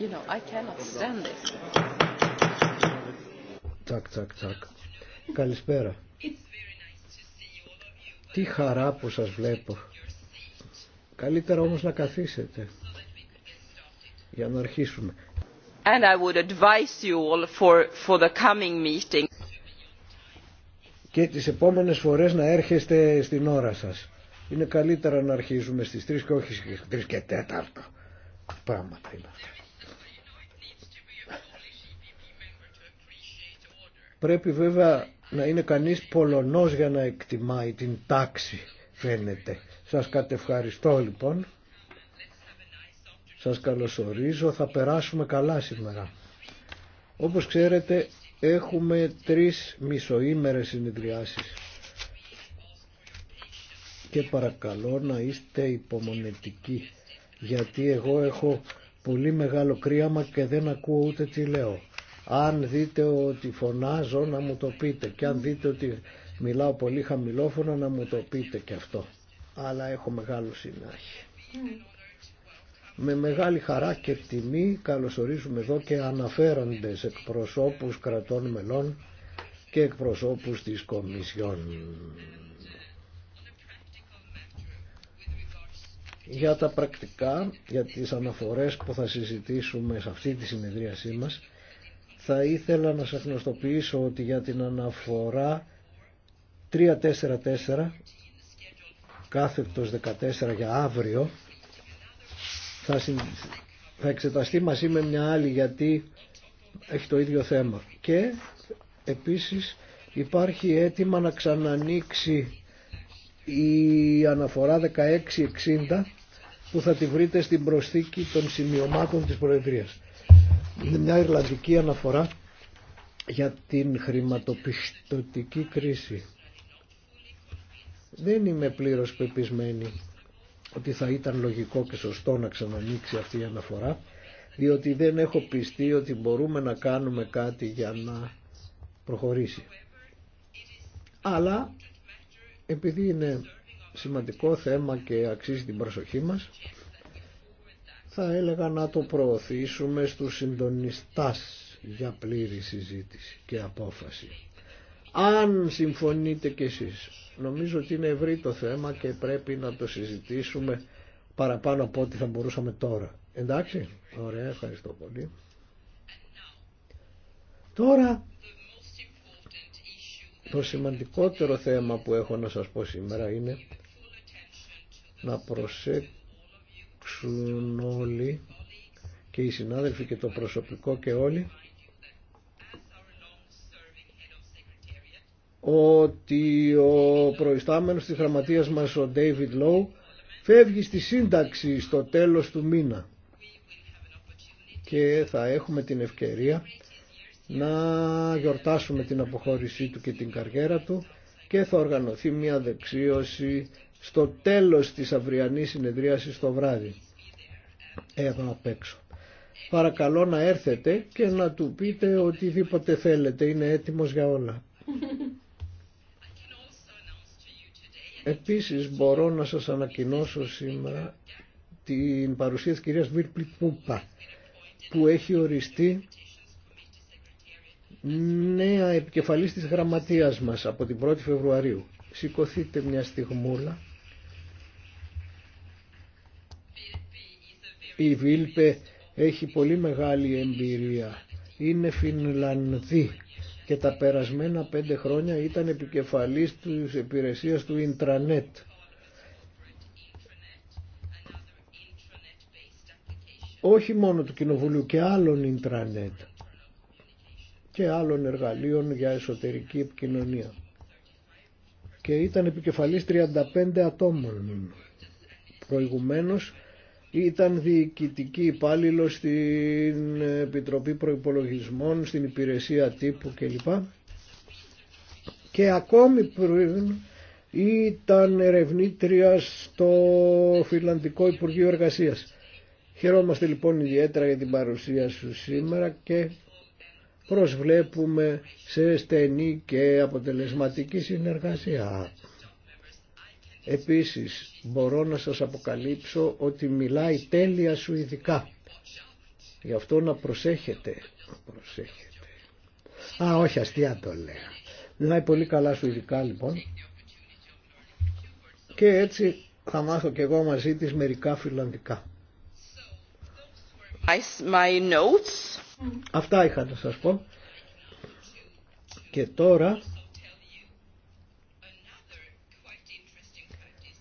You know, I cannot stand this. Τσακ, τσακ, τσακ. Καλησπέρα. Τι χαρά που σας βλέπω. Καλύτερα όμως να καθίσετε για να αρχίσουμε. And I would advise you all for, for the coming meeting. Και τις επόμενες φορές να έρχεστε στην ώρα σας. Είναι καλύτερα να αρχίζουμε στις 3 και όχι στις 3 και 4. Πράγματα είναι αυτά. Πρέπει βέβαια να είναι κανείς Πολωνός για να εκτιμάει την τάξη φαίνεται. Σας κατευχαριστώ λοιπόν. Σας καλωσορίζω. Θα περάσουμε καλά σήμερα. Όπως ξέρετε έχουμε τρεις μισοήμερες συνεδριάσεις και παρακαλώ να είστε υπομονετικοί γιατί εγώ έχω πολύ μεγάλο κρύαμα και δεν ακούω ούτε τι λέω. Αν δείτε ότι φωνάζω να μου το πείτε και αν δείτε ότι μιλάω πολύ χαμηλόφωνα να μου το πείτε και αυτό. Αλλά έχω μεγάλο συνάχη. Με μεγάλη χαρά και τιμή καλωσορίζουμε εδώ και αναφέροντες εκπροσώπους κρατών μελών και εκπροσώπους της Κομισιόν. Για τα πρακτικά, για τις αναφορές που θα συζητήσουμε σε αυτή τη συνεδρίασή μας, θα ήθελα να σας γνωστοποιήσω ότι για την αναφορά 344 κάθετος 14 για αύριο θα, θα εξεταστεί μαζί με μια άλλη γιατί έχει το ίδιο θέμα. Και επίσης υπάρχει αίτημα να ξανανοίξει η αναφορά 1660 που θα τη βρείτε στην προσθήκη των σημειωμάτων της Προεδρίας. Είναι μια Ιρλανδική αναφορά για την χρηματοπιστωτική κρίση. Δεν είμαι πλήρως πεπισμένη ότι θα ήταν λογικό και σωστό να ξανανοίξει αυτή η αναφορά, διότι δεν έχω πιστεί ότι μπορούμε να κάνουμε κάτι για να προχωρήσει. Αλλά επειδή είναι σημαντικό θέμα και αξίζει την προσοχή μας, θα έλεγα να το προωθήσουμε στους συντονιστάς για πλήρη συζήτηση και απόφαση. Αν συμφωνείτε κι εσείς, νομίζω ότι είναι ευρύ το θέμα και πρέπει να το συζητήσουμε παραπάνω από ό,τι θα μπορούσαμε τώρα. Εντάξει, ωραία, ευχαριστώ πολύ. Τώρα, το σημαντικότερο θέμα που έχω να σας πω σήμερα είναι να προσέξουμε όλοι και οι συνάδελφοι και το προσωπικό και όλοι ότι ο προϊστάμενος της γραμματείας μας ο David Lowe φεύγει στη σύνταξη στο τέλος του μήνα και θα έχουμε την ευκαιρία να γιορτάσουμε την αποχώρησή του και την καριέρα του και θα οργανωθεί μια δεξίωση στο τέλος της αυριανής συνεδρίασης το βράδυ εδώ απ' έξω. Παρακαλώ να έρθετε και να του πείτε οτιδήποτε θέλετε, είναι έτοιμος για όλα. Επίσης μπορώ να σας ανακοινώσω σήμερα την παρουσία της κυρίας Βίρπλη Πούπα που έχει οριστεί νέα επικεφαλής της γραμματείας μας από την 1η Φεβρουαρίου. Σηκωθείτε μια στιγμούλα Η Βίλπε έχει πολύ μεγάλη εμπειρία. Είναι Φινλανδή και τα περασμένα πέντε χρόνια ήταν επικεφαλής της υπηρεσίας του Ιντρανέτ. όχι μόνο του Κοινοβουλίου και άλλων Ιντρανέτ και άλλων εργαλείων για εσωτερική επικοινωνία. Και ήταν επικεφαλής 35 ατόμων. Προηγουμένως ήταν διοικητική υπάλληλο στην Επιτροπή Προϋπολογισμών, στην Υπηρεσία Τύπου κλπ. Και ακόμη πριν ήταν ερευνήτρια στο Φιλανδικό Υπουργείο Εργασίας. Χαιρόμαστε λοιπόν ιδιαίτερα για την παρουσία σου σήμερα και προσβλέπουμε σε στενή και αποτελεσματική συνεργασία. Επίσης μπορώ να σας αποκαλύψω ότι μιλάει τέλεια σου ειδικά. Γι' αυτό να προσέχετε. Να προσέχετε. Α, όχι αστεία το λέω. Μιλάει πολύ καλά σου ειδικά λοιπόν. Και έτσι θα μάθω και εγώ μαζί της μερικά φιλανδικά. My Αυτά είχα να σας πω. Και τώρα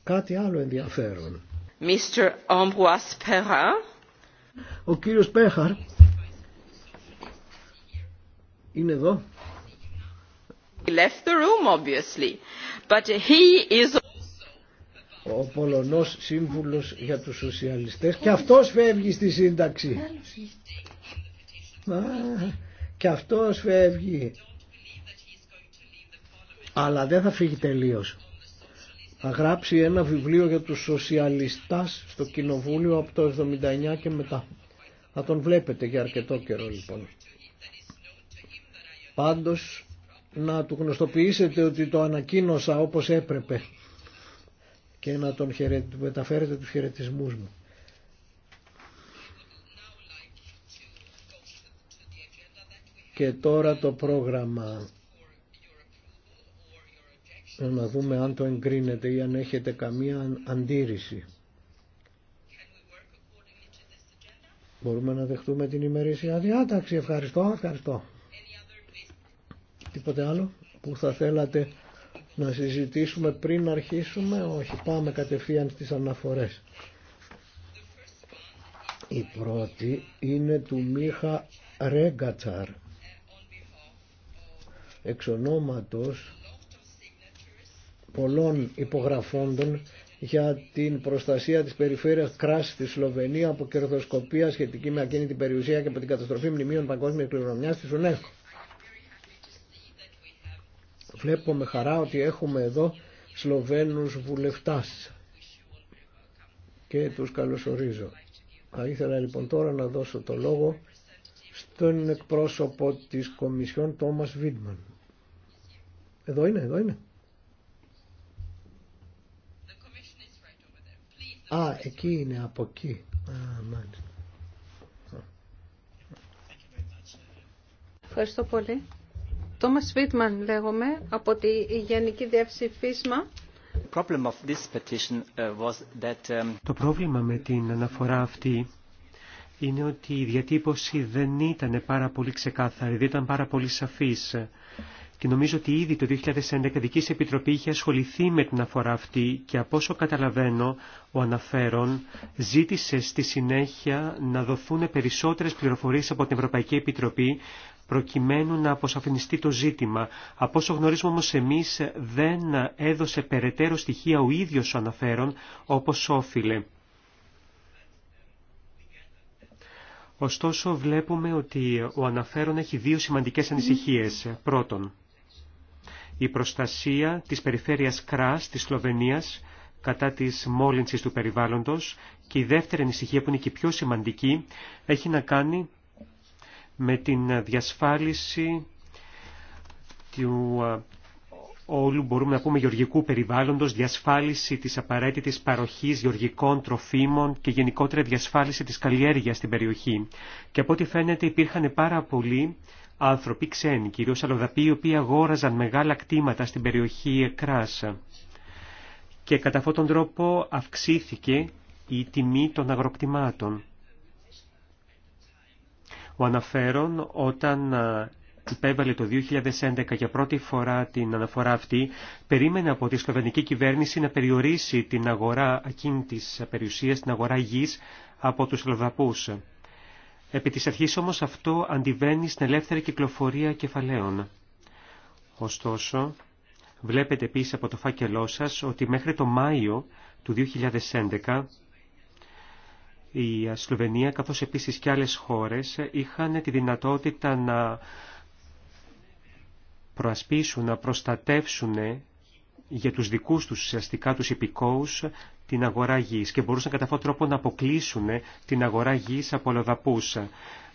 Κάτι άλλο ενδιαφέρον. Mr. Ambroise Ο κύριος Πέχαρ είναι εδώ. He left the room obviously, but he is ο Πολωνός σύμβουλος για τους σοσιαλιστές και αυτός φεύγει στη σύνταξη. Α, και αυτός φεύγει. Αλλά δεν θα φύγει τελείως θα γράψει ένα βιβλίο για τους σοσιαλιστάς στο κοινοβούλιο από το 79 και μετά. Θα τον βλέπετε για αρκετό καιρό λοιπόν. Πάντως να του γνωστοποιήσετε ότι το ανακοίνωσα όπως έπρεπε και να τον μεταφέρετε τους χαιρετισμούς μου. Και τώρα το πρόγραμμα να δούμε αν το εγκρίνεται ή αν έχετε καμία αντίρρηση. Μπορούμε να δεχτούμε την ημερήσια διάταξη. Ευχαριστώ, ευχαριστώ. Τίποτε άλλο που θα θέλατε να συζητήσουμε πριν αρχίσουμε. Όχι, πάμε κατευθείαν στις αναφορές. Η πρώτη είναι του Μίχα Ρέγκατσαρ. Εξ ονόματος πολλών υπογραφώντων για την προστασία της περιφέρειας κράση στη Σλοβενία από κερδοσκοπία σχετική με ακίνητη περιουσία και από την καταστροφή μνημείων παγκόσμιας κληρονομιάς της UNESCO. Βλέπω με χαρά ότι έχουμε εδώ Σλοβαίνους βουλευτάς και τους καλωσορίζω. Θα ήθελα λοιπόν τώρα να δώσω το λόγο στον εκπρόσωπο της Κομισιόν Τόμας Βίντμαν. Εδώ είναι, εδώ είναι. Α, εκεί είναι, από εκεί. Α, μάλιστα. Ευχαριστώ πολύ. Τόμας Βίτμαν λέγομαι, από τη Γενική Διεύθυνση ΦΙΣΜΑ. Uh, um, Το πρόβλημα με την αναφορά αυτή είναι ότι η διατύπωση δεν ήταν πάρα πολύ ξεκάθαρη, δεν ήταν πάρα πολύ σαφής και νομίζω ότι ήδη το 2011 δική επιτροπή είχε ασχοληθεί με την αφορά αυτή και από όσο καταλαβαίνω ο αναφέρον ζήτησε στη συνέχεια να δοθούν περισσότερες πληροφορίες από την Ευρωπαϊκή Επιτροπή προκειμένου να αποσαφινιστεί το ζήτημα. Από όσο γνωρίζουμε όμως εμείς δεν έδωσε περαιτέρω στοιχεία ο ίδιος ο αναφέρον όπως όφιλε. Ωστόσο βλέπουμε ότι ο αναφέρον έχει δύο σημαντικές ανησυχίες. Πρώτον, η προστασία της περιφέρειας Κράς της Σλοβενίας κατά της μόλυνσης του περιβάλλοντος και η δεύτερη ανησυχία που είναι και πιο σημαντική έχει να κάνει με την διασφάλιση του όλου μπορούμε να πούμε γεωργικού περιβάλλοντος, διασφάλιση της απαραίτητης παροχής γεωργικών τροφίμων και γενικότερα διασφάλιση της καλλιέργειας στην περιοχή. Και από ό,τι φαίνεται υπήρχαν πάρα πολλοί άνθρωποι ξένοι, κυρίως αλλοδαποί, οι οποίοι αγόραζαν μεγάλα κτήματα στην περιοχή Εκράσα. Και κατά αυτόν τον τρόπο αυξήθηκε η τιμή των αγροκτημάτων. Ο αναφέρον όταν υπέβαλε το 2011 για πρώτη φορά την αναφορά αυτή, περίμενε από τη σκοβενική κυβέρνηση να περιορίσει την αγορά ακίνητης περιουσίας, την αγορά γης από τους λοδαπούς. Επί της αρχής όμως αυτό αντιβαίνει στην ελεύθερη κυκλοφορία κεφαλαίων. Ωστόσο, βλέπετε επίσης από το φάκελό σας ότι μέχρι το Μάιο του 2011 η Σλοβενία καθώς επίσης και άλλες χώρες είχαν τη δυνατότητα να προασπίσουν, να προστατεύσουν για τους δικούς τους ουσιαστικά τους υπηκόους την αγορά γης και μπορούσαν κατά αυτόν τον τρόπο να αποκλείσουν την αγορά γης από λοδαπούς.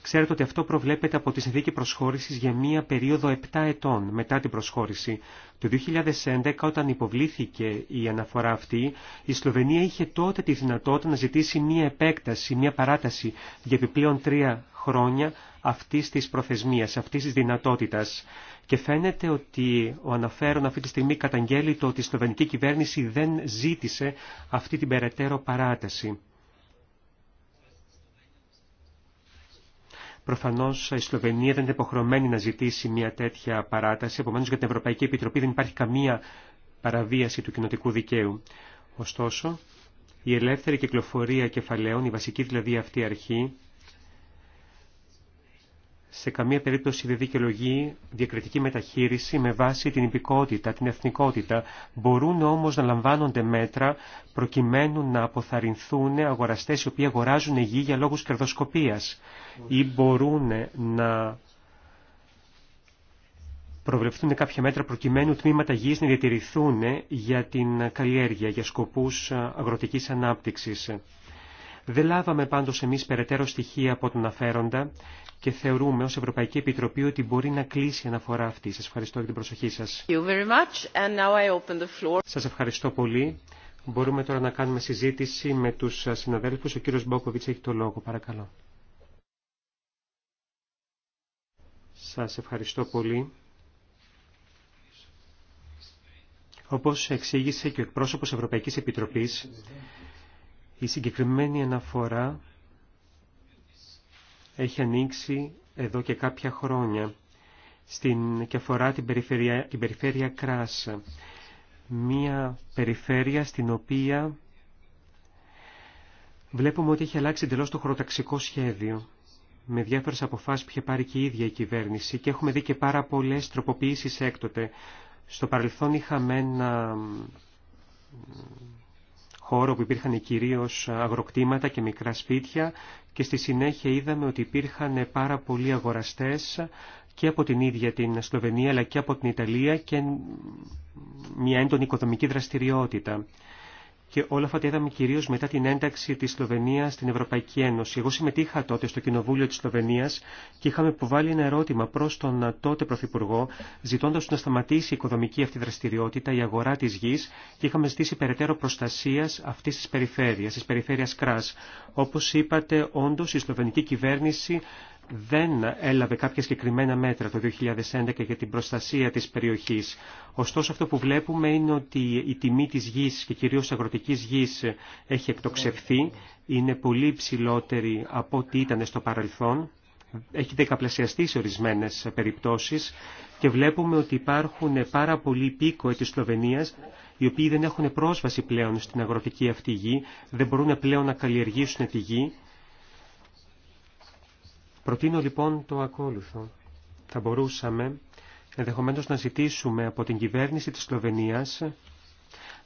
Ξέρετε ότι αυτό προβλέπεται από τη συνθήκη προσχώρησης για μία περίοδο 7 ετών μετά την προσχώρηση. Το 2011 όταν υποβλήθηκε η αναφορά αυτή, η Σλοβενία είχε τότε τη δυνατότητα να ζητήσει μία επέκταση, μία παράταση για επιπλέον τρία χρόνια αυτής της προθεσμίας, αυτής της δυνατότητας. Και φαίνεται ότι ο αναφέρον αυτή τη στιγμή καταγγέλει το ότι η Σλοβενική κυβέρνηση δεν ζήτησε αυτή την περαιτέρω παράταση. Προφανώ η Σλοβενία δεν είναι υποχρεωμένη να ζητήσει μια τέτοια παράταση, επομένω για την Ευρωπαϊκή Επιτροπή δεν υπάρχει καμία παραβίαση του κοινοτικού δικαίου. Ωστόσο, η ελεύθερη κυκλοφορία κεφαλαίων, η βασική δηλαδή αυτή αρχή, σε καμία περίπτωση δεν δικαιολογεί διακριτική μεταχείριση με βάση την υπηκότητα, την εθνικότητα. Μπορούν όμως να λαμβάνονται μέτρα προκειμένου να αποθαρρυνθούν αγοραστές οι οποίοι αγοράζουν γη για λόγους κερδοσκοπίας ή μπορούν να προβλεφθούν κάποια μέτρα προκειμένου τμήματα γης να διατηρηθούν για την καλλιέργεια, για σκοπούς αγροτικής ανάπτυξης. Δεν λάβαμε πάντως εμείς περαιτέρω στοιχεία από τον αφέροντα και θεωρούμε ως Ευρωπαϊκή Επιτροπή ότι μπορεί να κλείσει η αναφορά αυτή. Σας ευχαριστώ για την προσοχή σας. Σας ευχαριστώ πολύ. Μπορούμε τώρα να κάνουμε συζήτηση με τους συναδέλφους. Ο κύριος Μπόκοβιτς έχει το λόγο. Παρακαλώ. Σας ευχαριστώ πολύ. Όπως εξήγησε και ο εκπρόσωπος Ευρωπαϊκής Επιτροπής, η συγκεκριμένη αναφορά έχει ανοίξει εδώ και κάποια χρόνια στην, και αφορά την περιφέρεια, την περιφέρεια Κράς. Μία περιφέρεια στην οποία βλέπουμε ότι έχει αλλάξει εντελώς το χωροταξικό σχέδιο με διάφορες αποφάσεις που είχε πάρει και η ίδια η κυβέρνηση και έχουμε δει και πάρα πολλές τροποποιήσεις έκτοτε. Στο παρελθόν είχαμε ένα χώρο που υπήρχαν κυρίως αγροκτήματα και μικρά σπίτια και στη συνέχεια είδαμε ότι υπήρχαν πάρα πολλοί αγοραστές και από την ίδια την Σλοβενία αλλά και από την Ιταλία και μια έντονη οικοδομική δραστηριότητα και όλα αυτά τα είδαμε κυρίω μετά την ένταξη τη Σλοβενία στην Ευρωπαϊκή Ένωση. Εγώ συμμετείχα τότε στο Κοινοβούλιο τη Σλοβενία και είχαμε υποβάλει ένα ερώτημα προ τον τότε Πρωθυπουργό, ζητώντα να σταματήσει η οικοδομική αυτή δραστηριότητα, η αγορά τη γη και είχαμε ζητήσει περαιτέρω προστασία αυτή τη περιφέρεια, τη περιφέρεια Κρά. Όπω είπατε, όντω η σλοβενική κυβέρνηση δεν έλαβε κάποια συγκεκριμένα μέτρα το 2011 για την προστασία της περιοχής. Ωστόσο αυτό που βλέπουμε είναι ότι η τιμή της γης και κυρίως αγροτικής γης έχει εκτοξευθεί, είναι πολύ ψηλότερη από ό,τι ήταν στο παρελθόν, έχει δεκαπλασιαστεί σε ορισμένες περιπτώσεις και βλέπουμε ότι υπάρχουν πάρα πολλοί πίκοοι της Σλοβενίας οι οποίοι δεν έχουν πρόσβαση πλέον στην αγροτική αυτή γη, δεν μπορούν πλέον να καλλιεργήσουν τη γη Προτείνω λοιπόν το ακόλουθο. Θα μπορούσαμε ενδεχομένως να ζητήσουμε από την κυβέρνηση της Σλοβενίας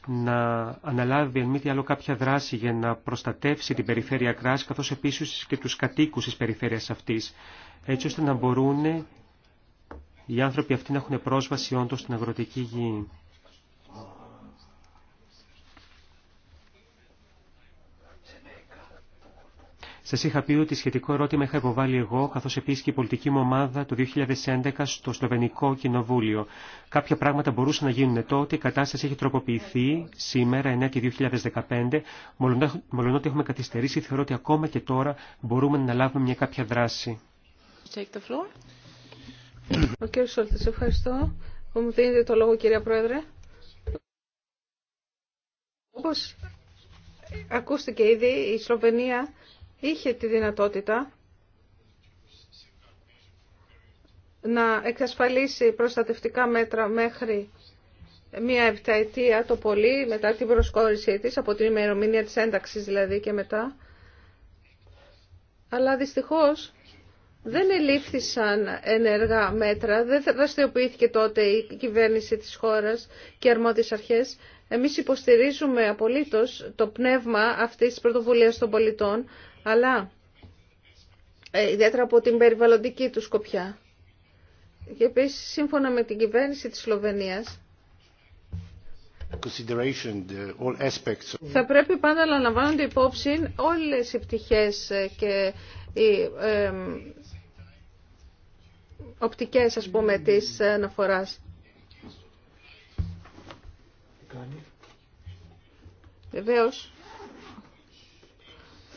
να αναλάβει εν μη άλλο κάποια δράση για να προστατεύσει την περιφέρεια κράση καθώς επίσης και τους κατοίκους της περιφέρειας αυτής έτσι ώστε να μπορούν οι άνθρωποι αυτοί να έχουν πρόσβαση όντως στην αγροτική γη. Σας είχα πει ότι σχετικό ερώτημα είχα υποβάλει εγώ, καθώς επίσης και η πολιτική μου ομάδα το 2011 στο Σλοβενικό Κοινοβούλιο. Κάποια πράγματα μπορούσαν να γίνουν τότε, η κατάσταση έχει τροποποιηθεί σήμερα, 9 και 2015, μολονότι έχουμε καθυστερήσει, θεωρώ ότι ακόμα και τώρα μπορούμε να λάβουμε μια κάποια δράση. Ο κύριος ευχαριστώ μου δίνετε το λόγο κυρία Πρόεδρε. Όπως ακούστηκε ήδη, η Σλοβενία είχε τη δυνατότητα να εξασφαλίσει προστατευτικά μέτρα μέχρι μία επταετία το πολύ μετά την προσκόρησή της, από την ημερομηνία της ένταξης δηλαδή και μετά. Αλλά δυστυχώς δεν ελήφθησαν ενεργά μέτρα, δεν δραστηριοποιήθηκε τότε η κυβέρνηση της χώρας και οι αρμόδιες αρχές. Εμείς υποστηρίζουμε απολύτως το πνεύμα αυτής της πρωτοβουλίας των πολιτών, αλλά ε, ιδιαίτερα από την περιβαλλοντική του σκοπιά. Και επίσης, σύμφωνα με την κυβέρνηση της Σλοβενίας, θα πρέπει πάντα να λαμβάνονται υπόψη όλες οι πτυχές ε, και οι ε, οπτικές, ας πούμε, της αναφοράς. Βεβαίως,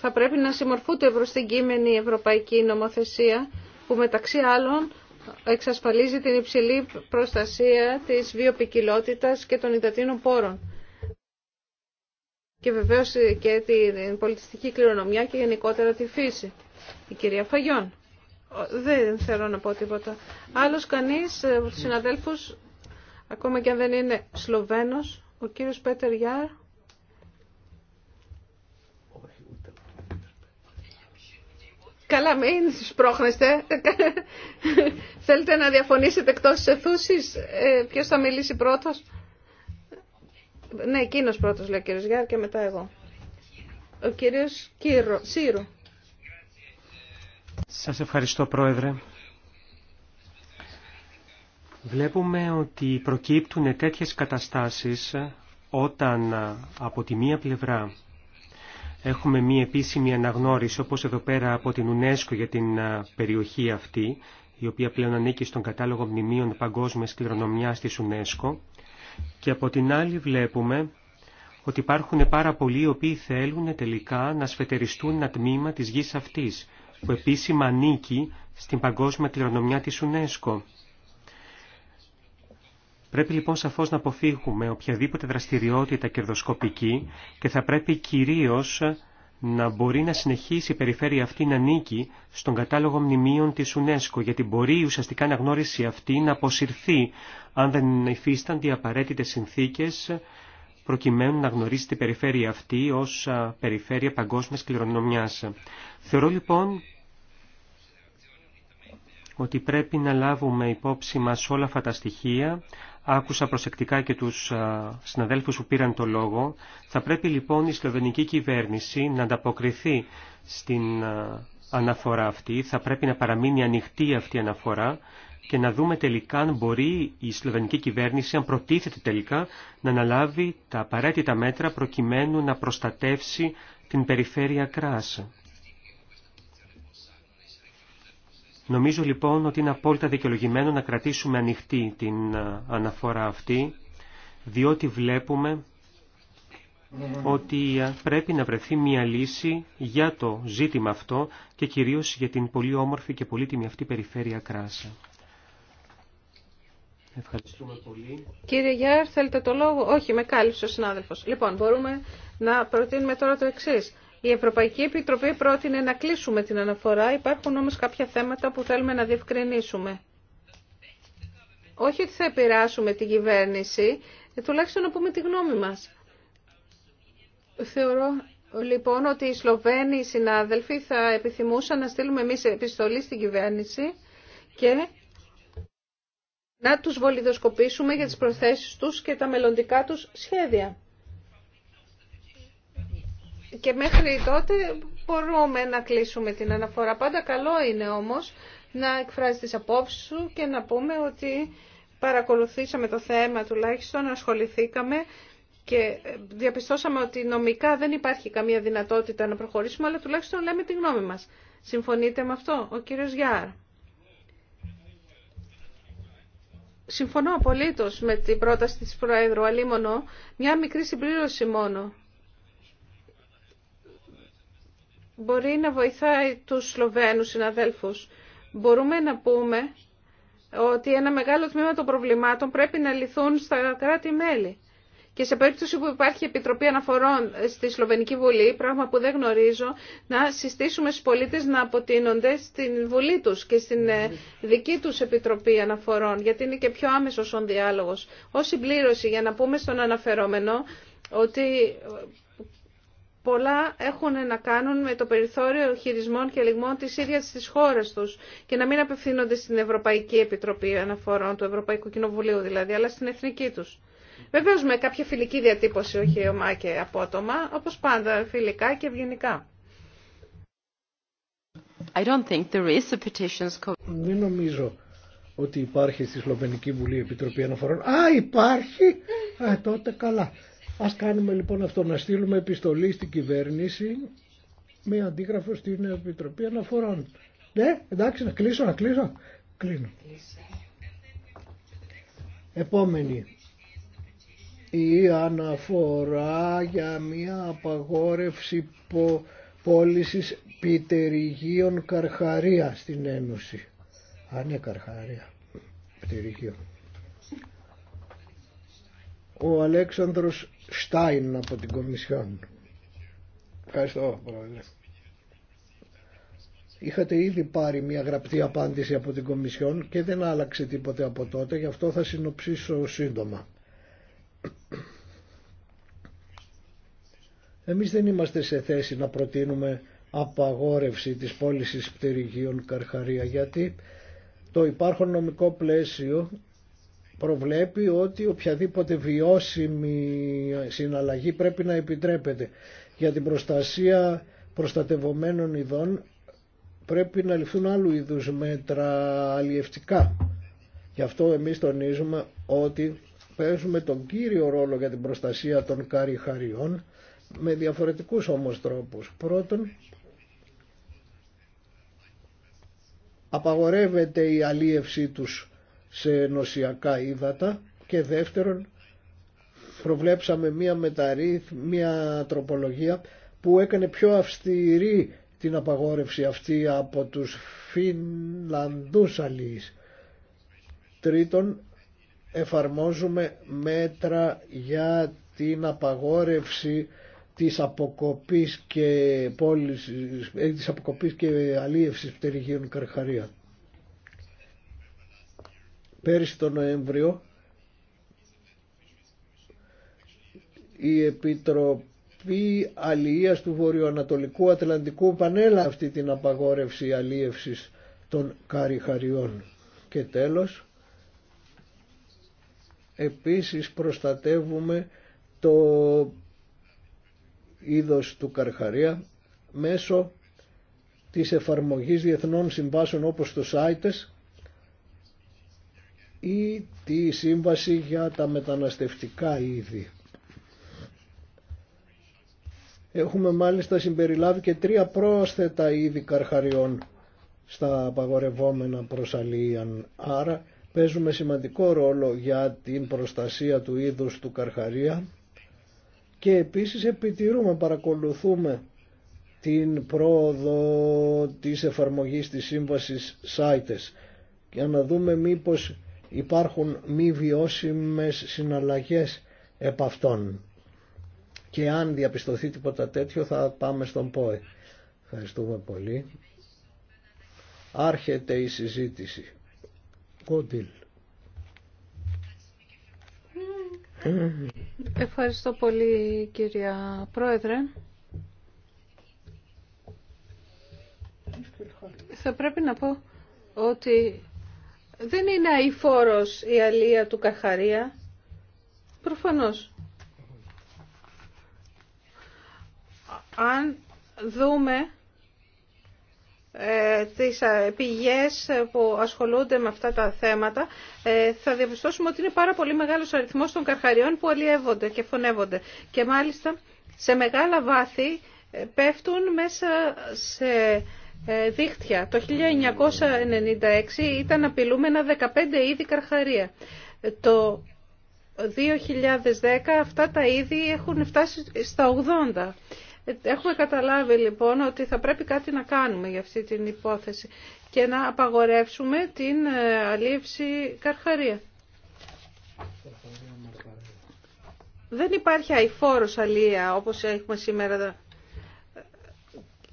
θα πρέπει να συμμορφούνται προς την κείμενη ευρωπαϊκή νομοθεσία που μεταξύ άλλων εξασφαλίζει την υψηλή προστασία της βιοπικιλότητας και των υδατίνων πόρων και βεβαίως και την πολιτιστική κληρονομιά και γενικότερα τη φύση. Η κυρία Φαγιόν. Δεν θέλω να πω τίποτα. Άλλος κανείς από συναδέλφους, ακόμα και αν δεν είναι Σλοβαίνος, ο κύριος Πέτερ Γιάρ. Καλά, μην σπρώχνεστε. Θέλετε να διαφωνήσετε εκτός της αιθούσης. Ε, ποιος θα μιλήσει πρώτος. Ναι, εκείνος πρώτος λέει ο κύριος Γιάρ και μετά εγώ. Ο κύριος Κύρο, Σας ευχαριστώ πρόεδρε. Βλέπουμε ότι προκύπτουν τέτοιες καταστάσεις όταν από τη μία πλευρά Έχουμε μία επίσημη αναγνώριση, όπως εδώ πέρα από την UNESCO για την περιοχή αυτή, η οποία πλέον ανήκει στον κατάλογο μνημείων παγκόσμιας κληρονομιάς της UNESCO. Και από την άλλη βλέπουμε ότι υπάρχουν πάρα πολλοί οι οποίοι θέλουν τελικά να σφετεριστούν ένα τμήμα της γης αυτής, που επίσημα ανήκει στην παγκόσμια κληρονομιά της UNESCO. Πρέπει λοιπόν σαφώ να αποφύγουμε οποιαδήποτε δραστηριότητα κερδοσκοπική και θα πρέπει κυρίως να μπορεί να συνεχίσει η περιφέρεια αυτή να νίκει στον κατάλογο μνημείων της UNESCO, γιατί μπορεί η ουσιαστικά να αυτή να αποσυρθεί αν δεν υφίστανται οι απαραίτητες συνθήκες προκειμένου να γνωρίσει την περιφέρεια αυτή ως περιφέρεια παγκόσμιας κληρονομιάς. Θεωρώ λοιπόν ότι πρέπει να λάβουμε υπόψη μας όλα αυτά τα στοιχεία. Άκουσα προσεκτικά και τους συναδέλφους που πήραν το λόγο. Θα πρέπει λοιπόν η σλοβενική κυβέρνηση να ανταποκριθεί στην αναφορά αυτή. Θα πρέπει να παραμείνει ανοιχτή αυτή η αναφορά και να δούμε τελικά αν μπορεί η σλοβενική κυβέρνηση, αν προτίθεται τελικά, να αναλάβει τα απαραίτητα μέτρα προκειμένου να προστατεύσει την περιφέρεια κράση. Νομίζω λοιπόν ότι είναι απόλυτα δικαιολογημένο να κρατήσουμε ανοιχτή την αναφορά αυτή, διότι βλέπουμε ότι πρέπει να βρεθεί μια λύση για το ζήτημα αυτό και κυρίως για την πολύ όμορφη και πολύτιμη αυτή περιφέρεια Κράσα. Ευχαριστούμε πολύ. Κύριε Γιάρ, θέλετε το λόγο. Όχι, με κάλυψε ο συνάδελφος. Λοιπόν, μπορούμε να προτείνουμε τώρα το εξής. Η Ευρωπαϊκή Επιτροπή πρότεινε να κλείσουμε την αναφορά, υπάρχουν όμως κάποια θέματα που θέλουμε να διευκρινίσουμε. Όχι ότι θα επηρεάσουμε την κυβέρνηση, τουλάχιστον να πούμε τη γνώμη μας. Θεωρώ λοιπόν ότι οι Σλοβαίνοι συνάδελφοι θα επιθυμούσαν να στείλουμε εμείς επιστολή στην κυβέρνηση και να τους βολιδοσκοπήσουμε για τις προθέσεις τους και τα μελλοντικά τους σχέδια και μέχρι τότε μπορούμε να κλείσουμε την αναφορά. Πάντα καλό είναι όμως να εκφράζει τις απόψεις σου και να πούμε ότι παρακολουθήσαμε το θέμα τουλάχιστον, ασχοληθήκαμε και διαπιστώσαμε ότι νομικά δεν υπάρχει καμία δυνατότητα να προχωρήσουμε, αλλά τουλάχιστον λέμε τη γνώμη μας. Συμφωνείτε με αυτό, ο κύριος Γιάρ. Συμφωνώ απολύτως με την πρόταση της Προέδρου, αλίμονο, μια μικρή συμπλήρωση μόνο. μπορεί να βοηθάει τους Σλοβαίνους συναδέλφους. Μπορούμε να πούμε ότι ένα μεγάλο τμήμα των προβλημάτων πρέπει να λυθούν στα κράτη-μέλη. Και σε περίπτωση που υπάρχει Επιτροπή Αναφορών στη Σλοβενική Βουλή, πράγμα που δεν γνωρίζω, να συστήσουμε στους πολίτες να αποτείνονται στην Βουλή τους και στην ε, δική τους Επιτροπή Αναφορών, γιατί είναι και πιο άμεσος ο διάλογος. Ως συμπλήρωση για να πούμε στον αναφερόμενο ότι πολλά έχουν να κάνουν με το περιθώριο χειρισμών και λιγμών της ίδιας της χώρας τους και να μην απευθύνονται στην Ευρωπαϊκή Επιτροπή Αναφορών του Ευρωπαϊκού Κοινοβουλίου δηλαδή, αλλά στην εθνική τους. Βεβαίω με κάποια φιλική διατύπωση, όχι ομά και απότομα, όπως πάντα φιλικά και ευγενικά. I don't think there is a petitions... Δεν νομίζω ότι υπάρχει στη Σλοβενική Βουλή Επιτροπή Αναφορών. Α, υπάρχει! Α, τότε καλά. Ας κάνουμε λοιπόν αυτό, να στείλουμε επιστολή στην κυβέρνηση με αντίγραφο στην Επιτροπή Αναφορών. Ναι, εντάξει, να κλείσω, να κλείσω. Κλείνω. Επόμενη. Η αναφορά για μια απαγόρευση πο, πώλησης πυτεριγίων Καρχαρία στην Ένωση. Α, ναι, Καρχαρία. Πυτεριγίων ο Αλέξανδρος Στάιν από την Κομισιόν. Ευχαριστώ, Πρόεδρε. Είχατε ήδη πάρει μια γραπτή απάντηση από την Κομισιόν και δεν άλλαξε τίποτε από τότε, γι' αυτό θα συνοψίσω σύντομα. Εμείς δεν είμαστε σε θέση να προτείνουμε απαγόρευση της πώλησης πτυρυγίων Καρχαρία, γιατί το υπάρχον νομικό πλαίσιο προβλέπει ότι οποιαδήποτε βιώσιμη συναλλαγή πρέπει να επιτρέπεται. Για την προστασία προστατευομένων ειδών πρέπει να ληφθούν άλλου είδους μέτρα αλλιευτικά. Γι' αυτό εμείς τονίζουμε ότι παίζουμε τον κύριο ρόλο για την προστασία των καριχαριών με διαφορετικούς όμως τρόπους. Πρώτον, απαγορεύεται η αλίευση τους σε ενωσιακά ύδατα και δεύτερον προβλέψαμε μία μεταρρύθ, μία τροπολογία που έκανε πιο αυστηρή την απαγόρευση αυτή από τους Φινλανδούς αλληλείς. Τρίτον, εφαρμόζουμε μέτρα για την απαγόρευση της αποκοπής και, πώλησης, ε, της αποκοπής και αλίευσης πτερυγίων καρχαρία πέρυσι τον Νοέμβριο η Επιτροπή αλληλία του Βορειοανατολικού Ατλαντικού πανέλα αυτή την απαγόρευση αλίευσης των καριχαριών Και τέλος, επίσης προστατεύουμε το είδος του καρχαρία μέσω της εφαρμογής διεθνών συμβάσεων όπως το ΣΑΙΤΕΣ ή τη σύμβαση για τα μεταναστευτικά είδη. Έχουμε μάλιστα συμπεριλάβει και τρία πρόσθετα είδη καρχαριών στα απαγορευόμενα προσαλίαν. Άρα παίζουμε σημαντικό ρόλο για την προστασία του είδους του καρχαρία και επίσης επιτηρούμε, παρακολουθούμε την πρόοδο της εφαρμογής της σύμβασης ΣΑΙΤΕΣ για να δούμε μήπως υπάρχουν μη βιώσιμες συναλλαγές επ' αυτών. Και αν διαπιστωθεί τίποτα τέτοιο θα πάμε στον ΠΟΕ. Ευχαριστούμε πολύ. Άρχεται η συζήτηση. Κόντιλ. Ευχαριστώ πολύ κυρία Πρόεδρε. Θα πρέπει να πω ότι δεν είναι αηφόρος η αλία του Καρχαρία. Προφανώς. Αν δούμε ε, τις ε, πηγές που ασχολούνται με αυτά τα θέματα ε, θα διαπιστώσουμε ότι είναι πάρα πολύ μεγάλος αριθμός των καρχαριών που αλλιεύονται και φωνεύονται και μάλιστα σε μεγάλα βάθη πέφτουν μέσα σε ε, δίχτυα. Το 1996 ήταν απειλούμενα 15 είδη καρχαρία. Το 2010 αυτά τα είδη έχουν φτάσει στα 80. Ε, έχουμε καταλάβει λοιπόν ότι θα πρέπει κάτι να κάνουμε για αυτή την υπόθεση και να απαγορεύσουμε την ε, αλήψη καρχαρία. Δεν υπάρχει αηφόρος αλία όπως έχουμε σήμερα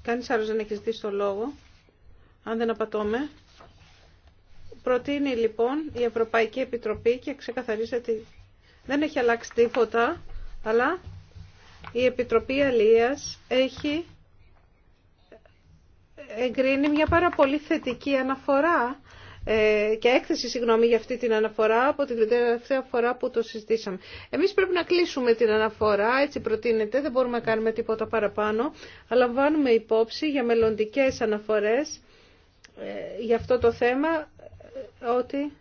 Κανείς άλλος δεν έχει ζητήσει το λόγο. Αν δεν απατώμε. Προτείνει λοιπόν η Ευρωπαϊκή Επιτροπή και ότι δεν έχει αλλάξει τίποτα, αλλά η Επιτροπή Αλίας έχει εγκρίνει μια πάρα πολύ θετική αναφορά ε, και έκθεση συγγνώμη για αυτή την αναφορά από την τελευταία φορά που το συζητήσαμε. Εμείς πρέπει να κλείσουμε την αναφορά, έτσι προτείνεται, δεν μπορούμε να κάνουμε τίποτα παραπάνω, αλλά λαμβάνουμε υπόψη για μελλοντικές αναφορές ε, για αυτό το θέμα ε, ότι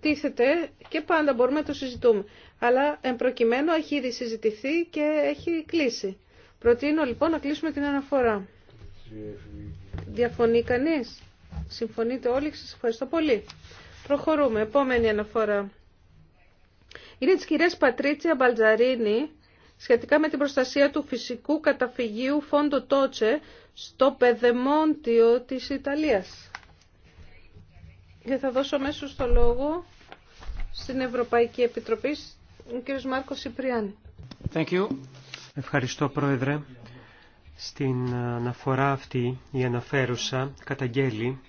τίθεται και πάντα μπορούμε να το συζητούμε. Αλλά εν προκειμένου έχει ήδη συζητηθεί και έχει κλείσει. Προτείνω λοιπόν να κλείσουμε την αναφορά. Διαφωνεί κανείς. Συμφωνείτε όλοι. Σας ευχαριστώ πολύ. Προχωρούμε. Επόμενη αναφορά. Είναι της κυρίας Πατρίτσια Μπαλτζαρίνη σχετικά με την προστασία του φυσικού καταφυγίου Φόντο Τότσε στο Πεδεμόντιο της Ιταλίας. Και θα δώσω μέσω το λόγο στην Ευρωπαϊκή Επιτροπή, ο κ. Μάρκο Σιπριάνη. Thank you. Ευχαριστώ, Πρόεδρε. Στην αναφορά αυτή η αναφέρουσα καταγγέλει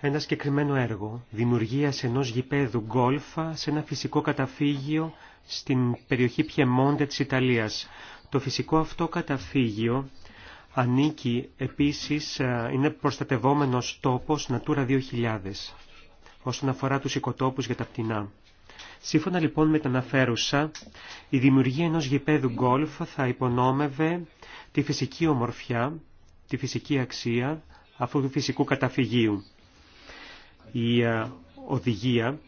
ένα συγκεκριμένο έργο δημιουργίας ενός γηπέδου γκόλφα σε ένα φυσικό καταφύγιο στην περιοχή Πιεμόντε της Ιταλίας. Το φυσικό αυτό καταφύγιο ανήκει επίσης, ε, είναι προστατευόμενος τόπος Natura 2000 όσον αφορά τους οικοτόπους για τα πτηνά. Σύμφωνα λοιπόν με τα αναφέρουσα, η δημιουργία ενός γηπέδου γκόλφα θα υπονόμευε τη φυσική ομορφιά, τη φυσική αξία αυτού του φυσικού καταφυγίου η ε, οδηγία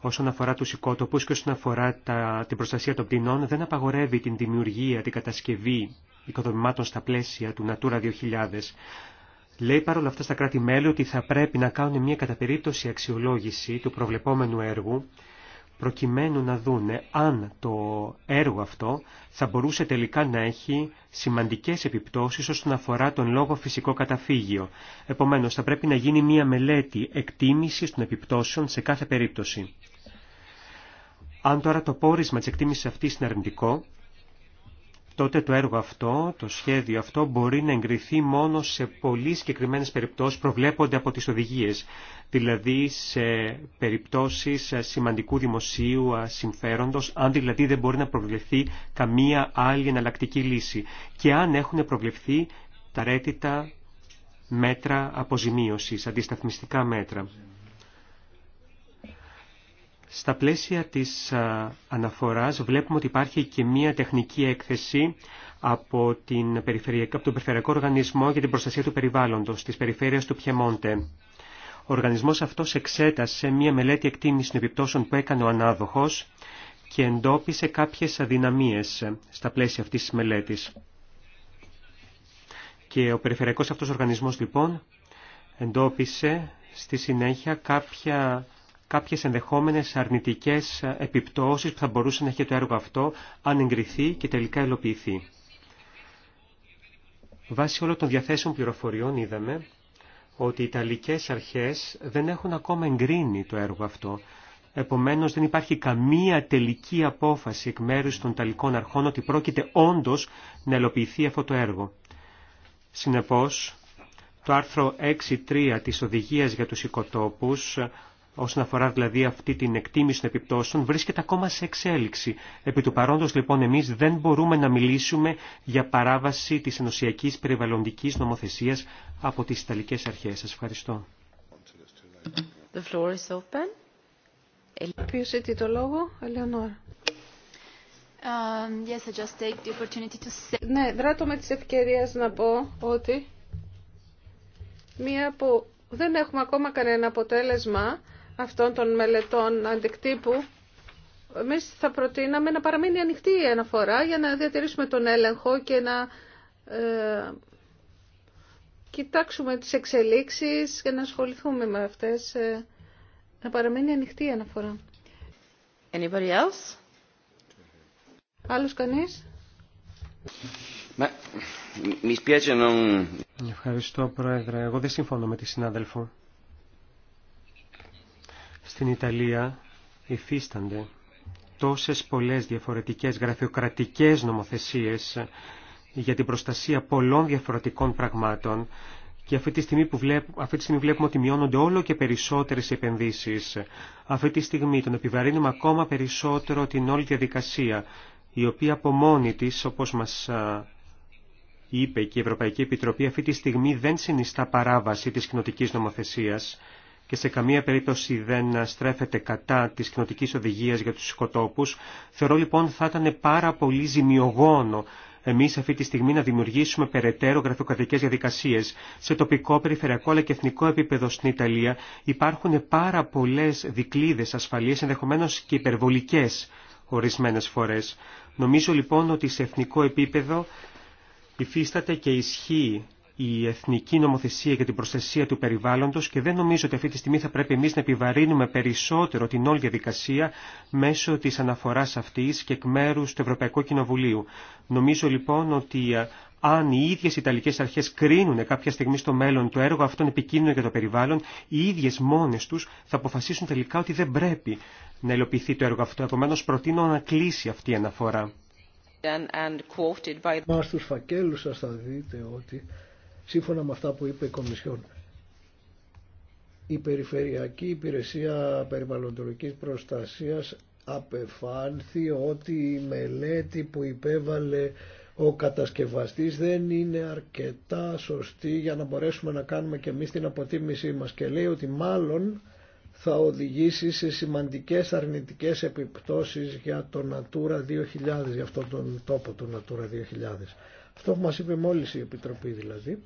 όσον αφορά τους οικότοπους και όσον αφορά τα, την προστασία των πτηνών δεν απαγορεύει την δημιουργία, την κατασκευή οικοδομημάτων στα πλαίσια του Natura 2000. Λέει παρόλα αυτά στα κράτη-μέλη ότι θα πρέπει να κάνουν μια κατά αξιολόγηση του προβλεπόμενου έργου προκειμένου να δούνε αν το έργο αυτό θα μπορούσε τελικά να έχει σημαντικές επιπτώσεις όσον αφορά τον λόγο φυσικό καταφύγιο. Επομένως, θα πρέπει να γίνει μια μελέτη εκτίμησης των επιπτώσεων σε κάθε περίπτωση. Αν τώρα το πόρισμα της εκτίμησης αυτής είναι αρνητικό, τότε το έργο αυτό, το σχέδιο αυτό μπορεί να εγκριθεί μόνο σε πολύ συγκεκριμένε περιπτώσεις προβλέπονται από τις οδηγίες, δηλαδή σε περιπτώσεις σημαντικού δημοσίου συμφέροντος, αν δηλαδή δεν μπορεί να προβλεφθεί καμία άλλη εναλλακτική λύση και αν έχουν προβλεφθεί τα μέτρα αποζημίωσης, αντισταθμιστικά μέτρα. Στα πλαίσια της αναφοράς βλέπουμε ότι υπάρχει και μία τεχνική έκθεση από, την από τον Περιφερειακό Οργανισμό για την Προστασία του Περιβάλλοντος της Περιφέρειας του Πιεμόντε. Ο οργανισμός αυτός εξέτασε μία μελέτη εκτίμηση των επιπτώσεων που έκανε ο ανάδοχος και εντόπισε κάποιες αδυναμίες στα πλαίσια αυτής της μελέτης. Και ο Περιφερειακός αυτός οργανισμός λοιπόν εντόπισε στη συνέχεια κάποια κάποιες ενδεχόμενες αρνητικές επιπτώσεις που θα μπορούσε να έχει το έργο αυτό αν εγκριθεί και τελικά ελοποιηθεί. Βάσει όλων των διαθέσεων πληροφοριών είδαμε ότι οι Ιταλικές αρχές δεν έχουν ακόμα εγκρίνει το έργο αυτό. Επομένως δεν υπάρχει καμία τελική απόφαση εκ μέρους των Ιταλικών αρχών ότι πρόκειται όντως να ελοποιηθεί αυτό το έργο. Συνεπώς, το άρθρο 6.3 της Οδηγίας για τους Οικοτόπους όσον αφορά δηλαδή αυτή την εκτίμηση των επιπτώσεων, βρίσκεται ακόμα σε εξέλιξη. Επί του παρόντος λοιπόν εμείς δεν μπορούμε να μιλήσουμε για παράβαση της ενωσιακής περιβαλλοντικής νομοθεσίας από τις Ιταλικές Αρχές. Σας ευχαριστώ. The Ναι, δράτω με τις ευκαιρίες να πω ότι μία που δεν έχουμε ακόμα κανένα αποτέλεσμα αυτών των μελετών αντικτύπου, εμείς θα προτείναμε να παραμείνει ανοιχτή η αναφορά για να διατηρήσουμε τον έλεγχο και να ε, κοιτάξουμε τις εξελίξεις και να ασχοληθούμε με αυτές. Ε, να παραμείνει ανοιχτή η αναφορά. Anybody else? Άλλος κανείς? Ευχαριστώ, Πρόεδρε. Εγώ δεν συμφωνώ με τη συνάδελφο στην Ιταλία υφίστανται τόσες πολλές διαφορετικές γραφειοκρατικές νομοθεσίες για την προστασία πολλών διαφορετικών πραγμάτων και αυτή τη, στιγμή που βλέπ, αυτή τη στιγμή βλέπουμε ότι μειώνονται όλο και περισσότερες επενδύσεις. Αυτή τη στιγμή τον επιβαρύνουμε ακόμα περισσότερο την όλη διαδικασία, η οποία από μόνη της, όπως μας είπε και η Ευρωπαϊκή Επιτροπή, αυτή τη στιγμή δεν συνιστά παράβαση της κοινοτικής νομοθεσίας και σε καμία περίπτωση δεν στρέφεται κατά της κοινοτικής οδηγίας για τους σκοτόπους. Θεωρώ λοιπόν θα ήταν πάρα πολύ ζημιογόνο εμείς αυτή τη στιγμή να δημιουργήσουμε περαιτέρω γραφειοκρατικές διαδικασίες. Σε τοπικό, περιφερειακό αλλά και εθνικό επίπεδο στην Ιταλία υπάρχουν πάρα πολλές δικλείδες ασφαλείας, ενδεχομένως και υπερβολικές ορισμένες φορές. Νομίζω λοιπόν ότι σε εθνικό επίπεδο υφίσταται και ισχύει η εθνική νομοθεσία για την προστασία του περιβάλλοντος και δεν νομίζω ότι αυτή τη στιγμή θα πρέπει εμείς να επιβαρύνουμε περισσότερο την όλη διαδικασία μέσω της αναφοράς αυτής και εκ μέρου του Ευρωπαϊκού Κοινοβουλίου. Νομίζω λοιπόν ότι ε, αν οι ίδιες Ιταλικές αρχές κρίνουν κάποια στιγμή στο μέλλον το έργο αυτόν επικίνδυνο για το περιβάλλον, οι ίδιες μόνες τους θα αποφασίσουν τελικά ότι δεν πρέπει να υλοποιηθεί το έργο αυτό. επομένω προτείνω να κλείσει αυτή η αναφορά. Μα δείτε ότι σύμφωνα με αυτά που είπε η Κομισιόν. Η Περιφερειακή Υπηρεσία Περιβαλλοντολογικής Προστασίας απεφάνθη ότι η μελέτη που υπέβαλε ο κατασκευαστής δεν είναι αρκετά σωστή για να μπορέσουμε να κάνουμε και εμείς την αποτίμησή μας και λέει ότι μάλλον θα οδηγήσει σε σημαντικές αρνητικές επιπτώσεις για το Natura 2000, για αυτόν τον τόπο του Natura 2000. Αυτό που μας είπε μόλις η Επιτροπή δηλαδή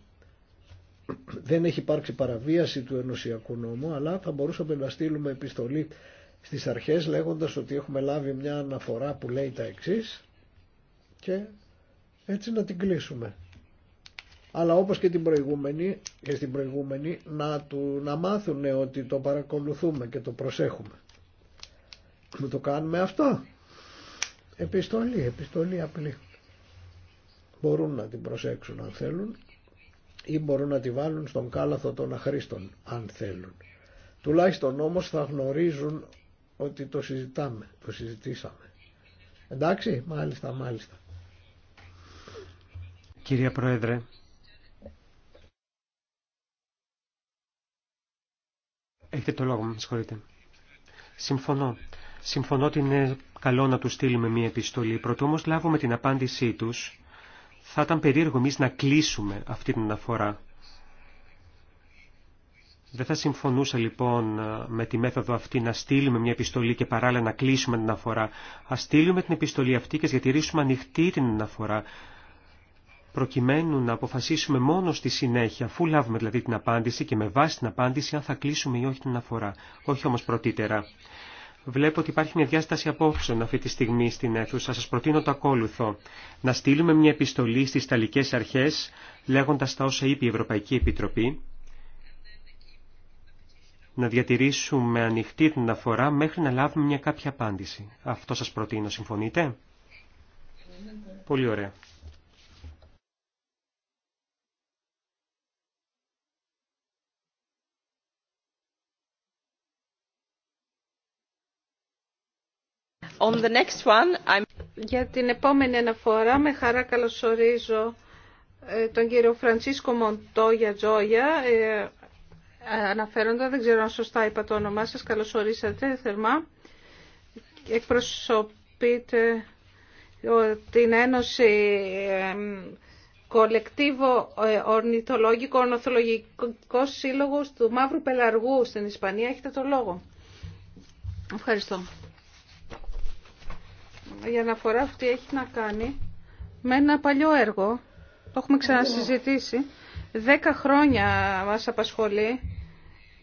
δεν έχει υπάρξει παραβίαση του ενωσιακού νόμου, αλλά θα μπορούσαμε να στείλουμε επιστολή στις αρχές λέγοντας ότι έχουμε λάβει μια αναφορά που λέει τα εξής και έτσι να την κλείσουμε. Αλλά όπως και, την προηγούμενη, και στην προηγούμενη να, του, να μάθουν ότι το παρακολουθούμε και το προσέχουμε. Μου το κάνουμε αυτό. Επιστολή, επιστολή απλή. Μπορούν να την προσέξουν αν θέλουν ή μπορούν να τη βάλουν στον κάλαθο των αχρήστων αν θέλουν. Τουλάχιστον όμως θα γνωρίζουν ότι το συζητάμε, το συζητήσαμε. Εντάξει, μάλιστα, μάλιστα. Κυρία Πρόεδρε, έχετε το λόγο, με συγχωρείτε. Συμφωνώ. Συμφωνώ ότι είναι καλό να του στείλουμε μία επιστολή. Πρωτού όμως λάβουμε την απάντησή τους, θα ήταν περίεργο εμεί να κλείσουμε αυτή την αναφορά. Δεν θα συμφωνούσα λοιπόν με τη μέθοδο αυτή να στείλουμε μια επιστολή και παράλληλα να κλείσουμε την αναφορά. Α στείλουμε την επιστολή αυτή και διατηρήσουμε ανοιχτή την αναφορά προκειμένου να αποφασίσουμε μόνο στη συνέχεια, αφού λάβουμε δηλαδή την απάντηση και με βάση την απάντηση αν θα κλείσουμε ή όχι την αναφορά. Όχι όμως πρωτήτερα. Βλέπω ότι υπάρχει μια διάσταση απόψεων αυτή τη στιγμή στην αίθουσα. Σας προτείνω το ακόλουθο. Να στείλουμε μια επιστολή στις Ιταλικές Αρχές, λέγοντας τα όσα είπε η Ευρωπαϊκή Επιτροπή, να διατηρήσουμε ανοιχτή την αναφορά μέχρι να λάβουμε μια κάποια απάντηση. Αυτό σας προτείνω. Συμφωνείτε? Πολύ ωραία. Για την επόμενη αναφορά με χαρά καλωσορίζω ε, τον κύριο Φρανσίσκο Μοντόγια Τζόγια. Ε, Αναφέροντα, δεν ξέρω αν σωστά είπα το όνομά σας, καλωσορίσατε θερμά. Εκπροσωπείτε την Ένωση Κολεκτίβο ε, Ορνηθολόγικο όρνοθολογικό Σύλλογο του Μαύρου Πελαργού στην Ισπανία. Έχετε το λόγο. Ευχαριστώ. Η αναφορά αυτή έχει να κάνει με ένα παλιό έργο. Το έχουμε ξανασυζητήσει. Δέκα χρόνια μας απασχολεί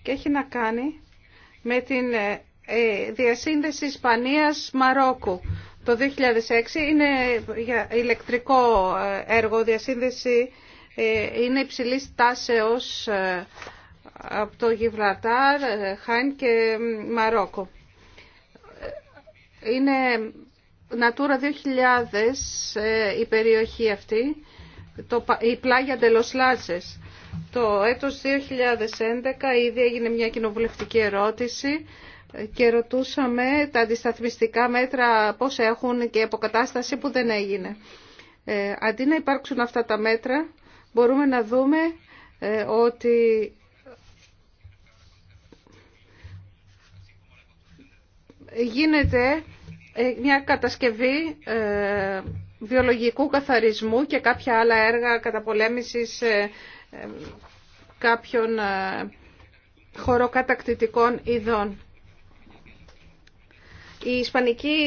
και έχει να κάνει με την ε, ε, διασύνδεση Ισπανίας-Μαρόκου. Το 2006 είναι για ηλεκτρικό ε, έργο διασύνδεση, είναι υψηλή τάσεως από το Γιβραλτάρ, Χάιν και Μαρόκο. Είναι Natura 2000 ε, η περιοχή αυτή, το, η πλάγια Ντελοσλάτσες. Το έτος 2011 ήδη έγινε μια κοινοβουλευτική ερώτηση και ρωτούσαμε τα αντισταθμιστικά μέτρα πώς έχουν και αποκατάσταση που δεν έγινε. Ε, αντί να υπάρξουν αυτά τα μέτρα, μπορούμε να δούμε ε, ότι γίνεται ε, μια κατασκευή ε, βιολογικού καθαρισμού και κάποια άλλα έργα καταπολέμησης ε, κάποιων χωροκατακτητικών ειδών. Η Ισπανική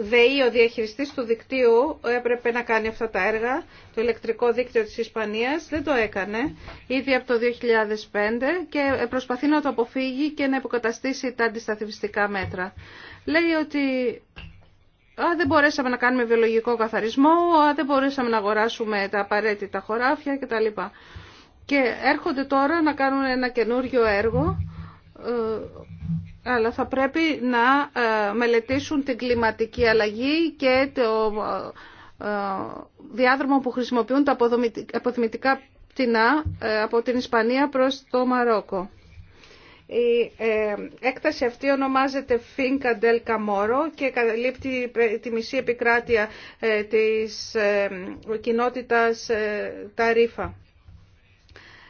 ΔΕΗ, ο διαχειριστής του δικτύου, έπρεπε να κάνει αυτά τα έργα, το ηλεκτρικό δίκτυο της Ισπανίας, δεν το έκανε ήδη από το 2005 και προσπαθεί να το αποφύγει και να υποκαταστήσει τα αντισταθμιστικά μέτρα. Λέει ότι α, δεν μπορέσαμε να κάνουμε βιολογικό καθαρισμό, α, δεν μπορέσαμε να αγοράσουμε τα απαραίτητα χωράφια κτλ. Και έρχονται τώρα να κάνουν ένα καινούριο έργο ε, αλλά θα πρέπει να ε, μελετήσουν την κλιματική αλλαγή και το ε, διάδρομο που χρησιμοποιούν τα αποδημητικά πτηνά ε, από την Ισπανία προς το Μαρόκο. Η έκταση αυτή ονομάζεται Finca del Camoro και καλύπτει τη μισή επικράτεια της κοινότητας Ταρίφα.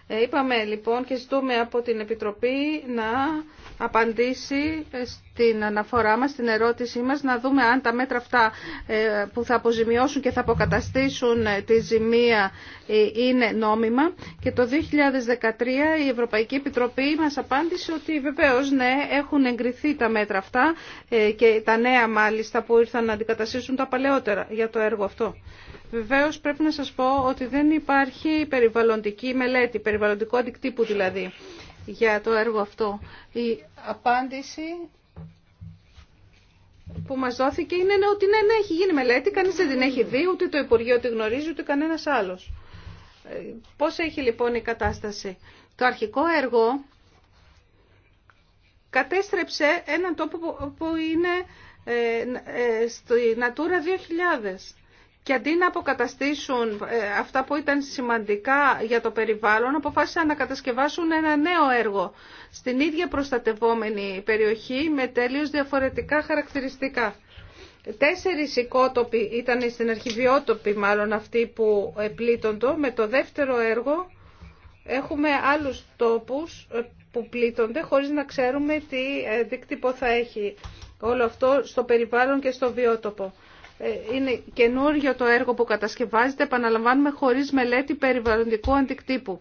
Ε, είπαμε λοιπόν και ζητούμε από την Επιτροπή να απαντήσει ε, στην αναφορά μας, στην ερώτησή μας, να δούμε αν τα μέτρα αυτά ε, που θα αποζημιώσουν και θα αποκαταστήσουν τη ζημία είναι νόμιμα. Και το 2013 η Ευρωπαϊκή Επιτροπή μας απάντησε ότι βεβαίως ναι, έχουν εγκριθεί τα μέτρα αυτά και τα νέα μάλιστα που ήρθαν να αντικαταστήσουν τα παλαιότερα για το έργο αυτό. Βεβαίως πρέπει να σας πω ότι δεν υπάρχει περιβαλλοντική μελέτη, περιβαλλοντικό αντικτύπου δηλαδή, για το έργο αυτό. Η απάντηση που μας δόθηκε είναι ναι, ότι ναι, ναι, έχει γίνει μελέτη, κανείς δεν την έχει δει, ούτε το Υπουργείο τη γνωρίζει, ούτε κανένας άλλος. Ε, πώς έχει λοιπόν η κατάσταση. Το αρχικό έργο κατέστρεψε έναν τόπο που είναι ε, ε, στη Natura 2000 και αντί να αποκαταστήσουν ε, αυτά που ήταν σημαντικά για το περιβάλλον, αποφάσισαν να κατασκευάσουν ένα νέο έργο στην ίδια προστατευόμενη περιοχή με τέλειως διαφορετικά χαρακτηριστικά. Τέσσερις οικότοποι ήταν στην αρχιβιότοπη μάλλον αυτοί που πλήττοντο. Με το δεύτερο έργο έχουμε άλλους τόπους ε, που πλήττονται χωρίς να ξέρουμε τι ε, δίκτυπο θα έχει όλο αυτό στο περιβάλλον και στο βιότοπο. Ε, είναι καινούργιο το έργο που κατασκευάζεται, επαναλαμβάνουμε, χωρίς μελέτη περιβαλλοντικού αντικτύπου.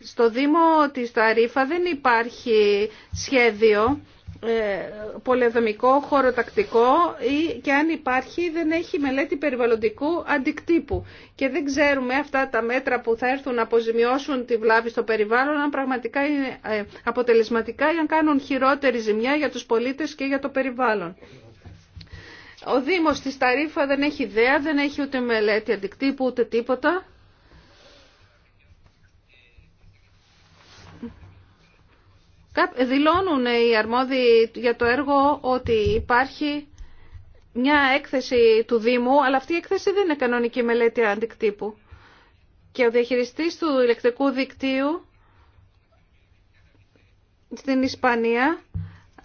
Στο Δήμο της Ταρίφα δεν υπάρχει σχέδιο ε, πολεδομικό, χωροτακτικό ή και αν υπάρχει δεν έχει μελέτη περιβαλλοντικού αντικτύπου. Και δεν ξέρουμε αυτά τα μέτρα που θα έρθουν να αποζημιώσουν τη βλάβη στο περιβάλλον αν πραγματικά είναι ε, αποτελεσματικά ή αν κάνουν χειρότερη ζημιά για τους πολίτες και για το περιβάλλον. Ο Δήμος της Ταρίφα δεν έχει ιδέα, δεν έχει ούτε μελέτη αντικτύπου, ούτε τίποτα. Δηλώνουν οι αρμόδιοι για το έργο ότι υπάρχει μια έκθεση του Δήμου, αλλά αυτή η έκθεση δεν είναι κανονική μελέτη αντικτύπου. Και ο διαχειριστής του ηλεκτρικού δικτύου στην Ισπανία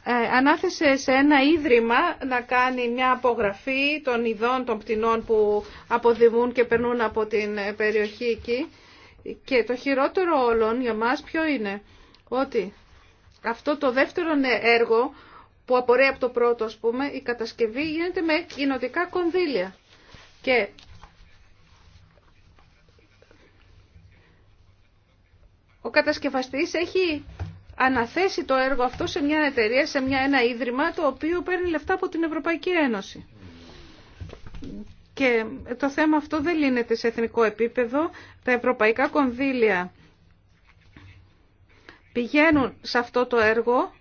ε, ανάθεσε σε ένα ίδρυμα να κάνει μια απογραφή των ειδών των πτηνών που αποδημούν και περνούν από την περιοχή εκεί. Και το χειρότερο όλων για μας ποιο είναι, ότι αυτό το δεύτερο έργο που απορρέει από το πρώτο, ας πούμε, η κατασκευή γίνεται με κοινοτικά κονδύλια. Και ο κατασκευαστής έχει αναθέσει το έργο αυτό σε μια εταιρεία, σε μια, ένα ίδρυμα το οποίο παίρνει λεφτά από την Ευρωπαϊκή Ένωση. Και το θέμα αυτό δεν λύνεται σε εθνικό επίπεδο. Τα ευρωπαϊκά κονδύλια πηγαίνουν σε αυτό το έργο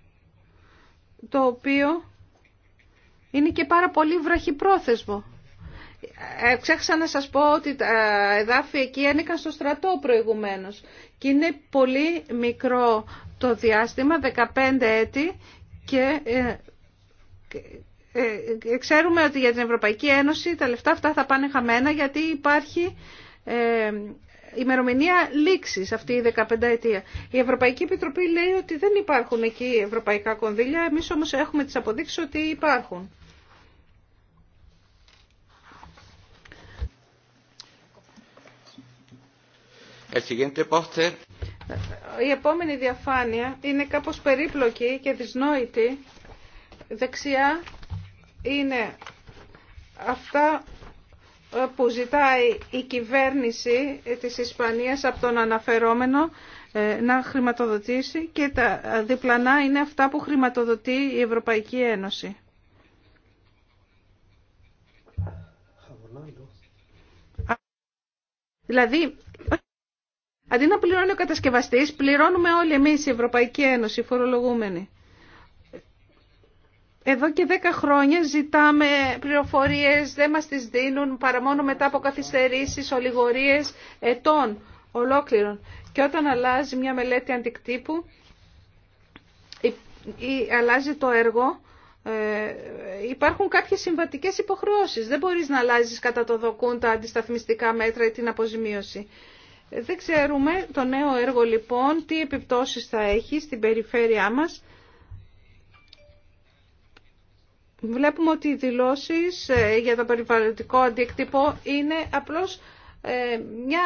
το οποίο είναι και πάρα πολύ βραχυπρόθεσμο. Ε, ξέχασα να σας πω ότι τα εδάφη εκεί ένοικαν στο στρατό προηγουμένως και είναι πολύ μικρό το διάστημα, 15 έτη και ε, ε, ε, ξέρουμε ότι για την Ευρωπαϊκή Ένωση τα λεφτά αυτά θα πάνε χαμένα γιατί υπάρχει ημερομηνία λήξη αυτή η 15 ετία. Η Ευρωπαϊκή Επιτροπή λέει ότι δεν υπάρχουν εκεί ευρωπαϊκά κονδύλια, εμείς όμως έχουμε τις αποδείξεις ότι υπάρχουν. Η επόμενη διαφάνεια είναι κάπως περίπλοκη και δυσνόητη. Δεξιά είναι αυτά ε, που ζητάει η κυβέρνηση της Ισπανίας από τον αναφερόμενο ε, να χρηματοδοτήσει και τα διπλανά είναι αυτά που χρηματοδοτεί η Ευρωπαϊκή Ένωση. Δηλαδή Αντί να πληρώνει ο κατασκευαστή, πληρώνουμε όλοι εμεί η Ευρωπαϊκή Ένωση, οι φορολογούμενοι. Εδώ και 10 χρόνια ζητάμε πληροφορίε, δεν μας τις δίνουν παρά μόνο μετά από καθυστερήσει, ολιγορίες ετών ολόκληρων. Και όταν αλλάζει μια μελέτη αντικτύπου ή αλλάζει το έργο, ε, υπάρχουν κάποιες συμβατικές υποχρεώσεις. Δεν μπορείς να αλλάζεις κατά το δοκούν τα αντισταθμιστικά μέτρα ή την αποζημίωση. Δεν ξέρουμε το νέο έργο λοιπόν τι επιπτώσεις θα έχει στην περιφέρειά μας. Βλέπουμε ότι οι δηλώσεις ε, για το περιβαλλοντικό αντίκτυπο είναι απλώς ε, μια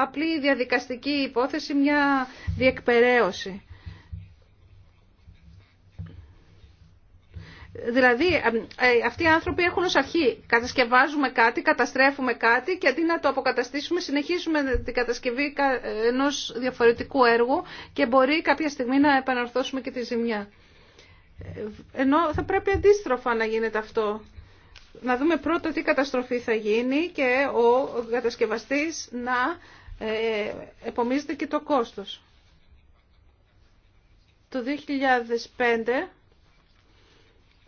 απλή διαδικαστική υπόθεση, μια διεκπεραίωση. Δηλαδή, ε, αυτοί οι άνθρωποι έχουν ως αρχή. Κατασκευάζουμε κάτι, καταστρέφουμε κάτι και αντί να το αποκαταστήσουμε, συνεχίζουμε την κατασκευή ενός διαφορετικού έργου και μπορεί κάποια στιγμή να επαναρθώσουμε και τη ζημιά. Ε, ενώ θα πρέπει αντίστροφα να γίνεται αυτό. Να δούμε πρώτα τι καταστροφή θα γίνει και ο κατασκευαστής να ε, επομίζεται και το κόστος. Το 2005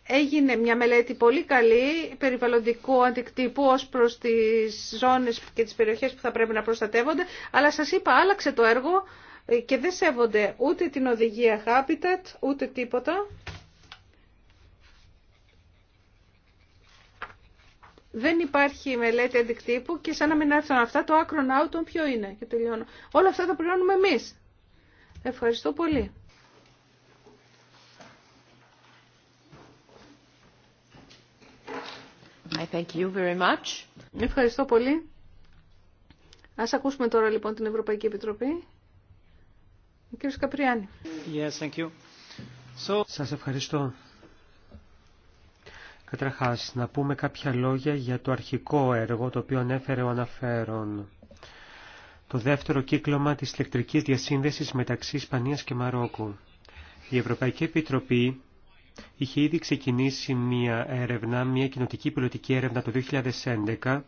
Έγινε μια μελέτη πολύ καλή περιβαλλοντικού αντικτύπου ως προς τις ζώνες και τις περιοχές που θα πρέπει να προστατεύονται, αλλά σας είπα άλλαξε το έργο και δεν σέβονται ούτε την οδηγία Habitat, ούτε τίποτα. Δεν υπάρχει μελέτη αντικτύπου και σαν να μην έρθουν αυτά, το άκρο να ποιο είναι και τελειώνω. Όλα αυτά τα πληρώνουμε εμείς. Ευχαριστώ πολύ. Ευχαριστώ πολύ. Ας ακούσουμε τώρα λοιπόν την Ευρωπαϊκή Επιτροπή. Ο κύριος Καπριάνη. Yes, thank you. So... Σας ευχαριστώ. Καταρχάς, να πούμε κάποια λόγια για το αρχικό έργο το οποίο ανέφερε ο αναφέρον. Το δεύτερο κύκλωμα της ηλεκτρικής διασύνδεσης μεταξύ Ισπανίας και Μαρόκου. Η Ευρωπαϊκή Επιτροπή είχε ήδη ξεκινήσει μια έρευνα, μια κοινοτική πιλωτική έρευνα το 2011,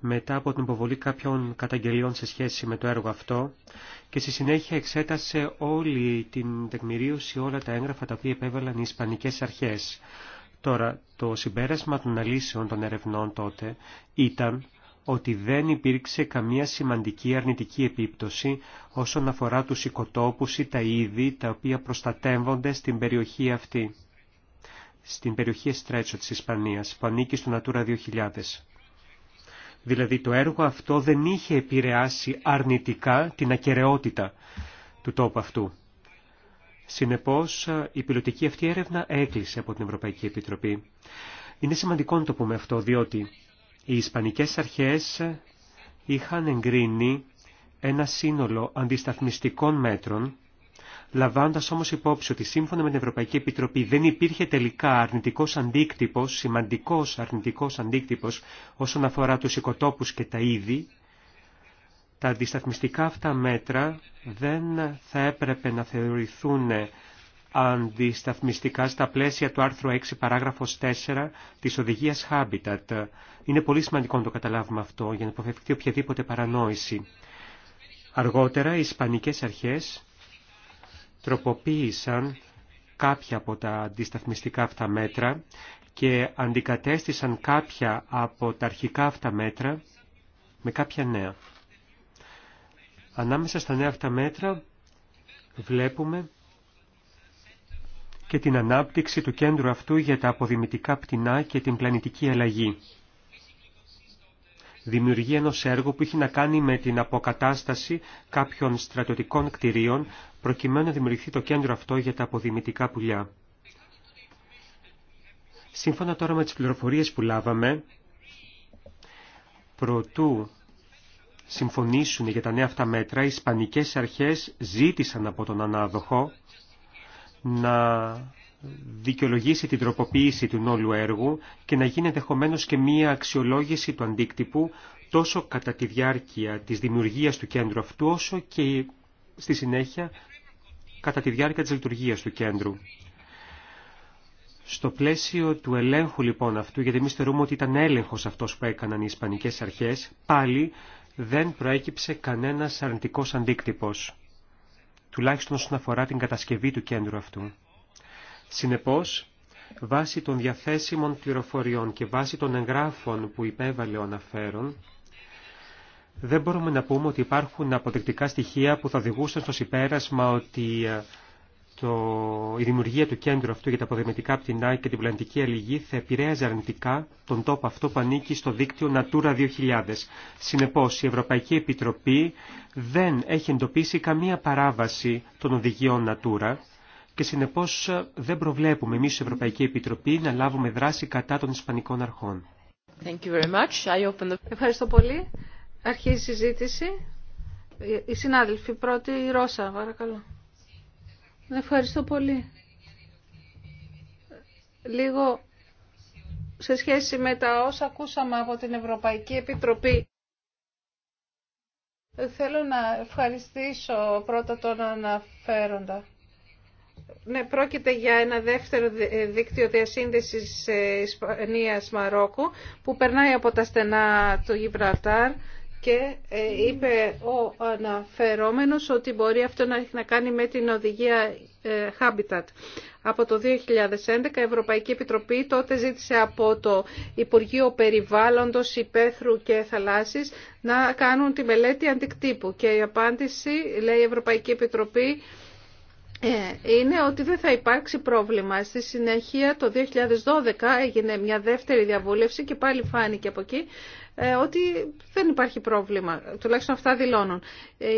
μετά από την υποβολή κάποιων καταγγελιών σε σχέση με το έργο αυτό και στη συνέχεια εξέτασε όλη την τεκμηρίωση, όλα τα έγγραφα τα οποία επέβαλαν οι Ισπανικές αρχές. Τώρα, το συμπέρασμα των αλήσεων των ερευνών τότε ήταν ότι δεν υπήρξε καμία σημαντική αρνητική επίπτωση όσον αφορά τους οικοτόπους ή τα είδη τα οποία προστατεύονται στην περιοχή αυτή στην περιοχή Εστρέτσο της Ισπανίας που ανήκει στο Natura 2000. Δηλαδή το έργο αυτό δεν είχε επηρεάσει αρνητικά την ακαιρεότητα του τόπου αυτού. Συνεπώς, η πιλωτική αυτή έρευνα έκλεισε από την Ευρωπαϊκή Επιτροπή. Είναι σημαντικό να το πούμε αυτό, διότι οι Ισπανικές αρχές είχαν εγκρίνει ένα σύνολο αντισταθμιστικών μέτρων λαμβάνοντας όμως υπόψη ότι σύμφωνα με την Ευρωπαϊκή Επιτροπή δεν υπήρχε τελικά αρνητικός αντίκτυπος, σημαντικός αρνητικός αντίκτυπος όσον αφορά τους οικοτόπους και τα είδη, τα αντισταθμιστικά αυτά μέτρα δεν θα έπρεπε να θεωρηθούν αντισταθμιστικά στα πλαίσια του άρθρου 6 παράγραφος 4 της οδηγίας Habitat. Είναι πολύ σημαντικό να το καταλάβουμε αυτό για να αποφευκτεί οποιαδήποτε παρανόηση. Αργότερα οι Ισπανικές αρχές τροποποίησαν κάποια από τα αντισταθμιστικά αυτά μέτρα και αντικατέστησαν κάποια από τα αρχικά αυτά μέτρα με κάποια νέα. Ανάμεσα στα νέα αυτά μέτρα βλέπουμε και την ανάπτυξη του κέντρου αυτού για τα αποδημητικά πτηνά και την πλανητική αλλαγή. Δημιουργεί ενό έργου που έχει να κάνει με την αποκατάσταση κάποιων στρατιωτικών κτηρίων προκειμένου να δημιουργηθεί το κέντρο αυτό για τα αποδημητικά πουλιά. Σύμφωνα τώρα με τις πληροφορίες που λάβαμε, προτού συμφωνήσουν για τα νέα αυτά μέτρα, οι Ισπανικές αρχές ζήτησαν από τον ανάδοχο να δικαιολογήσει την τροποποίηση του όλου έργου και να γίνει ενδεχομένω και μία αξιολόγηση του αντίκτυπου τόσο κατά τη διάρκεια της δημιουργίας του κέντρου αυτού όσο και στη συνέχεια κατά τη διάρκεια της λειτουργίας του κέντρου. Στο πλαίσιο του ελέγχου λοιπόν αυτού, γιατί εμείς θεωρούμε ότι ήταν έλεγχος αυτός που έκαναν οι Ισπανικές αρχές, πάλι δεν προέκυψε κανένας αρνητικός αντίκτυπος, τουλάχιστον όσον αφορά την κατασκευή του κέντρου αυτού. Συνεπώς, βάσει των διαθέσιμων πληροφοριών και βάσει των εγγράφων που υπέβαλε ο αναφέρον, δεν μπορούμε να πούμε ότι υπάρχουν αποδεικτικά στοιχεία που θα οδηγούσαν στο συμπέρασμα ότι ε, το, η δημιουργία του κέντρου αυτού για τα αποδεμητικά πτηνά και την πλανητική αλληγή θα επηρέαζε αρνητικά τον τόπο αυτό που ανήκει στο δίκτυο Natura 2000. Συνεπώς, η Ευρωπαϊκή Επιτροπή δεν έχει εντοπίσει καμία παράβαση των οδηγιών Natura και συνεπώς ε, δεν προβλέπουμε εμείς η Ευρωπαϊκή Επιτροπή να λάβουμε δράση κατά των Ισπανικών αρχών. Thank you very much. I open the... Ευχαριστώ πολύ. Αρχίζει η συζήτηση. Ε, οι συνάδελφοι, πρώτη η Ρώσα, παρακαλώ. Ευχαριστώ πολύ. Λίγο σε σχέση με τα όσα ακούσαμε από την Ευρωπαϊκή Επιτροπή. Θέλω να ευχαριστήσω πρώτα τον αναφέροντα. Ναι, πρόκειται για ένα δεύτερο ε, δίκτυο διασύνδεσης ε, Ισπανίας-Μαρόκου που περνάει από τα στενά του Γιβραλτάρ και ε, είπε ο αναφερόμενος ότι μπορεί αυτό να έχει να κάνει με την οδηγία Habitat. Από το 2011 η Ευρωπαϊκή Επιτροπή τότε ζήτησε από το Υπουργείο Περιβάλλοντος, Υπέθρου και Θαλάσσης να κάνουν τη μελέτη αντικτύπου και η απάντηση λέει η Ευρωπαϊκή Επιτροπή ε, είναι ότι δεν θα υπάρξει πρόβλημα. Στη συνέχεια το 2012 έγινε μια δεύτερη διαβούλευση και πάλι φάνηκε από εκεί ε, ότι δεν υπάρχει πρόβλημα. Τουλάχιστον αυτά δηλώνουν. Ε,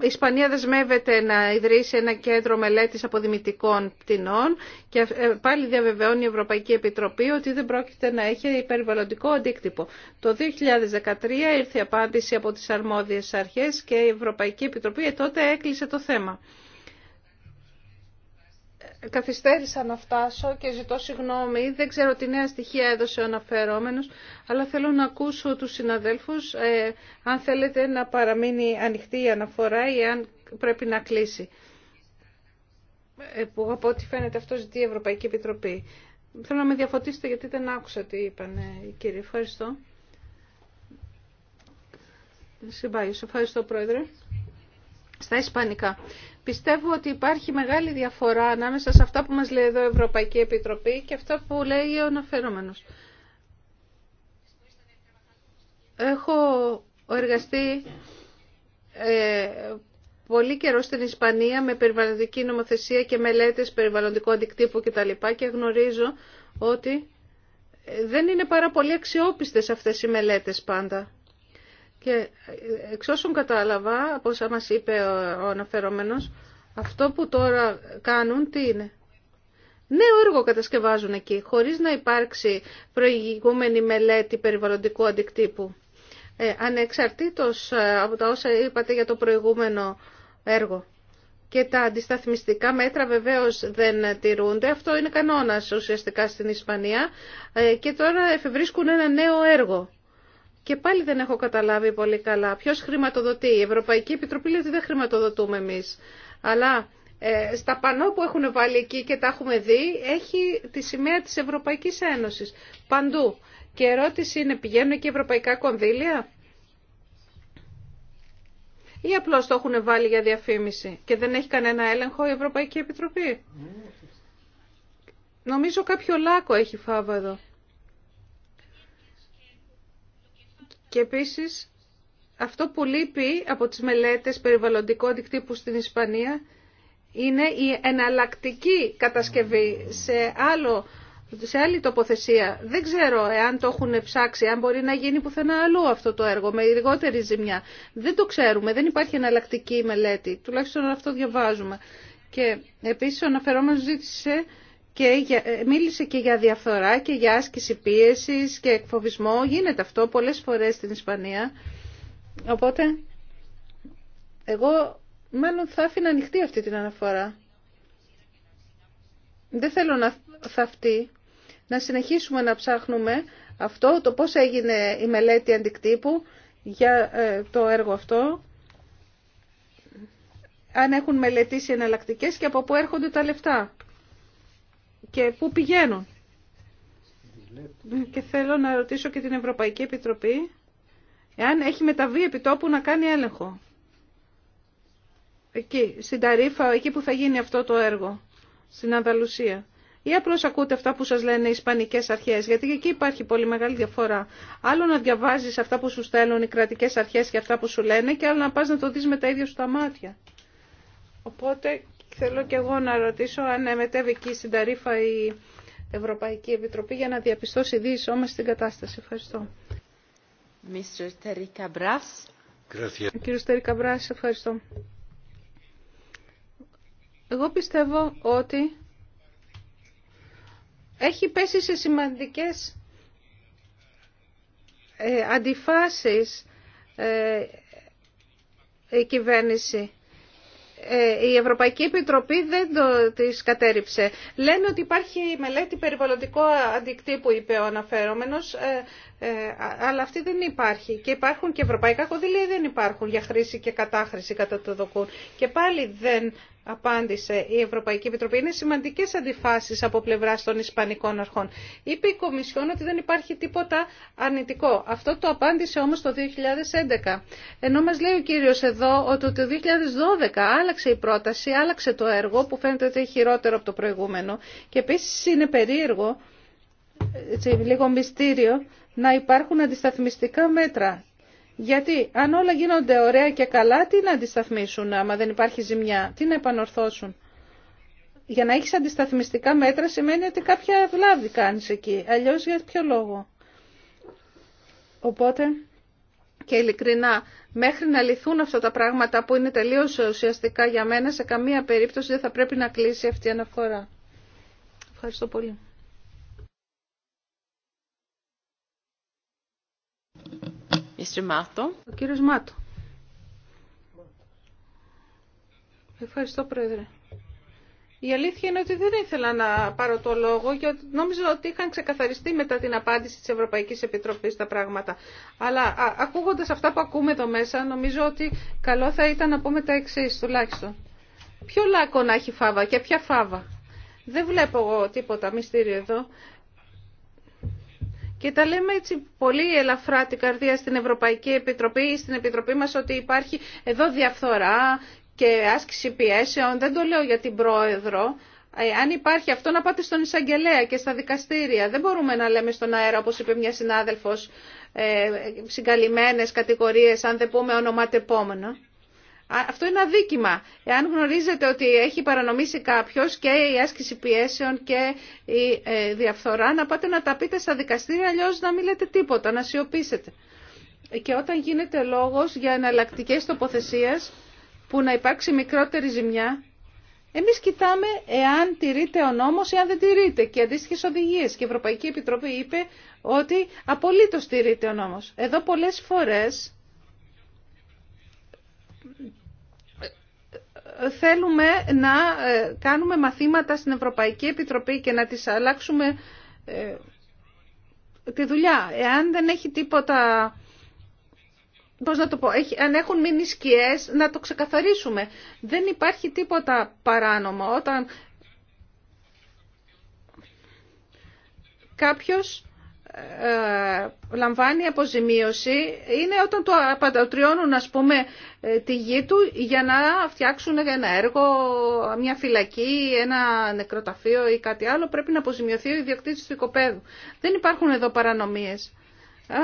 η Ισπανία δεσμεύεται να ιδρύσει ένα κέντρο μελέτης αποδημητικών πτηνών και ε, πάλι διαβεβαιώνει η Ευρωπαϊκή Επιτροπή ότι δεν πρόκειται να έχει περιβαλλοντικό αντίκτυπο. Το 2013 ήρθε η απάντηση από τις αρμόδιες αρχές και η Ευρωπαϊκή Επιτροπή τότε έκλεισε το θέμα καθυστέρησα να φτάσω και ζητώ συγγνώμη. Δεν ξέρω τι νέα στοιχεία έδωσε ο αναφερόμενος, αλλά θέλω να ακούσω τους συναδέλφους ε, αν θέλετε να παραμείνει ανοιχτή η αναφορά ή αν πρέπει να κλείσει. Ε, που από ό,τι φαίνεται αυτό ζητεί η Ευρωπαϊκή Επιτροπή. Θέλω να με διαφωτίσετε γιατί δεν άκουσα τι είπαν οι κύριοι. Ευχαριστώ. Συμπάγιος. Ευχαριστώ, Πρόεδρε. Στα Ισπανικά. Πιστεύω ότι υπάρχει μεγάλη διαφορά ανάμεσα σε αυτά που μας λέει εδώ η Ευρωπαϊκή Επιτροπή και αυτά που λέει ο αναφέρομενος. Έχω εργαστεί ε, πολύ καιρό στην Ισπανία με περιβαλλοντική νομοθεσία και μελέτες περιβαλλοντικού αντικτύπου κτλ. και γνωρίζω ότι δεν είναι πάρα πολύ αξιόπιστες αυτές οι μελέτες πάντα. Και εξ όσων κατάλαβα, από όσα μας είπε ο αναφερόμενος, αυτό που τώρα κάνουν τι είναι. Νέο έργο κατασκευάζουν εκεί, χωρίς να υπάρξει προηγούμενη μελέτη περιβαλλοντικού αντικτύπου. Ε, ανεξαρτήτως ε, από τα όσα είπατε για το προηγούμενο έργο. Και τα αντισταθμιστικά μέτρα βεβαίως δεν τηρούνται. Αυτό είναι κανόνας ουσιαστικά στην Ισπανία. Ε, και τώρα εφευρίσκουν ένα νέο έργο και πάλι δεν έχω καταλάβει πολύ καλά Ποιο χρηματοδοτεί. Η Ευρωπαϊκή Επιτροπή λέει ότι δεν χρηματοδοτούμε εμεί. Αλλά ε, στα πανό που έχουν βάλει εκεί και τα έχουμε δει, έχει τη σημαία τη Ευρωπαϊκή Ένωση. Παντού. Και η ερώτηση είναι, πηγαίνουν και ευρωπαϊκά κονδύλια ή απλώς το έχουν βάλει για διαφήμιση και δεν έχει κανένα έλεγχο η Ευρωπαϊκή Επιτροπή. Mm. Νομίζω κάποιο λάκκο έχει φάβο εδώ. Και επίσης αυτό που λείπει από τις μελέτες περιβαλλοντικού αντικτύπου στην Ισπανία είναι η εναλλακτική κατασκευή σε, άλλο, σε άλλη τοποθεσία. Δεν ξέρω εάν το έχουν ψάξει, αν μπορεί να γίνει πουθενά αλλού αυτό το έργο με λιγότερη ζημιά. Δεν το ξέρουμε, δεν υπάρχει εναλλακτική μελέτη, τουλάχιστον αυτό διαβάζουμε. Και επίσης ο αναφερόμενος ζήτησε και για, ε, μίλησε και για διαφθορά και για άσκηση πίεσης και εκφοβισμό. Γίνεται αυτό πολλές φορές στην Ισπανία. Οπότε, εγώ μάλλον θα άφηνα ανοιχτή αυτή την αναφορά. Δεν θέλω να θαυτεί. Να συνεχίσουμε να ψάχνουμε αυτό, το πώς έγινε η μελέτη αντικτύπου για ε, το έργο αυτό. Αν έχουν μελετήσει εναλλακτικέ και από πού έρχονται τα λεφτά και πού πηγαίνουν. Και θέλω να ρωτήσω και την Ευρωπαϊκή Επιτροπή εάν έχει μεταβεί επιτόπου να κάνει έλεγχο. Εκεί, στην Ταρίφα, εκεί που θα γίνει αυτό το έργο, στην Ανταλουσία. Ή απλώ ακούτε αυτά που σας λένε οι Ισπανικές αρχές, γιατί εκεί υπάρχει πολύ μεγάλη διαφορά. Άλλο να διαβάζεις αυτά που σου στέλνουν οι κρατικές αρχές και αυτά που σου λένε και άλλο να πας να το δεις με τα ίδια σου τα μάτια. Οπότε Θέλω και εγώ να ρωτήσω αν μετέβει εκεί στην ταρήφα η Ευρωπαϊκή Επιτροπή για να διαπιστώσει ισόμες στην κατάσταση. Ευχαριστώ. Κύριε Τερικα Μπράς, ευχαριστώ. Εγώ πιστεύω ότι έχει πέσει σε σημαντικές ε, αντιφάσεις ε, η κυβέρνηση ε, η Ευρωπαϊκή Επιτροπή δεν το τις κατέριψε. Λένε ότι υπάρχει μελέτη περιβαλλοντικό αντικτύπου, είπε ο αναφέρομενος, ε, ε, αλλά αυτή δεν υπάρχει. Και υπάρχουν και ευρωπαϊκά κονδύλια δεν υπάρχουν για χρήση και κατάχρηση κατά το δοκούν. Και πάλι δεν απάντησε η Ευρωπαϊκή Επιτροπή. Είναι σημαντικές αντιφάσεις από πλευρά των Ισπανικών αρχών. Είπε η Κομισιόν ότι δεν υπάρχει τίποτα αρνητικό. Αυτό το απάντησε όμως το 2011. Ενώ μας λέει ο κύριος εδώ ότι το 2012 άλλαξε η πρόταση, άλλαξε το έργο που φαίνεται ότι είναι χειρότερο από το προηγούμενο και επίση είναι περίεργο, έτσι, λίγο μυστήριο, να υπάρχουν αντισταθμιστικά μέτρα γιατί αν όλα γίνονται ωραία και καλά, τι να αντισταθμίσουν άμα δεν υπάρχει ζημιά, τι να επανορθώσουν. Για να έχεις αντισταθμιστικά μέτρα σημαίνει ότι κάποια βλάβη κάνεις εκεί, αλλιώς για ποιο λόγο. Οπότε και ειλικρινά, μέχρι να λυθούν αυτά τα πράγματα που είναι τελείως ουσιαστικά για μένα, σε καμία περίπτωση δεν θα πρέπει να κλείσει αυτή η αναφορά. Ευχαριστώ πολύ. Mr. Ο κύριος Μάτο. Ευχαριστώ, Πρόεδρε. Η αλήθεια είναι ότι δεν ήθελα να πάρω το λόγο γιατί νόμιζα ότι είχαν ξεκαθαριστεί μετά την απάντηση της Ευρωπαϊκής Επιτροπής τα πράγματα. Αλλά α, ακούγοντας αυτά που ακούμε εδώ μέσα νομίζω ότι καλό θα ήταν να πούμε τα εξή τουλάχιστον. Ποιο λάκκο να έχει φάβα και ποια φάβα. Δεν βλέπω εγώ τίποτα μυστήριο εδώ. Και τα λέμε έτσι πολύ ελαφρά την καρδία στην Ευρωπαϊκή Επιτροπή ή στην Επιτροπή μας ότι υπάρχει εδώ διαφθορά και άσκηση πιέσεων. Δεν το λέω για την Πρόεδρο. Ε, αν υπάρχει αυτό να πάτε στον Ισαγγελέα και στα δικαστήρια. Δεν μπορούμε να λέμε στον αέρα όπως είπε μια συνάδελφος ε, συγκαλυμμένες κατηγορίες αν δεν πούμε επόμενα. Αυτό είναι αδίκημα. Εάν γνωρίζετε ότι έχει παρανομήσει κάποιος και η άσκηση πιέσεων και η ε, διαφθορά, να πάτε να τα πείτε στα δικαστήρια, αλλιώ να μην λέτε τίποτα, να σιωπήσετε. Και όταν γίνεται λόγος για εναλλακτικέ τοποθεσίες που να υπάρξει μικρότερη ζημιά, εμείς κοιτάμε εάν τηρείται ο νόμος ή αν δεν τηρείται και αντίστοιχε οδηγίες. Και η Ευρωπαϊκή Επιτροπή είπε ότι απολύτως τηρείται ο νόμος. Εδώ πολλές φορές θέλουμε να ε, κάνουμε μαθήματα στην Ευρωπαϊκή Επιτροπή και να τις αλλάξουμε ε, τη δουλειά. Εάν δεν έχει τίποτα, πώς να το πω, αν έχουν μείνει σκιές, να το ξεκαθαρίσουμε. Δεν υπάρχει τίποτα παράνομο όταν κάποιος ε, λαμβάνει αποζημίωση είναι όταν το απατριώνουν ας πούμε ε, τη γη του για να φτιάξουν ένα έργο, μια φυλακή, ένα νεκροταφείο ή κάτι άλλο πρέπει να αποζημιωθεί ο ιδιοκτήτης του οικοπαίδου. Δεν υπάρχουν εδώ παρανομίες.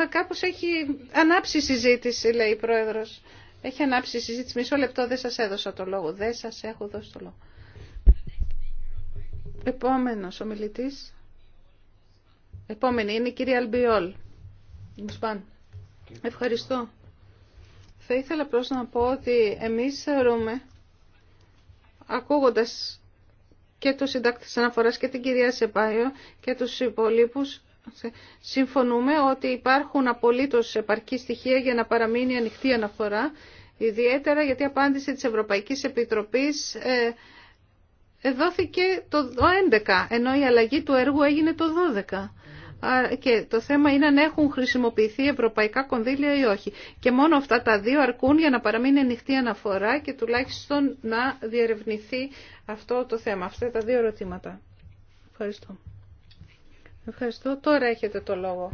Κάπως έχει ανάψει η συζήτηση λέει η Πρόεδρος. Έχει ανάψει η συζήτηση. Μισό λεπτό δεν σας έδωσα το λόγο. Δεν σας έχω δώσει το λόγο. Επόμενος ομιλητής. Επόμενη είναι η κυρία Αλμπιόλ. Ευχαριστώ. Θα ήθελα απλώς να πω ότι εμείς θεωρούμε, ακούγοντας και το συντάκτη της αναφοράς και την κυρία Σεπάιο και τους υπολείπους, συμφωνούμε ότι υπάρχουν απολύτως επαρκή στοιχεία για να παραμείνει ανοιχτή η αναφορά, ιδιαίτερα γιατί η απάντηση της Ευρωπαϊκής Επιτροπής ε, δόθηκε το 2011, ενώ η αλλαγή του έργου έγινε το 2012 και το θέμα είναι αν έχουν χρησιμοποιηθεί ευρωπαϊκά κονδύλια ή όχι. Και μόνο αυτά τα δύο αρκούν για να παραμείνει ανοιχτή αναφορά και τουλάχιστον να διερευνηθεί αυτό το θέμα. Αυτά τα δύο ερωτήματα. Ευχαριστώ. Ευχαριστώ. Τώρα έχετε το λόγο.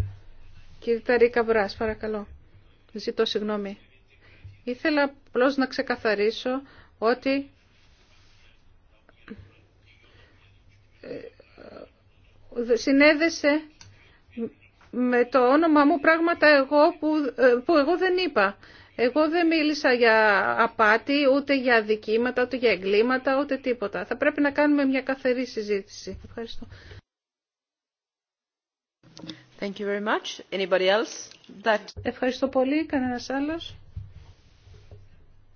Κύριε Ταρίκα Βράς, παρακαλώ. Ζητώ συγγνώμη. Ήθελα απλώ να ξεκαθαρίσω ότι ε, συνέδεσε με το όνομα μου πράγματα εγώ που, ε, που εγώ δεν είπα. Εγώ δεν μίλησα για απάτη, ούτε για δικήματα ούτε για εγκλήματα, ούτε τίποτα. Θα πρέπει να κάνουμε μια καθαρή συζήτηση. Ευχαριστώ. Thank you very much. Anybody else? That... Ευχαριστώ πολύ. Κανένας άλλος.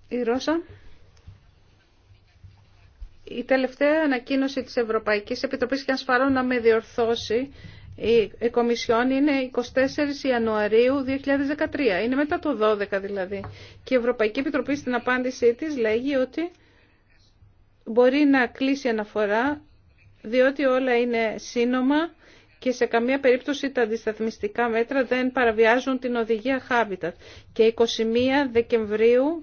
Η Ρώσα. Η τελευταία ανακοίνωση της Ευρωπαϊκής Επιτροπής, και αν να με διορθώσει, η Κομισιόν είναι 24 Ιανουαρίου 2013, είναι μετά το 12 δηλαδή. Και η Ευρωπαϊκή Επιτροπή στην απάντησή της λέγει ότι μπορεί να κλείσει αναφορά διότι όλα είναι σύνομα και σε καμία περίπτωση τα αντισταθμιστικά μέτρα δεν παραβιάζουν την οδηγία Habitat. Και 21 Δεκεμβρίου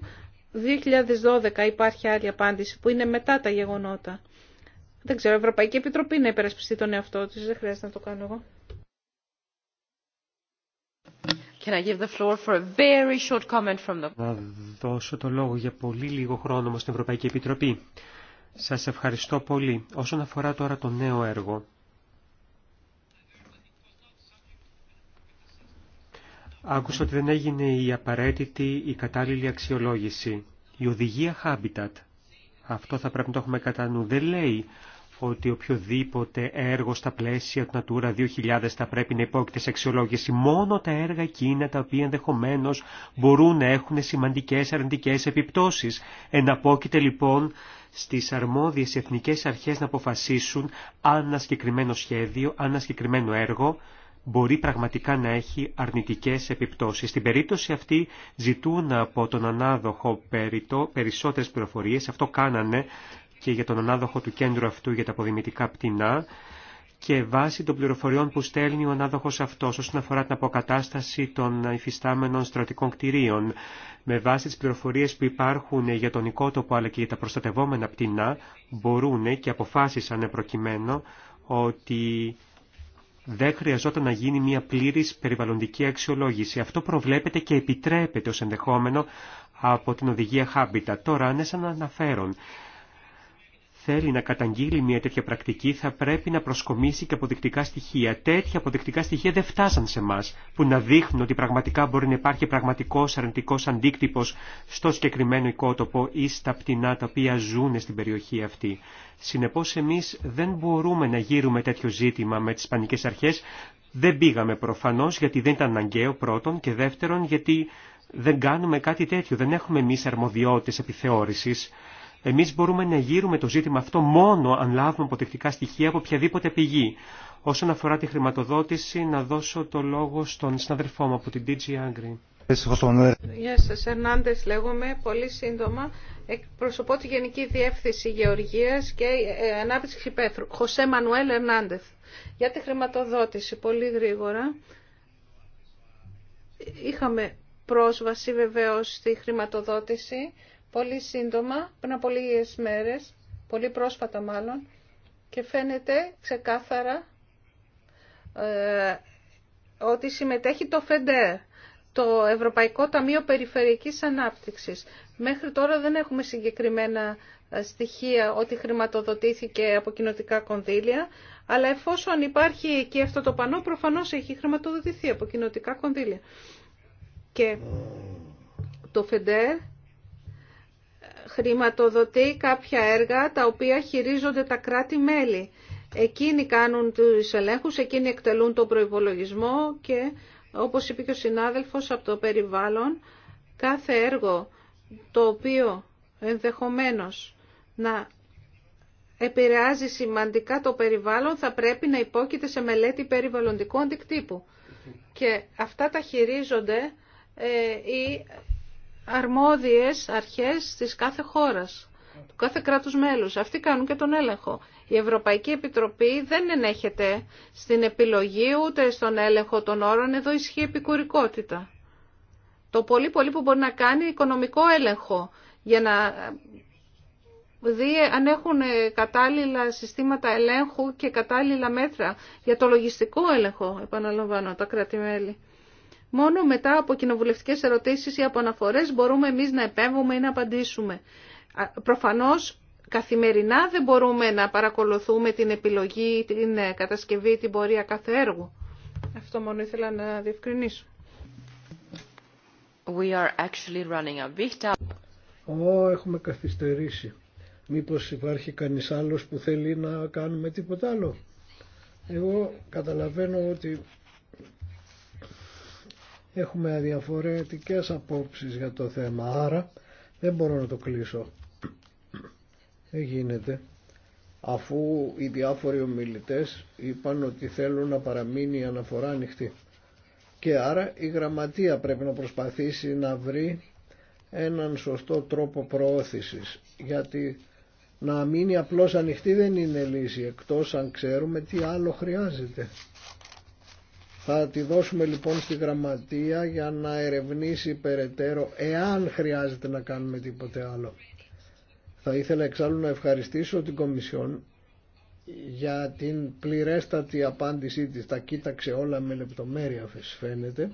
2012 υπάρχει άλλη απάντηση που είναι μετά τα γεγονότα. Δεν ξέρω, η Ευρωπαϊκή Επιτροπή να υπερασπιστεί τον εαυτό της, δεν χρειάζεται να το κάνω εγώ. Can give the floor for a very short comment from the... δώσω το λόγο για πολύ λίγο χρόνο μας στην Ευρωπαϊκή Επιτροπή. Σας ευχαριστώ πολύ. Όσον αφορά τώρα το νέο έργο, άκουσα ότι δεν έγινε η απαραίτητη, η κατάλληλη αξιολόγηση. Η οδηγία Habitat, αυτό θα πρέπει να το έχουμε κατά νου, δεν λέει ότι οποιοδήποτε έργο στα πλαίσια του Natura 2000 θα πρέπει να υπόκειται σε αξιολόγηση. Μόνο τα έργα εκείνα τα οποία ενδεχομένω μπορούν να έχουν σημαντικέ αρνητικέ επιπτώσει. Εναπόκειται λοιπόν στι αρμόδιε εθνικέ αρχέ να αποφασίσουν αν ένα συγκεκριμένο σχέδιο, αν ένα συγκεκριμένο έργο μπορεί πραγματικά να έχει αρνητικές επιπτώσεις. Στην περίπτωση αυτή ζητούν από τον ανάδοχο περισσότερες πληροφορίε, αυτό κάνανε και για τον ανάδοχο του κέντρου αυτού για τα αποδημητικά πτηνά και βάσει των πληροφοριών που στέλνει ο ανάδοχος αυτός όσον αφορά την αποκατάσταση των υφιστάμενων στρατικών κτηρίων, με βάση τις πληροφορίες που υπάρχουν για τον οικότοπο αλλά και για τα προστατευόμενα πτηνά, μπορούν και αποφάσισαν προκειμένου ότι δεν χρειαζόταν να γίνει μια πλήρης περιβαλλοντική αξιολόγηση. Αυτό προβλέπεται και επιτρέπεται ως ενδεχόμενο από την οδηγία Habitat. Τώρα, αν να αναφέρον θέλει να καταγγείλει μια τέτοια πρακτική θα πρέπει να προσκομίσει και αποδεικτικά στοιχεία. Τέτοια αποδεικτικά στοιχεία δεν φτάσαν σε εμά που να δείχνουν ότι πραγματικά μπορεί να υπάρχει πραγματικό αρνητικό αντίκτυπο στο συγκεκριμένο οικότοπο ή στα πτηνά τα οποία ζουν στην περιοχή αυτή. Συνεπώ εμεί δεν μπορούμε να γύρουμε τέτοιο ζήτημα με τι πανικέ αρχέ. Δεν πήγαμε προφανώ γιατί δεν ήταν αναγκαίο πρώτον και δεύτερον γιατί δεν κάνουμε κάτι τέτοιο. Δεν έχουμε εμεί αρμοδιότητε επιθεώρησης. Εμείς μπορούμε να γύρουμε το ζήτημα αυτό μόνο αν λάβουμε αποτεκτικά στοιχεία από οποιαδήποτε πηγή. Όσον αφορά τη χρηματοδότηση, να δώσω το λόγο στον συνάδελφό μου από την DG Agri. Γεια σας, Ερνάντες λέγομαι, πολύ σύντομα. προσωπώ τη Γενική Διεύθυνση Γεωργίας και ε, Ανάπτυξη Υπέθρου. Χωσέ Μανουέλ Ερνάντε. Για τη χρηματοδότηση, πολύ γρήγορα. Είχαμε πρόσβαση βεβαίως στη χρηματοδότηση πολύ σύντομα, πριν από λίγες μέρες, πολύ πρόσφατα μάλλον, και φαίνεται ξεκάθαρα ε, ότι συμμετέχει το ΦΕΝΤΕΡ, το Ευρωπαϊκό Ταμείο Περιφερειακής Ανάπτυξης. Μέχρι τώρα δεν έχουμε συγκεκριμένα ε, στοιχεία ότι χρηματοδοτήθηκε από κοινοτικά κονδύλια, αλλά εφόσον υπάρχει και αυτό το πανό, προφανώς έχει χρηματοδοτηθεί από κοινοτικά κονδύλια. Και το ΦΕΝΤΕΡ χρηματοδοτεί κάποια έργα τα οποία χειρίζονται τα κράτη-μέλη. Εκείνοι κάνουν τους ελέγχους, εκείνοι εκτελούν τον προϋπολογισμό και όπως είπε και ο συνάδελφος από το περιβάλλον, κάθε έργο το οποίο ενδεχομένως να επηρεάζει σημαντικά το περιβάλλον θα πρέπει να υπόκειται σε μελέτη περιβαλλοντικού αντικτύπου. Και αυτά τα χειρίζονται ε, οι αρμόδιες αρχές της κάθε χώρας, του κάθε κράτους μέλους. Αυτοί κάνουν και τον έλεγχο. Η Ευρωπαϊκή Επιτροπή δεν ενέχεται στην επιλογή ούτε στον έλεγχο των όρων. Εδώ ισχύει επικουρικότητα. Το πολύ πολύ που μπορεί να κάνει οικονομικό έλεγχο για να δει αν έχουν κατάλληλα συστήματα ελέγχου και κατάλληλα μέτρα για το λογιστικό έλεγχο, επαναλαμβάνω, τα κράτη-μέλη. Μόνο μετά από κοινοβουλευτικέ ερωτήσεις ή από αναφορές μπορούμε εμείς να επέμβουμε ή να απαντήσουμε. Προφανώς καθημερινά δεν μπορούμε να παρακολουθούμε την επιλογή, την ε, κατασκευή, την πορεία κάθε έργου. Αυτό μόνο ήθελα να διευκρινίσω. We are actually running έχουμε καθυστερήσει. Μήπως υπάρχει κανείς άλλος που θέλει να κάνουμε τίποτα άλλο. Εγώ καταλαβαίνω ότι έχουμε διαφορετικές απόψεις για το θέμα, άρα δεν μπορώ να το κλείσω. Δεν γίνεται. Αφού οι διάφοροι ομιλητές είπαν ότι θέλουν να παραμείνει η αναφορά ανοιχτή. Και άρα η γραμματεία πρέπει να προσπαθήσει να βρει έναν σωστό τρόπο προώθησης. Γιατί να μείνει απλώς ανοιχτή δεν είναι λύση, εκτός αν ξέρουμε τι άλλο χρειάζεται. Θα τη δώσουμε λοιπόν στη γραμματεία για να ερευνήσει περαιτέρω εάν χρειάζεται να κάνουμε τίποτε άλλο. Θα ήθελα εξάλλου να ευχαριστήσω την Κομισιόν για την πληρέστατη απάντησή της. Τα κοίταξε όλα με λεπτομέρεια φαίνεται.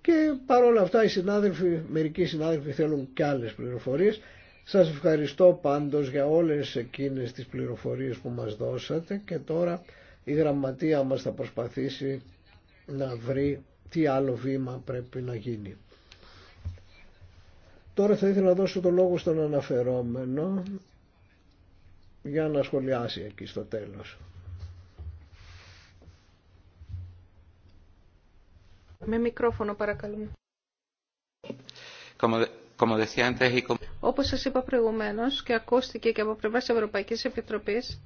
Και παρόλα αυτά οι συνάδελφοι, μερικοί συνάδελφοι θέλουν και άλλες πληροφορίες. Σας ευχαριστώ πάντως για όλες εκείνες τις πληροφορίες που μας δώσατε και τώρα η γραμματεία μας θα προσπαθήσει να βρει τι άλλο βήμα πρέπει να γίνει. Τώρα θα ήθελα να δώσω το λόγο στον αναφερόμενο για να σχολιάσει εκεί στο τέλος. Με μικρόφωνο παρακαλούμε. Όπως σας είπα προηγουμένως και ακούστηκε και από πλευράς Ευρωπαϊκής Επιτροπής,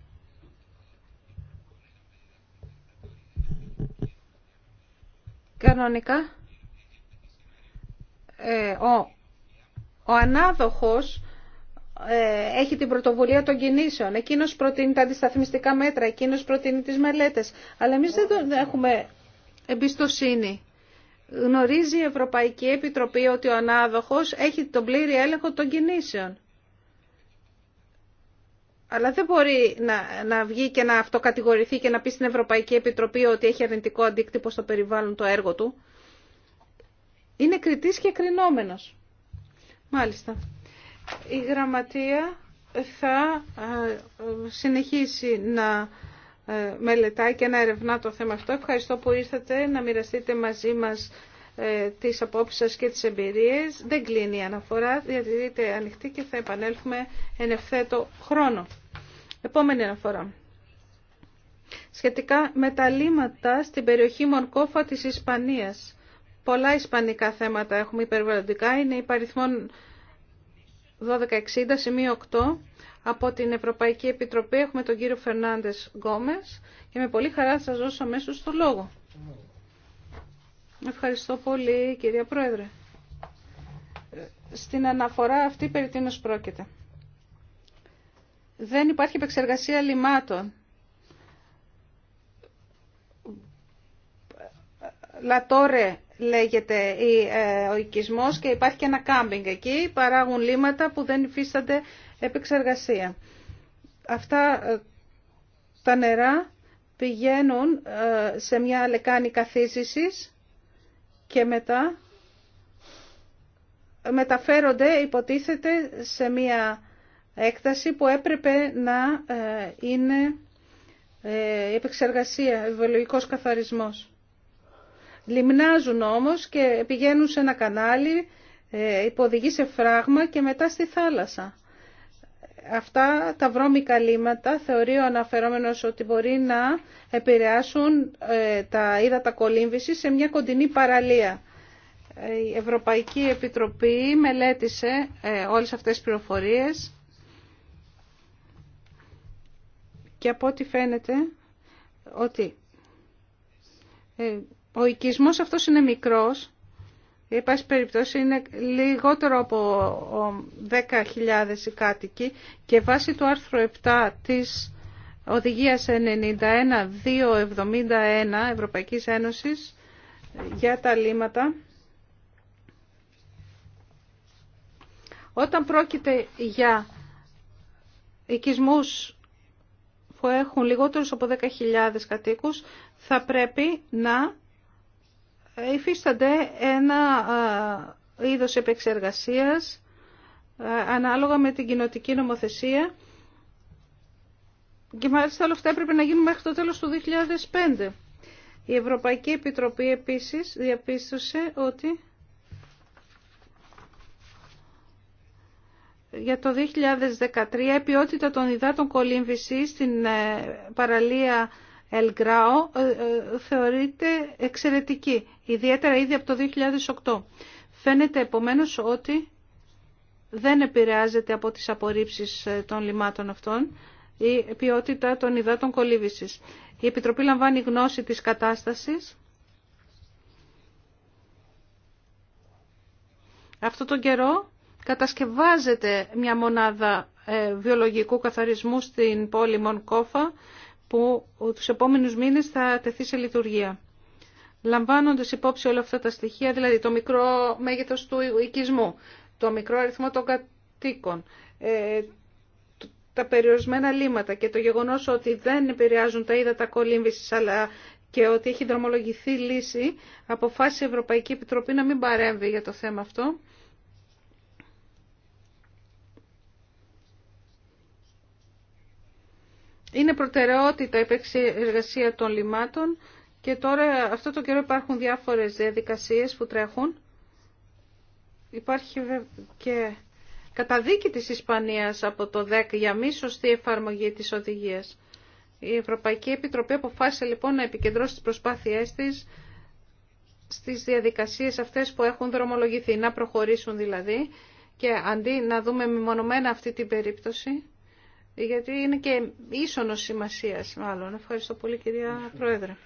Κανονικά, ε, ο, ο ανάδοχος ε, έχει την πρωτοβουλία των κινήσεων. Εκείνος προτείνει τα αντισταθμιστικά μέτρα, εκείνος προτείνει τις μελέτες. Αλλά εμείς δεν έχουμε εμπιστοσύνη. Γνωρίζει η Ευρωπαϊκή Επιτροπή ότι ο ανάδοχος έχει τον πλήρη έλεγχο των κινήσεων. Αλλά δεν μπορεί να, να βγει και να αυτοκατηγορηθεί και να πει στην Ευρωπαϊκή Επιτροπή ότι έχει αρνητικό αντίκτυπο στο περιβάλλον το έργο του. Είναι κριτής και κρινόμενος. Μάλιστα. Η γραμματεία θα ε, συνεχίσει να ε, μελετάει και να ερευνά το θέμα αυτό. Ευχαριστώ που ήρθατε να μοιραστείτε μαζί μας ε, τις απόψεις σας και τις εμπειρίες. Δεν κλείνει η αναφορά, διατηρείται ανοιχτή και θα επανέλθουμε εν ευθέτω χρόνο. Επόμενη αναφορά. Σχετικά με τα λύματα στην περιοχή Μονκόφα της Ισπανίας. Πολλά ισπανικά θέματα έχουμε υπερβαλλοντικά. Είναι υπαριθμόν 1260 σημείο 8. Από την Ευρωπαϊκή Επιτροπή έχουμε τον κύριο Φερνάντες Γκόμες και με πολύ χαρά σας δώσω αμέσως το λόγο. Ευχαριστώ πολύ κυρία Πρόεδρε. Στην αναφορά αυτή περί τίνος πρόκειται. Δεν υπάρχει επεξεργασία λιμάτων. Λατόρε λέγεται ε, ο οικισμός και υπάρχει και ένα κάμπινγκ εκεί. Παράγουν λίματα που δεν υφίστανται επεξεργασία. Αυτά ε, τα νερά πηγαίνουν ε, σε μια λεκάνη καθίζησης και μετά μεταφέρονται υποτίθεται σε μια έκταση που έπρεπε να ε, είναι ε, η επεξεργασία, βιολογικός καθαρισμός. Λιμνάζουν όμως και πηγαίνουν σε ένα κανάλι, ε, υποδηγεί σε φράγμα και μετά στη θάλασσα αυτά τα βρώμικα λίματα θεωρεί ο αναφερόμενος ότι μπορεί να επηρεάσουν ε, τα ύδατα κολύμβηση σε μια κοντινή παραλία. Η Ευρωπαϊκή Επιτροπή μελέτησε ε, όλες αυτές τις πληροφορίες και από ό,τι φαίνεται ότι ε, ο οικισμός αυτός είναι μικρός ή πάση περιπτώσει είναι λιγότερο από 10.000 οι κάτοικοι και βάσει του άρθρου 7 της Οδηγίας 91-271 Ευρωπαϊκής Ένωσης για τα λίματα. Όταν πρόκειται για οικισμούς που έχουν λιγότερους από 10.000 κατοίκους θα πρέπει να υφίστανται ένα ε, είδος επεξεργασίας ε, ανάλογα με την κοινοτική νομοθεσία και μάλιστα όλα αυτά έπρεπε να γίνουν μέχρι το τέλος του 2005. Η Ευρωπαϊκή Επιτροπή επίσης διαπίστωσε ότι για το 2013 η ποιότητα των υδάτων κολύμβησης στην ε, παραλία ε, ε, θεωρείται εξαιρετική, ιδιαίτερα ήδη από το 2008. Φαίνεται επομένως ότι δεν επηρεάζεται από τις απορρίψεις ε, των λιμάτων αυτών η ποιότητα των υδάτων κολύβησης. Η Επιτροπή λαμβάνει γνώση της κατάστασης. Αυτό τον καιρό κατασκευάζεται μια μονάδα ε, βιολογικού καθαρισμού στην πόλη Μονκόφα που τους επόμενους μήνες θα τεθεί σε λειτουργία. Λαμβάνοντας υπόψη όλα αυτά τα στοιχεία, δηλαδή το μικρό μέγεθος του οικισμού, το μικρό αριθμό των κατοίκων, ε, τα περιορισμένα λίμματα και το γεγονός ότι δεν επηρεάζουν τα ύδατα κολύμβησης αλλά και ότι έχει δρομολογηθεί λύση, αποφάσισε η Ευρωπαϊκή Επιτροπή να μην παρέμβει για το θέμα αυτό Είναι προτεραιότητα η επεξεργασία των λιμάτων και τώρα αυτό το καιρό υπάρχουν διάφορες διαδικασίες που τρέχουν. Υπάρχει και καταδίκη της Ισπανίας από το 10 για μη σωστή εφαρμογή της οδηγίας. Η Ευρωπαϊκή Επιτροπή αποφάσισε λοιπόν να επικεντρώσει τις προσπάθειές της στις διαδικασίες αυτές που έχουν δρομολογηθεί, να προχωρήσουν δηλαδή και αντί να δούμε μεμονωμένα αυτή την περίπτωση, γιατί είναι και ίσονο σημασία, μάλλον. Ευχαριστώ πολύ κυρία Πρόεδρε.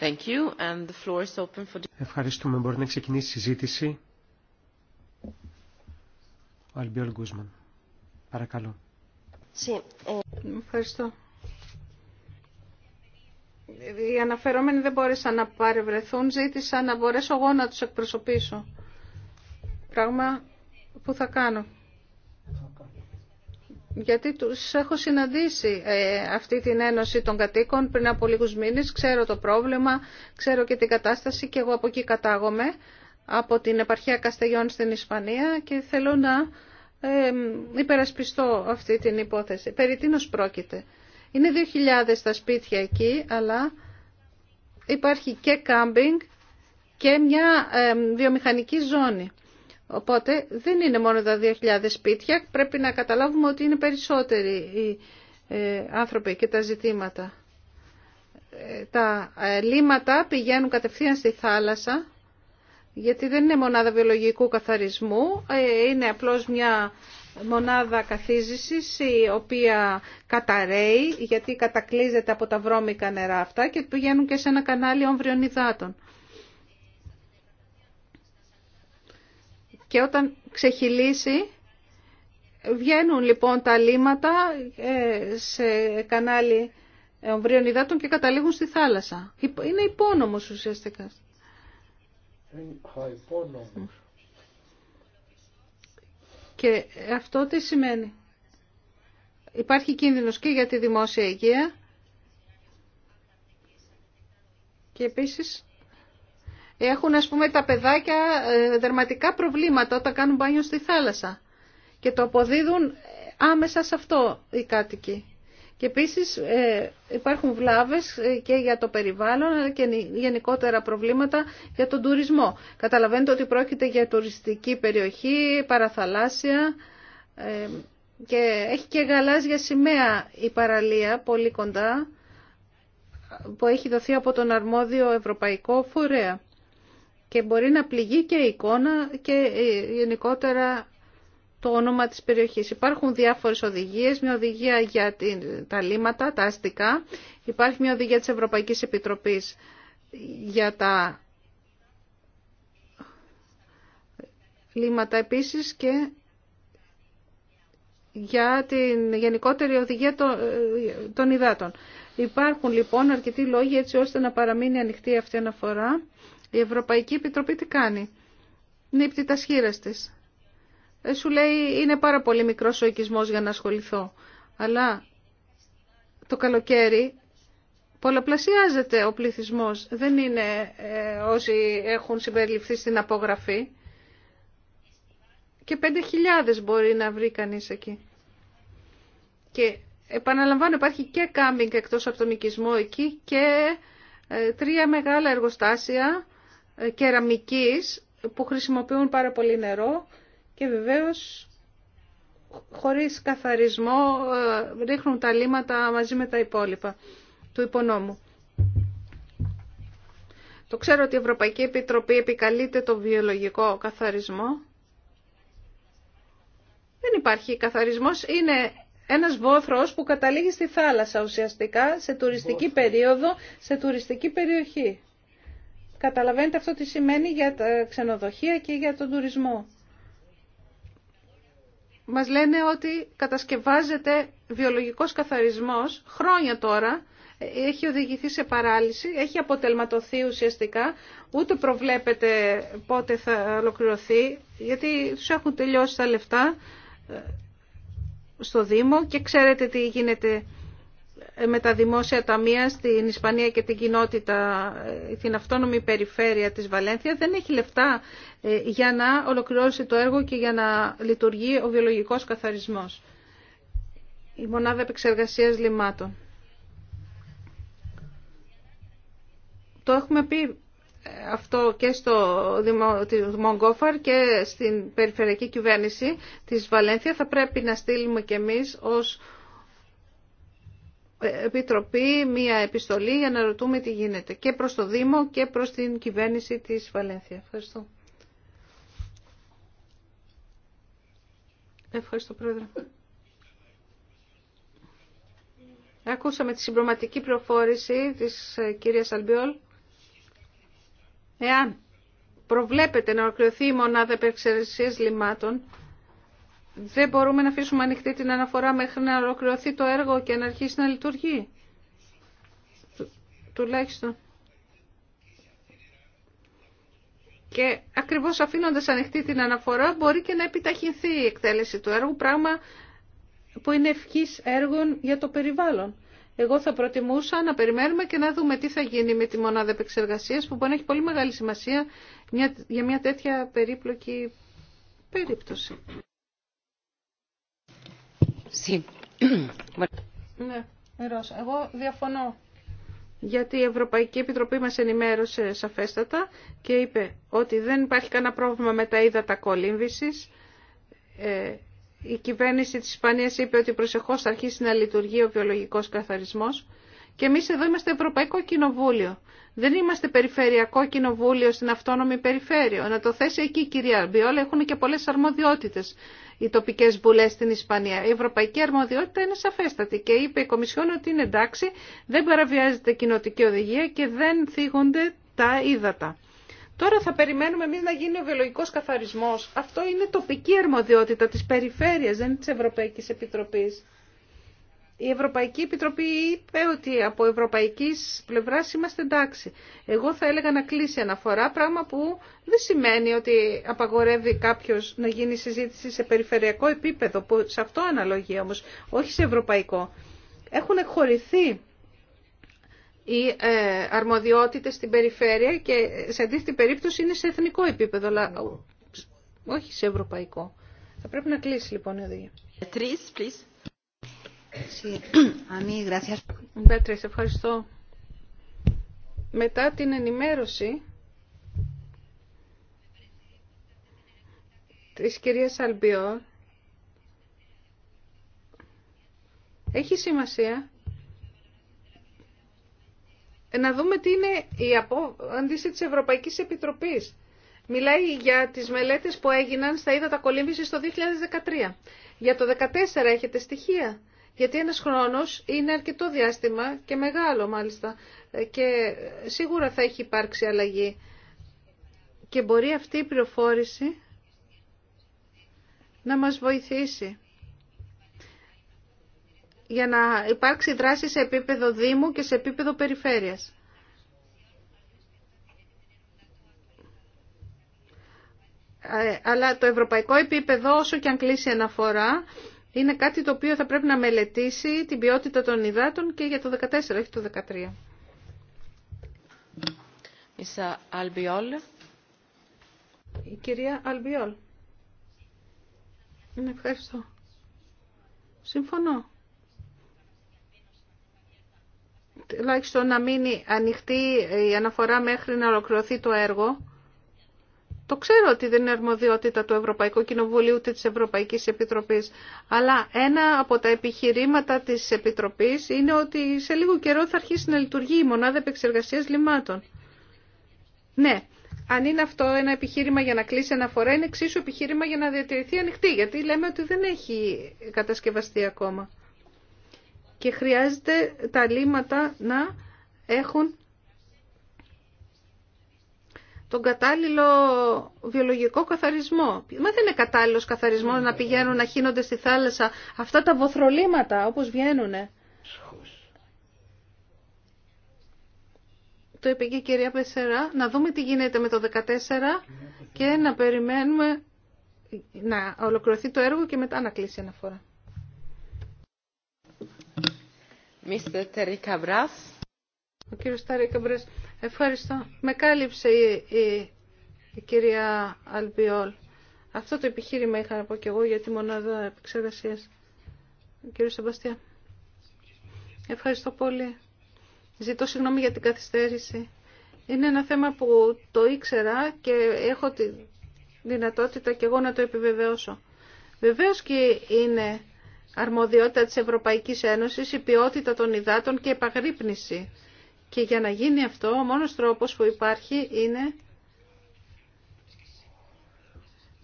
Thank you. And the floor is open for... Ευχαριστούμε. Μπορεί να ξεκινήσει η συζήτηση. Ο Αλμπιόλ Γκούσμαν. Παρακαλώ. Eh, Ευχαριστώ. Οι αναφερόμενοι δεν μπόρεσαν να παρευρεθούν. Ζήτησα να μπορέσω εγώ να τους εκπροσωπήσω. Πράγμα που θα κάνω γιατί τους έχω συναντήσει ε, αυτή την Ένωση των Κατοίκων πριν από λίγους μήνες. Ξέρω το πρόβλημα, ξέρω και την κατάσταση και εγώ από εκεί κατάγομαι, από την επαρχία Καστεγιών στην Ισπανία και θέλω να υπερασπιστώ αυτή την υπόθεση. Περί τίνος πρόκειται. Είναι 2.000 τα σπίτια εκεί, αλλά υπάρχει και κάμπινγκ και μια βιομηχανική ζώνη. Οπότε δεν είναι μόνο τα 2.000 σπίτια, πρέπει να καταλάβουμε ότι είναι περισσότεροι οι ε, άνθρωποι και τα ζητήματα. Ε, τα ε, λίματα πηγαίνουν κατευθείαν στη θάλασσα, γιατί δεν είναι μονάδα βιολογικού καθαρισμού, είναι απλώς μια μονάδα καθίζησης η οποία καταραίει, γιατί κατακλείζεται από τα βρώμικα νερά αυτά και πηγαίνουν και σε ένα κανάλι υδάτων. Και όταν ξεχυλήσει βγαίνουν λοιπόν τα λίμματα ε, σε κανάλι ομβρίων υδάτων και καταλήγουν στη θάλασσα. Είναι υπόνομος ουσιαστικά. Και αυτό τι σημαίνει. Υπάρχει κίνδυνος και για τη δημόσια υγεία και επίσης έχουν ας πούμε τα παιδάκια ε, δερματικά προβλήματα όταν κάνουν μπάνιο στη θάλασσα και το αποδίδουν ε, άμεσα σε αυτό οι κάτοικοι. Και επίσης ε, υπάρχουν βλάβες και για το περιβάλλον αλλά και γενικότερα προβλήματα για τον τουρισμό. Καταλαβαίνετε ότι πρόκειται για τουριστική περιοχή, παραθαλάσσια και έχει και γαλάζια σημαία η παραλία πολύ κοντά που έχει δοθεί από τον αρμόδιο ευρωπαϊκό φορέα και μπορεί να πληγεί και η εικόνα και ε, γενικότερα το όνομα της περιοχής. Υπάρχουν διάφορες οδηγίες, μια οδηγία για τα λίματα, τα αστικά, υπάρχει μια οδηγία της Ευρωπαϊκής Επιτροπής για τα λίματα επίσης και για την γενικότερη οδηγία ε, των υδάτων. Υπάρχουν λοιπόν αρκετοί λόγοι έτσι ώστε να παραμείνει ανοιχτή αυτή η αναφορά η Ευρωπαϊκή Επιτροπή τι κάνει. Νύπτει τα τη. της. Ε, σου λέει είναι πάρα πολύ μικρό ο οικισμός για να ασχοληθώ. Αλλά το καλοκαίρι πολλαπλασιάζεται ο πληθυσμό. Δεν είναι ε, όσοι έχουν συμπεριληφθεί στην απογραφή. Και 5.000 μπορεί να βρει κανείς εκεί. Και επαναλαμβάνω υπάρχει και κάμπινγκ εκτός από τον οικισμό εκεί και ε, τρία μεγάλα εργοστάσια ε, κεραμικής που χρησιμοποιούν πάρα πολύ νερό και βεβαίως χωρίς καθαρισμό ε, ρίχνουν τα λίματα μαζί με τα υπόλοιπα του υπονόμου. Το ξέρω ότι η Ευρωπαϊκή Επιτροπή επικαλείται το βιολογικό καθαρισμό. Δεν υπάρχει καθαρισμός, είναι ένας βόθρος που καταλήγει στη θάλασσα ουσιαστικά σε τουριστική περίοδο, σε τουριστική περιοχή. Καταλαβαίνετε αυτό τι σημαίνει για τα ξενοδοχεία και για τον τουρισμό. Μας λένε ότι κατασκευάζεται βιολογικός καθαρισμός χρόνια τώρα, έχει οδηγηθεί σε παράλυση, έχει αποτελματωθεί ουσιαστικά, ούτε προβλέπετε πότε θα ολοκληρωθεί, γιατί τους έχουν τελειώσει τα λεφτά ε, στο Δήμο και ξέρετε τι γίνεται ε, με τα δημόσια ταμεία στην Ισπανία και την κοινότητα, ε, την αυτόνομη περιφέρεια της Βαλένθια, δεν έχει λεφτά ε, για να ολοκληρώσει το έργο και για να λειτουργεί ο βιολογικός καθαρισμός. Η μονάδα επεξεργασίας λιμάτων. Το έχουμε πει αυτό και στο Μογκόφαρ και στην περιφερειακή κυβέρνηση της Βαλένθια. Θα πρέπει να στείλουμε κι εμείς ως Επιτροπή μία επιστολή για να ρωτούμε τι γίνεται και προς το Δήμο και προς την κυβέρνηση της Βαλένθια. Ευχαριστώ. Ευχαριστώ Πρόεδρε. Ακούσαμε τη συμπροματική προφόρηση της ε, κυρίας Αλμπιόλ. Εάν προβλέπεται να ολοκληρωθεί η μονάδα επεξεργασίας λιμάτων, δεν μπορούμε να αφήσουμε ανοιχτή την αναφορά μέχρι να ολοκληρωθεί το έργο και να αρχίσει να λειτουργεί. Του, τουλάχιστον. Και ακριβώς αφήνοντας ανοιχτή την αναφορά μπορεί και να επιταχυνθεί η εκτέλεση του έργου, πράγμα που είναι ευχής έργων για το περιβάλλον. Εγώ θα προτιμούσα να περιμένουμε και να δούμε τι θα γίνει με τη μονάδα επεξεργασία που μπορεί να έχει πολύ μεγάλη σημασία για μια τέτοια περίπλοκη περίπτωση. Ναι, εγώ διαφωνώ. Γιατί η Ευρωπαϊκή Επιτροπή μας ενημέρωσε σαφέστατα και είπε ότι δεν υπάρχει κανένα πρόβλημα με τα ύδατα κολύμβησης. Ε, η κυβέρνηση της Ισπανίας είπε ότι προσεχώς θα αρχίσει να λειτουργεί ο βιολογικός καθαρισμός και εμείς εδώ είμαστε Ευρωπαϊκό Κοινοβούλιο. Δεν είμαστε Περιφερειακό Κοινοβούλιο στην αυτόνομη περιφέρεια. Να το θέσει εκεί η κυρία Αρμπιόλα, έχουν και πολλές αρμοδιότητες οι τοπικές βουλές στην Ισπανία. Η ευρωπαϊκή αρμοδιότητα είναι σαφέστατη και είπε η Κομισιόν ότι είναι εντάξει, δεν παραβιάζεται κοινοτική οδηγία και δεν θίγονται τα ύδατα. Τώρα θα περιμένουμε εμεί να γίνει ο βιολογικό καθαρισμό. Αυτό είναι τοπική αρμοδιότητα τη περιφέρεια, δεν τη Ευρωπαϊκή Ευρωπαϊκής η Ευρωπαϊκή Επιτροπή είπε ότι από ευρωπαϊκής πλευράς είμαστε εντάξει. Εγώ θα έλεγα να κλείσει αναφορά, πράγμα που δεν σημαίνει ότι απαγορεύει κάποιο να γίνει συζήτηση σε περιφερειακό επίπεδο, που σε αυτό αναλογεί όμω, όχι σε ευρωπαϊκό. Έχουν εκχωρηθεί οι ε, αρμοδιότητες στην περιφέρεια και σε αντίθετη περίπτωση είναι σε εθνικό επίπεδο, αλλά όχι σε ευρωπαϊκό. Θα πρέπει να κλείσει λοιπόν η οδηγία ευχαριστώ. Μετά την ενημέρωση της κυρίας Αλμπιόρ έχει σημασία να δούμε τι είναι η απόφαση της Ευρωπαϊκής Επιτροπής. Μιλάει για τις μελέτες που έγιναν στα είδατα κολύμβησης το 2013. Για το 2014 έχετε στοιχεία γιατί ένας χρόνος είναι αρκετό διάστημα και μεγάλο μάλιστα και σίγουρα θα έχει υπάρξει αλλαγή και μπορεί αυτή η πληροφόρηση να μας βοηθήσει για να υπάρξει δράση σε επίπεδο Δήμου και σε επίπεδο περιφέρειας. Ε, αλλά το ευρωπαϊκό επίπεδο όσο και αν κλείσει αναφορά είναι κάτι το οποίο θα πρέπει να μελετήσει την ποιότητα των υδάτων και για το 14, όχι το 2013. Μισά Η κυρία Αλμπιόλ. Ναι, ευχαριστώ. Συμφωνώ. Τουλάχιστον να μείνει ανοιχτή η αναφορά μέχρι να ολοκληρωθεί το έργο το ξέρω ότι δεν είναι αρμοδιότητα του Ευρωπαϊκού Κοινοβουλίου ούτε της Ευρωπαϊκής Επιτροπής, αλλά ένα από τα επιχειρήματα της Επιτροπής είναι ότι σε λίγο καιρό θα αρχίσει να λειτουργεί η μονάδα επεξεργασίας λιμάτων. Ναι, αν είναι αυτό ένα επιχείρημα για να κλείσει ένα φορά είναι εξίσου επιχείρημα για να διατηρηθεί ανοιχτή, γιατί λέμε ότι δεν έχει κατασκευαστεί ακόμα. Και χρειάζεται τα λύματα να έχουν τον κατάλληλο βιολογικό καθαρισμό. Μα δεν είναι κατάλληλο καθαρισμός να πηγαίνουν να χύνονται στη θάλασσα αυτά τα βοθρολήματα όπως βγαίνουν. Το είπε και η κυρία Πεσέρα, να δούμε τι γίνεται με το 14 και να περιμένουμε να ολοκληρωθεί το έργο και μετά να κλείσει αναφορά. Mr. Ο κύριος Τάρη Ευχαριστώ. Με κάλυψε η, κυρία Αλμπιόλ. Αυτό το επιχείρημα είχα να πω και εγώ για τη μονάδα επεξεργασίας. Κύριε Σεμπαστιά. Ευχαριστώ πολύ. Ζητώ συγγνώμη για την καθυστέρηση. Είναι ένα θέμα που το ήξερα και έχω τη δυνατότητα και εγώ να το επιβεβαιώσω. Βεβαίως και είναι αρμοδιότητα της Ευρωπαϊκής Ένωσης η ποιότητα των υδάτων και επαγρύπνηση και για να γίνει αυτό, ο μόνος τρόπος που υπάρχει είναι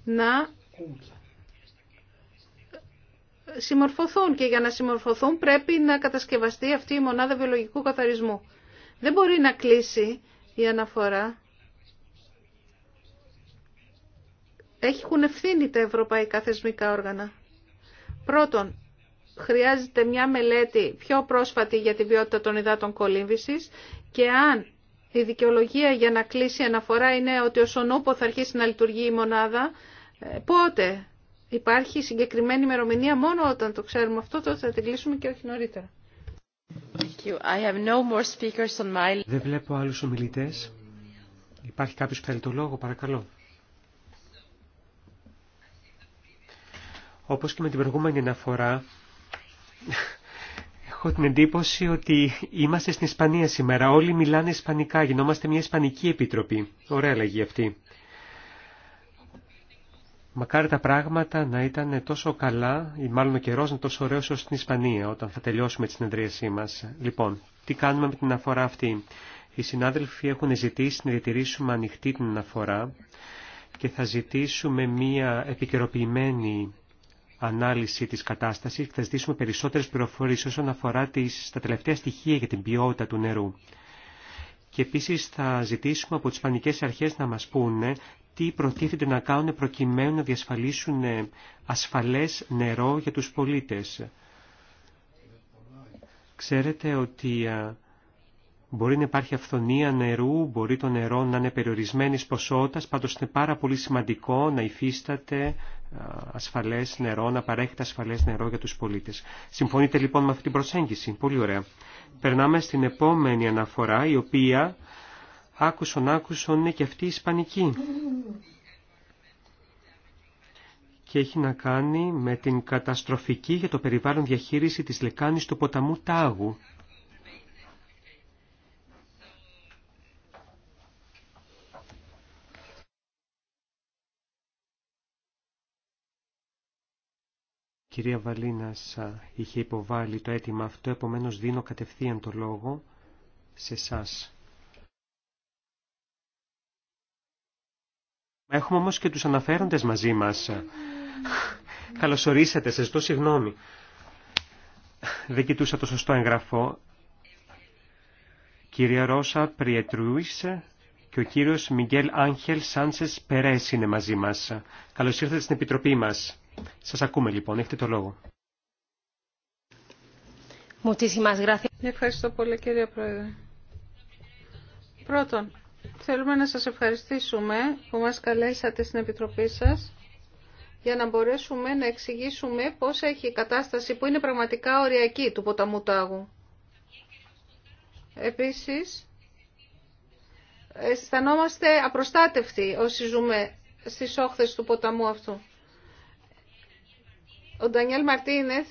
να συμμορφωθούν και για να συμμορφωθούν πρέπει να κατασκευαστεί αυτή η μονάδα βιολογικού καθαρισμού. Δεν μπορεί να κλείσει η αναφορά. Έχουν ευθύνη τα ευρωπαϊκά θεσμικά όργανα. Πρώτον, χρειάζεται μια μελέτη πιο πρόσφατη για την ποιότητα των υδάτων κολύμβησης και αν η δικαιολογία για να κλείσει η αναφορά είναι ότι ο Σονούπο θα αρχίσει να λειτουργεί η μονάδα, ε, πότε υπάρχει συγκεκριμένη ημερομηνία μόνο όταν το ξέρουμε αυτό, τότε θα την κλείσουμε και όχι νωρίτερα. Δεν βλέπω άλλους ομιλητές. Υπάρχει κάποιος που θέλει το λόγο, παρακαλώ. Όπως και με την προηγούμενη αναφορά, Έχω την εντύπωση ότι είμαστε στην Ισπανία σήμερα. Όλοι μιλάνε Ισπανικά. Γινόμαστε μια Ισπανική επιτροπή. Ωραία λέγει αυτή. Μακάρι τα πράγματα να ήταν τόσο καλά, ή μάλλον ο καιρό να τόσο ωραίο όσο στην Ισπανία, όταν θα τελειώσουμε τη συνεδρίασή μα. Λοιπόν, τι κάνουμε με την αναφορά αυτή. Οι συνάδελφοι έχουν ζητήσει να διατηρήσουμε ανοιχτή την αναφορά και θα ζητήσουμε μία επικαιροποιημένη ανάλυση της κατάστασης και θα ζητήσουμε περισσότερες πληροφορίες όσον αφορά τις, τα τελευταία στοιχεία για την ποιότητα του νερού. Και επίσης θα ζητήσουμε από τις πανικές αρχές να μας πούνε τι προτίθεται να κάνουν προκειμένου να διασφαλίσουν ασφαλές νερό για τους πολίτες. Ξέρετε ότι Μπορεί να υπάρχει αυθονία νερού, μπορεί το νερό να είναι περιορισμένης ποσότητας, πάντως είναι πάρα πολύ σημαντικό να υφίσταται ασφαλές νερό, να παρέχεται ασφαλές νερό για τους πολίτες. Συμφωνείτε λοιπόν με αυτή την προσέγγιση. Πολύ ωραία. Περνάμε στην επόμενη αναφορά, η οποία άκουσον άκουσον είναι και αυτή η ισπανική. Και έχει να κάνει με την καταστροφική για το περιβάλλον διαχείριση της λεκάνης του ποταμού Τάγου. κυρία Βαλίνας είχε υποβάλει το αίτημα αυτό, επομένως δίνω κατευθείαν το λόγο σε εσά. Έχουμε όμως και τους αναφέροντες μαζί μας. Καλωσορίσατε, σε ζητώ συγγνώμη. Δεν κοιτούσα το σωστό εγγραφό. Κυρία Ρώσα Πριετρούης και ο κύριος Μιγγέλ Άγχελ Σάνσες Περές είναι μαζί μας. Καλώς ήρθατε στην Επιτροπή μας. Σας ακούμε λοιπόν, έχετε το λόγο. Ευχαριστώ πολύ κύριε Πρόεδρε. Πρώτον, θέλουμε να σας ευχαριστήσουμε που μας καλέσατε στην Επιτροπή σας για να μπορέσουμε να εξηγήσουμε πώς έχει η κατάσταση που είναι πραγματικά οριακή του ποταμού Τάγου. Επίσης, αισθανόμαστε απροστάτευτοι όσοι ζούμε στις όχθες του ποταμού αυτού. Ο Ντανιέλ Μαρτίνεθ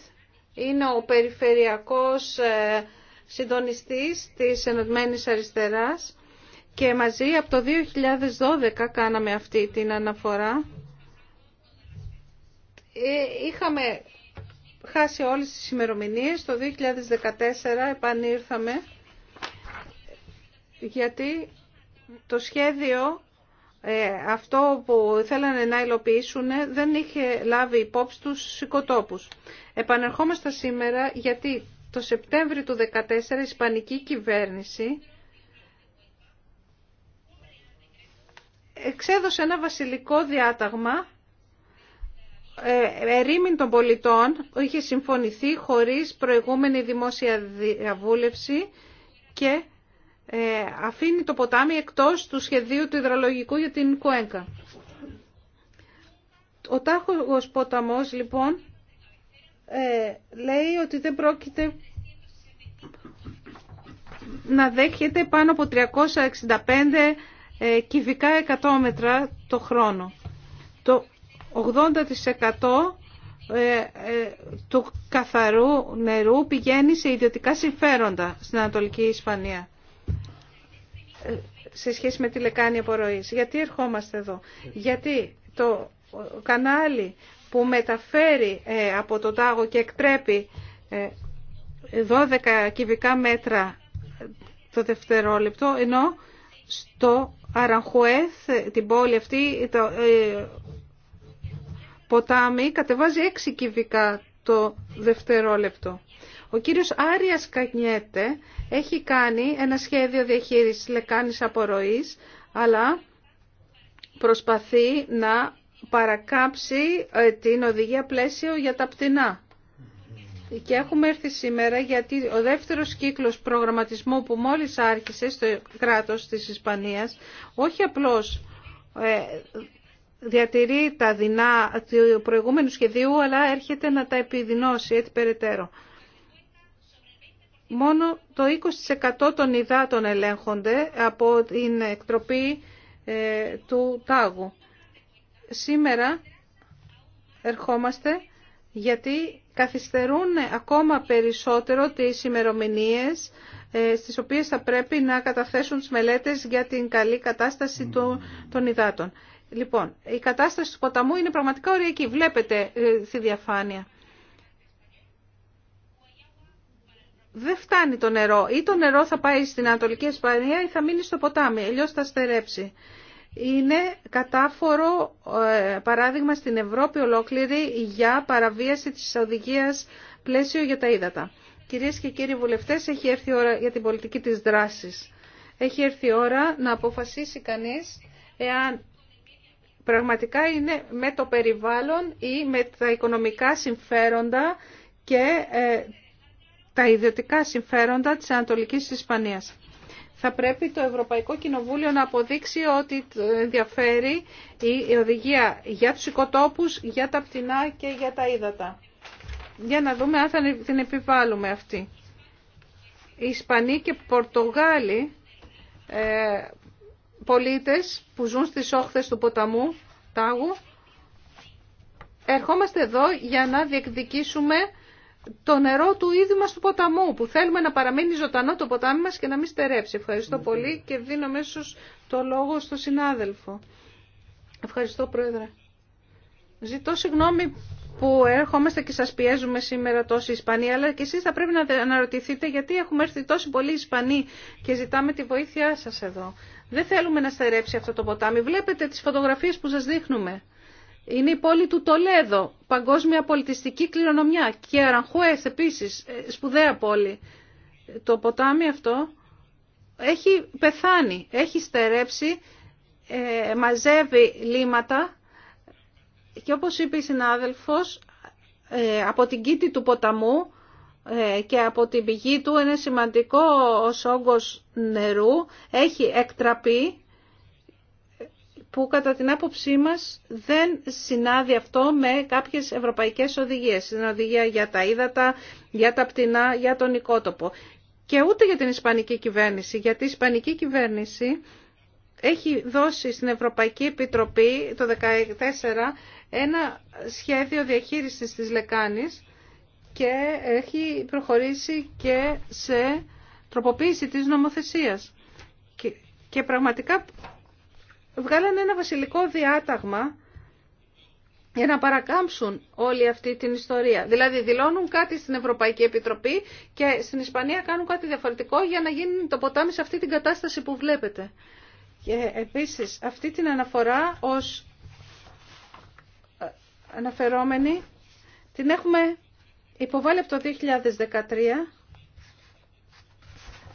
είναι ο περιφερειακός ε, συντονιστής της Ενωμένης Αριστεράς και μαζί από το 2012 κάναμε αυτή την αναφορά. Ε, είχαμε χάσει όλες τις ημερομηνίε. το 2014 επανήρθαμε γιατί το σχέδιο ε, αυτό που θέλανε να υλοποιήσουν δεν είχε λάβει υπόψη τους σηκωτόπους. Επανερχόμαστε σήμερα γιατί το Σεπτέμβριο του 2014 η Ισπανική κυβέρνηση εξέδωσε ένα βασιλικό διάταγμα ε, ερήμην των πολιτών είχε συμφωνηθεί χωρίς προηγούμενη δημόσια διαβούλευση και ε, αφήνει το ποτάμι εκτός του σχεδίου του υδραλογικού για την Κουέγκα. Ο τάχος ποταμός λοιπόν ε, λέει ότι δεν πρόκειται να δέχεται πάνω από 365 ε, κυβικά εκατόμετρα το χρόνο. Το 80% του καθαρού νερού πηγαίνει σε ιδιωτικά συμφέροντα στην Ανατολική Ισπανία σε σχέση με τη λεκάνη απορροής. Γιατί ερχόμαστε εδώ. Γιατί το κανάλι που μεταφέρει ε, από τον τάγο και εκτρέπει 12 ε, κυβικά μέτρα το δευτερόλεπτο, ενώ στο Αραχουέθ, την πόλη αυτή, το ε, ποτάμι κατεβάζει 6 κυβικά το δευτερόλεπτο. Ο κύριος Άριας Κανιέτε έχει κάνει ένα σχέδιο διαχείρισης λεκάνης απορροής, αλλά προσπαθεί να παρακάψει ε, την οδηγία πλαίσιο για τα πτηνά. Και έχουμε έρθει σήμερα γιατί ο δεύτερος κύκλος προγραμματισμού που μόλις άρχισε στο κράτος της Ισπανίας όχι απλώς ε, διατηρεί τα δεινά του προηγούμενου σχεδίου αλλά έρχεται να τα επιδεινώσει έτσι περαιτέρω μόνο το 20% των υδάτων ελέγχονται από την εκτροπή ε, του τάγου. Σήμερα ερχόμαστε γιατί καθυστερούν ακόμα περισσότερο τις ημερομηνίε ε, στις οποίες θα πρέπει να καταθέσουν τις μελέτες για την καλή κατάσταση των υδάτων. Λοιπόν, η κατάσταση του ποταμού είναι πραγματικά ωριακή. Βλέπετε ε, τη διαφάνεια. δεν φτάνει το νερό. Ή το νερό θα πάει στην Ανατολική Ισπανία ή θα μείνει στο ποτάμι, αλλιώ θα στερέψει. Είναι κατάφορο ε, παράδειγμα στην Ευρώπη ολόκληρη για παραβίαση της οδηγίας πλαίσιο για τα ύδατα. Κυρίες και κύριοι βουλευτές, έχει έρθει η ώρα για την πολιτική της δράσης. Έχει έρθει η ώρα να αποφασίσει κανείς εάν πραγματικά είναι με το περιβάλλον ή με τα οικονομικά συμφέροντα και ε, τα ιδιωτικά συμφέροντα της Ανατολικής Ισπανίας. Θα πρέπει το Ευρωπαϊκό Κοινοβούλιο να αποδείξει ότι ενδιαφέρει η οδηγία για τους οικοτόπους, για τα πτηνά και για τα ύδατα. Για να δούμε αν θα την επιβάλλουμε αυτή. Οι Ισπανοί και Πορτογάλοι ε, πολίτες που ζουν στις όχθες του ποταμού Τάγου ερχόμαστε εδώ για να διεκδικήσουμε το νερό του ίδιου μας του ποταμού, που θέλουμε να παραμείνει ζωντανό το ποτάμι μας και να μην στερέψει. Ευχαριστώ πολύ και δίνω αμέσω το λόγο στο συνάδελφο. Ευχαριστώ, Πρόεδρε. Ζητώ συγγνώμη που ερχόμαστε και σας πιέζουμε σήμερα τόσοι Ισπανοί, αλλά και εσείς θα πρέπει να αναρωτηθείτε γιατί έχουμε έρθει τόσοι πολλοί Ισπανοί και ζητάμε τη βοήθειά σας εδώ. Δεν θέλουμε να στερέψει αυτό το ποτάμι. Βλέπετε τις φωτογραφίες που σας δείχνουμε. Είναι η πόλη του Τολέδο, παγκόσμια πολιτιστική κληρονομιά και Αρανχουές επίσης, ε, σπουδαία πόλη. Το ποτάμι αυτό έχει πεθάνει, έχει στερέψει, ε, μαζεύει λίματα και όπως είπε η συνάδελφος, ε, από την κήτη του ποταμού και από την πηγή του είναι σημαντικό σόγκος νερού έχει εκτραπεί που κατά την άποψή μας δεν συνάδει αυτό με κάποιες ευρωπαϊκές οδηγίες. Είναι οδηγία για τα ύδατα, για τα πτηνά, για τον οικότοπο. Και ούτε για την Ισπανική κυβέρνηση, γιατί η Ισπανική κυβέρνηση έχει δώσει στην Ευρωπαϊκή Επιτροπή το 2014 ένα σχέδιο διαχείρισης της λεκάνης και έχει προχωρήσει και σε τροποποίηση της νομοθεσίας. Και πραγματικά βγάλανε ένα βασιλικό διάταγμα για να παρακάμψουν όλη αυτή την ιστορία. Δηλαδή δηλώνουν κάτι στην Ευρωπαϊκή Επιτροπή και στην Ισπανία κάνουν κάτι διαφορετικό για να γίνει το ποτάμι σε αυτή την κατάσταση που βλέπετε. Και επίσης αυτή την αναφορά ως ε, αναφερόμενη την έχουμε υποβάλει από το 2013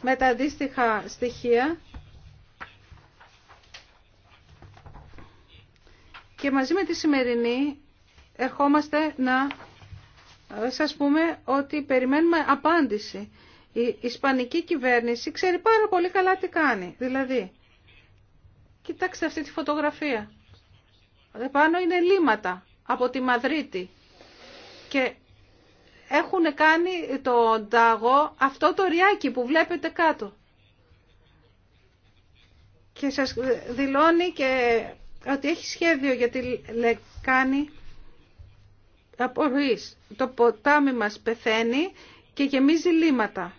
με τα αντίστοιχα στοιχεία Και μαζί με τη σημερινή ερχόμαστε να ε, σας πούμε ότι περιμένουμε απάντηση. Η Ισπανική κυβέρνηση ξέρει πάρα πολύ καλά τι κάνει. Δηλαδή, κοιτάξτε αυτή τη φωτογραφία. Πάνω είναι λίματα από τη Μαδρίτη. Και έχουν κάνει το τάγο αυτό το ριάκι που βλέπετε κάτω. Και σας δηλώνει και ότι έχει σχέδιο γιατί κάνει λεκάνη απορροής. Το ποτάμι μας πεθαίνει και γεμίζει λίματα.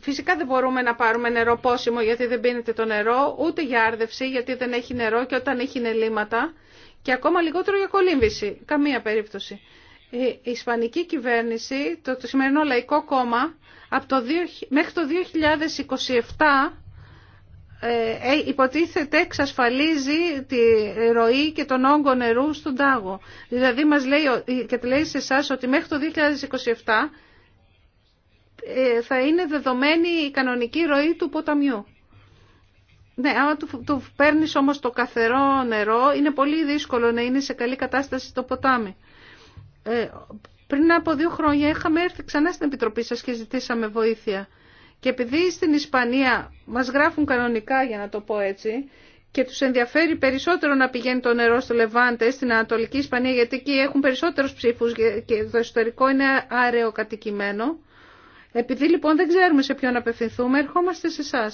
Φυσικά δεν μπορούμε να πάρουμε νερό πόσιμο γιατί δεν πίνεται το νερό, ούτε για άρδευση γιατί δεν έχει νερό και όταν έχει νελίματα και ακόμα λιγότερο για κολύμβηση. Καμία περίπτωση. Η Ισπανική κυβέρνηση, το, σημερινό Λαϊκό Κόμμα, από το, μέχρι το 2027 ε, ε, υποτίθεται εξασφαλίζει τη ροή και τον όγκο νερού στον τάγο. Δηλαδή μας λέει και λέει σε εσά ότι μέχρι το 2027 ε, θα είναι δεδομένη η κανονική ροή του ποταμιού. Ναι, άμα του, του παίρνεις όμως το καθερό νερό, είναι πολύ δύσκολο να είναι σε καλή κατάσταση το ποτάμι. πριν από δύο χρόνια είχαμε έρθει ξανά στην Επιτροπή σας και ζητήσαμε βοήθεια. Και επειδή στην Ισπανία μας γράφουν κανονικά, για να το πω έτσι, και τους ενδιαφέρει περισσότερο να πηγαίνει το νερό στο Λεβάντε, στην Ανατολική Ισπανία, γιατί εκεί έχουν περισσότερους ψήφους και το ιστορικό είναι άρεο κατοικημένο. Επειδή λοιπόν δεν ξέρουμε σε ποιον απευθυνθούμε, ερχόμαστε σε εσά,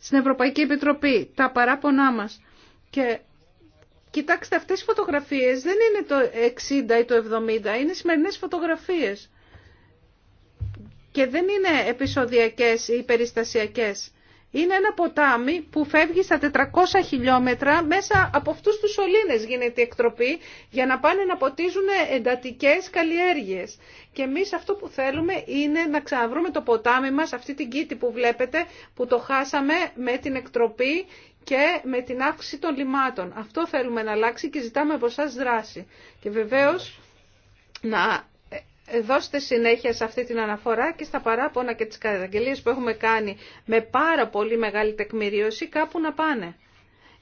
στην Ευρωπαϊκή Επιτροπή, τα παράπονά μας. Και κοιτάξτε, αυτές οι φωτογραφίες δεν είναι το 60 ή το 70, είναι σημερινές φωτογραφίες και δεν είναι επεισοδιακές ή περιστασιακές. Είναι ένα ποτάμι που φεύγει στα 400 χιλιόμετρα μέσα από αυτούς τους σωλήνες γίνεται η εκτροπή για να πάνε να ποτίζουν εντατικές καλλιέργειες. Και εμείς αυτό που θέλουμε είναι να ξαναβρούμε το ποτάμι μας, αυτή την κήτη που βλέπετε που το χάσαμε με την εκτροπή και με την αύξηση των λιμάτων. Αυτό θέλουμε να αλλάξει και ζητάμε από εσάς δράση. Και βεβαίως να δώστε συνέχεια σε αυτή την αναφορά και στα παράπονα και τις καταγγελίες που έχουμε κάνει με πάρα πολύ μεγάλη τεκμηρίωση κάπου να πάνε.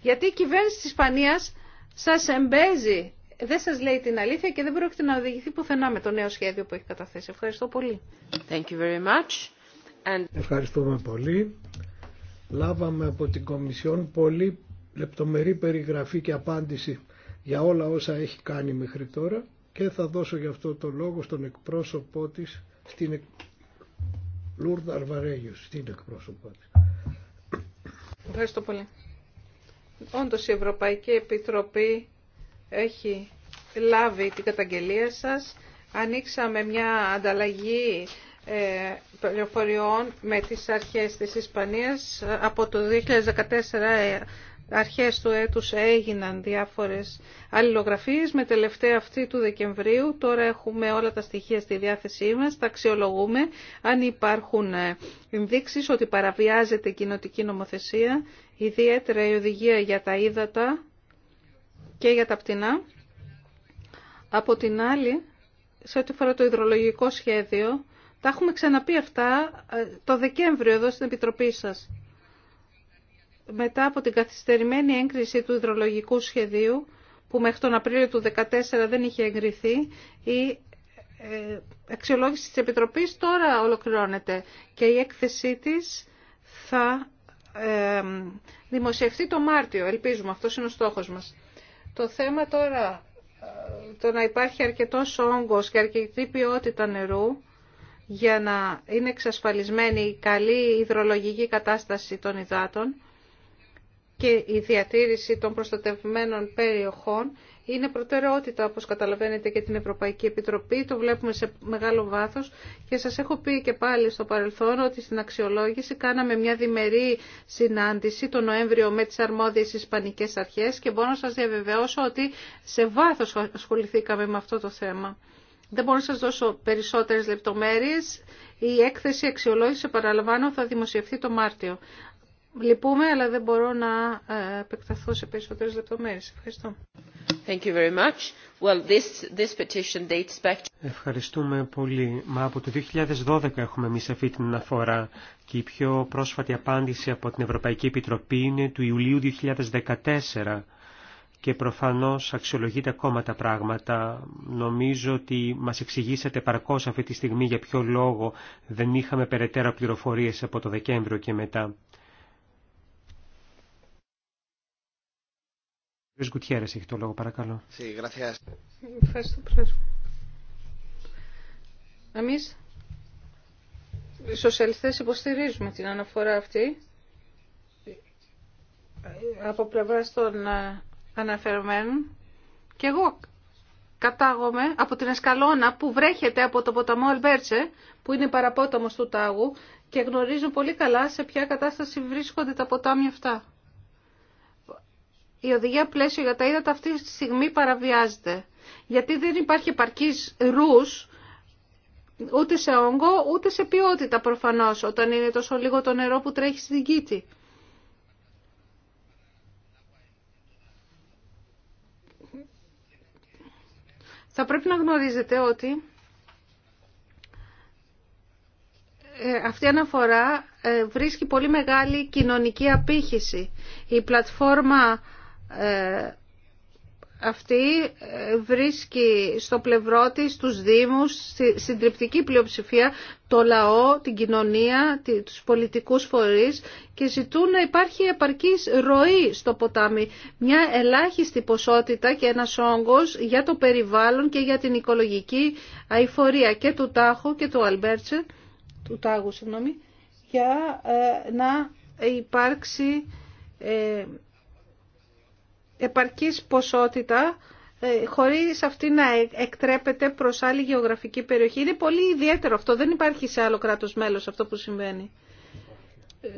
Γιατί η κυβέρνηση της Ισπανίας σας εμπέζει, δεν σας λέει την αλήθεια και δεν πρόκειται να οδηγηθεί πουθενά με το νέο σχέδιο που έχει καταθέσει. Ευχαριστώ πολύ. Thank you very much. And... Ευχαριστούμε πολύ. Λάβαμε από την Κομισιόν πολύ λεπτομερή περιγραφή και απάντηση για όλα όσα έχει κάνει μέχρι τώρα και θα δώσω γι' αυτό το λόγο στον εκπρόσωπό της, στην Λούρδα Αρβαρέγιος, στην εκπρόσωπό της. Ευχαριστώ πολύ. Όντως η Ευρωπαϊκή Επιτροπή έχει λάβει την καταγγελία σας. Ανοίξαμε μια ανταλλαγή ε, πληροφοριών με τις αρχές της Ισπανίας. Από το 2014 αρχές του έτους έγιναν διάφορες αλληλογραφίες. Με τελευταία αυτή του Δεκεμβρίου τώρα έχουμε όλα τα στοιχεία στη διάθεσή μας, τα αξιολογούμε αν υπάρχουν ε, ενδείξεις ότι παραβιάζεται η κοινοτική νομοθεσία, ιδιαίτερα η οδηγία για τα ύδατα και για τα πτηνά. Από την άλλη, σε ό,τι αφορά το υδρολογικό σχέδιο, τα έχουμε ξαναπεί αυτά ε, το Δεκέμβριο εδώ στην Επιτροπή σας μετά από την καθυστερημένη έγκριση του υδρολογικού σχεδίου, που μέχρι τον Απρίλιο του 2014 δεν είχε εγκριθεί, η ε, αξιολόγηση της Επιτροπής τώρα ολοκληρώνεται και η έκθεσή της θα ε, δημοσιευτεί το Μάρτιο, ελπίζουμε, αυτό είναι ο στόχος μας. Το θέμα τώρα, ε, το να υπάρχει αρκετός όγκος και αρκετή ποιότητα νερού, για να είναι εξασφαλισμένη η καλή υδρολογική κατάσταση των υδάτων, και η διατήρηση των προστατευμένων περιοχών είναι προτεραιότητα, όπως καταλαβαίνετε, και την Ευρωπαϊκή Επιτροπή. Το βλέπουμε σε μεγάλο βάθος και σας έχω πει και πάλι στο παρελθόν ότι στην αξιολόγηση κάναμε μια διμερή συνάντηση το Νοέμβριο με τις αρμόδιες Ισπανικές Αρχές και μπορώ να σας διαβεβαιώσω ότι σε βάθος ασχοληθήκαμε με αυτό το θέμα. Δεν μπορώ να σας δώσω περισσότερες λεπτομέρειες. Η έκθεση αξιολόγηση, παραλαμβάνω, θα δημοσιευθεί το Μάρτιο. Λυπούμε, αλλά δεν μπορώ να ε, επεκταθώ σε περισσότερε λεπτομέρειε. Ευχαριστώ. Ευχαριστούμε πολύ. Μα από το 2012 έχουμε εμεί αυτή την αναφορά και η πιο πρόσφατη απάντηση από την Ευρωπαϊκή Επιτροπή είναι του Ιουλίου 2014 και προφανώς αξιολογείται ακόμα τα πράγματα. Νομίζω ότι μας εξηγήσατε παρκώς αυτή τη στιγμή για ποιο λόγο δεν είχαμε περαιτέρω πληροφορίες από το Δεκέμβριο και μετά. κύριος Γκουτιέρες έχει το λόγο, παρακαλώ. Ευχαριστώ, Εμείς, οι σοσιαλιστές, υποστηρίζουμε την αναφορά αυτή από πλευρά των ε, αναφερμένων και εγώ κατάγομαι από την Εσκαλώνα που βρέχεται από το ποταμό Αλμπέρτσε που είναι παραπόταμος του Τάγου και γνωρίζω πολύ καλά σε ποια κατάσταση βρίσκονται τα ποτάμια αυτά η οδηγία πλαίσιο για τα ύδατα αυτή τη στιγμή παραβιάζεται. Γιατί δεν υπάρχει επαρκή ρούς ούτε σε όγκο ούτε σε ποιότητα προφανώς όταν είναι τόσο λίγο το νερό που τρέχει στην κήτη. Θα πρέπει να γνωρίζετε ότι ε, αυτή η αναφορά ε, βρίσκει πολύ μεγάλη κοινωνική απήχηση. Η πλατφόρμα ε, αυτή ε, βρίσκει στο πλευρό της τους Δήμους, συντριπτική πλειοψηφία, το λαό, την κοινωνία, τους πολιτικούς φορείς και ζητούν να υπάρχει επαρκής ροή στο ποτάμι. Μια ελάχιστη ποσότητα και ένας όγκος για το περιβάλλον και για την οικολογική αηφορία και του Τάχου και του Αλμπέρτσε, του Τάγου συγγνώμη, για ε, να υπάρξει επαρκής ποσότητα ε, χωρίς αυτή να εκτρέπεται προς άλλη γεωγραφική περιοχή. Είναι πολύ ιδιαίτερο αυτό. Δεν υπάρχει σε άλλο κράτος μέλος αυτό που συμβαίνει. Ε,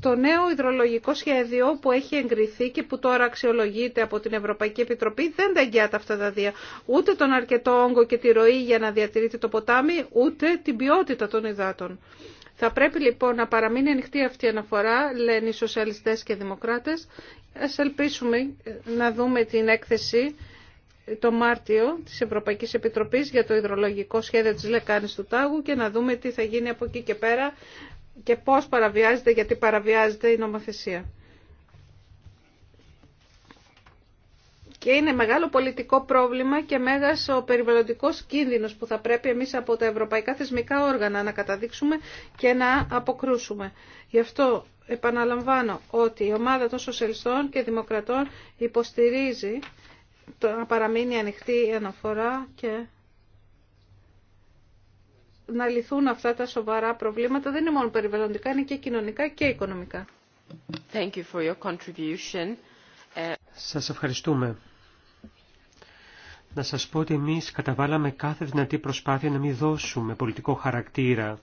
το νέο υδρολογικό σχέδιο που έχει εγκριθεί και που τώρα αξιολογείται από την Ευρωπαϊκή Επιτροπή δεν τα αυτά τα δύο. Ούτε τον αρκετό όγκο και τη ροή για να διατηρείται το ποτάμι, ούτε την ποιότητα των υδάτων. Θα πρέπει λοιπόν να παραμείνει ανοιχτή αυτή η αναφορά, λένε οι σοσιαλιστές και οι δημοκράτες. Ας ελπίσουμε να δούμε την έκθεση το Μάρτιο της Ευρωπαϊκής Επιτροπής για το υδρολογικό σχέδιο της Λεκάνης του Τάγου και να δούμε τι θα γίνει από εκεί και πέρα και πώς παραβιάζεται, γιατί παραβιάζεται η νομοθεσία. Και είναι μεγάλο πολιτικό πρόβλημα και μέγας ο περιβαλλοντικός κίνδυνος που θα πρέπει εμείς από τα ευρωπαϊκά θεσμικά όργανα να καταδείξουμε και να αποκρούσουμε. Γι' αυτό επαναλαμβάνω ότι η ομάδα των σοσιαλιστών και δημοκρατών υποστηρίζει το να παραμείνει ανοιχτή η αναφορά και να λυθούν αυτά τα σοβαρά προβλήματα. Δεν είναι μόνο περιβαλλοντικά, είναι και κοινωνικά και οικονομικά. Thank you for your contribution. Σας ευχαριστούμε. Να σας πω ότι εμείς καταβάλαμε κάθε δυνατή προσπάθεια να μην δώσουμε πολιτικό χαρακτήρα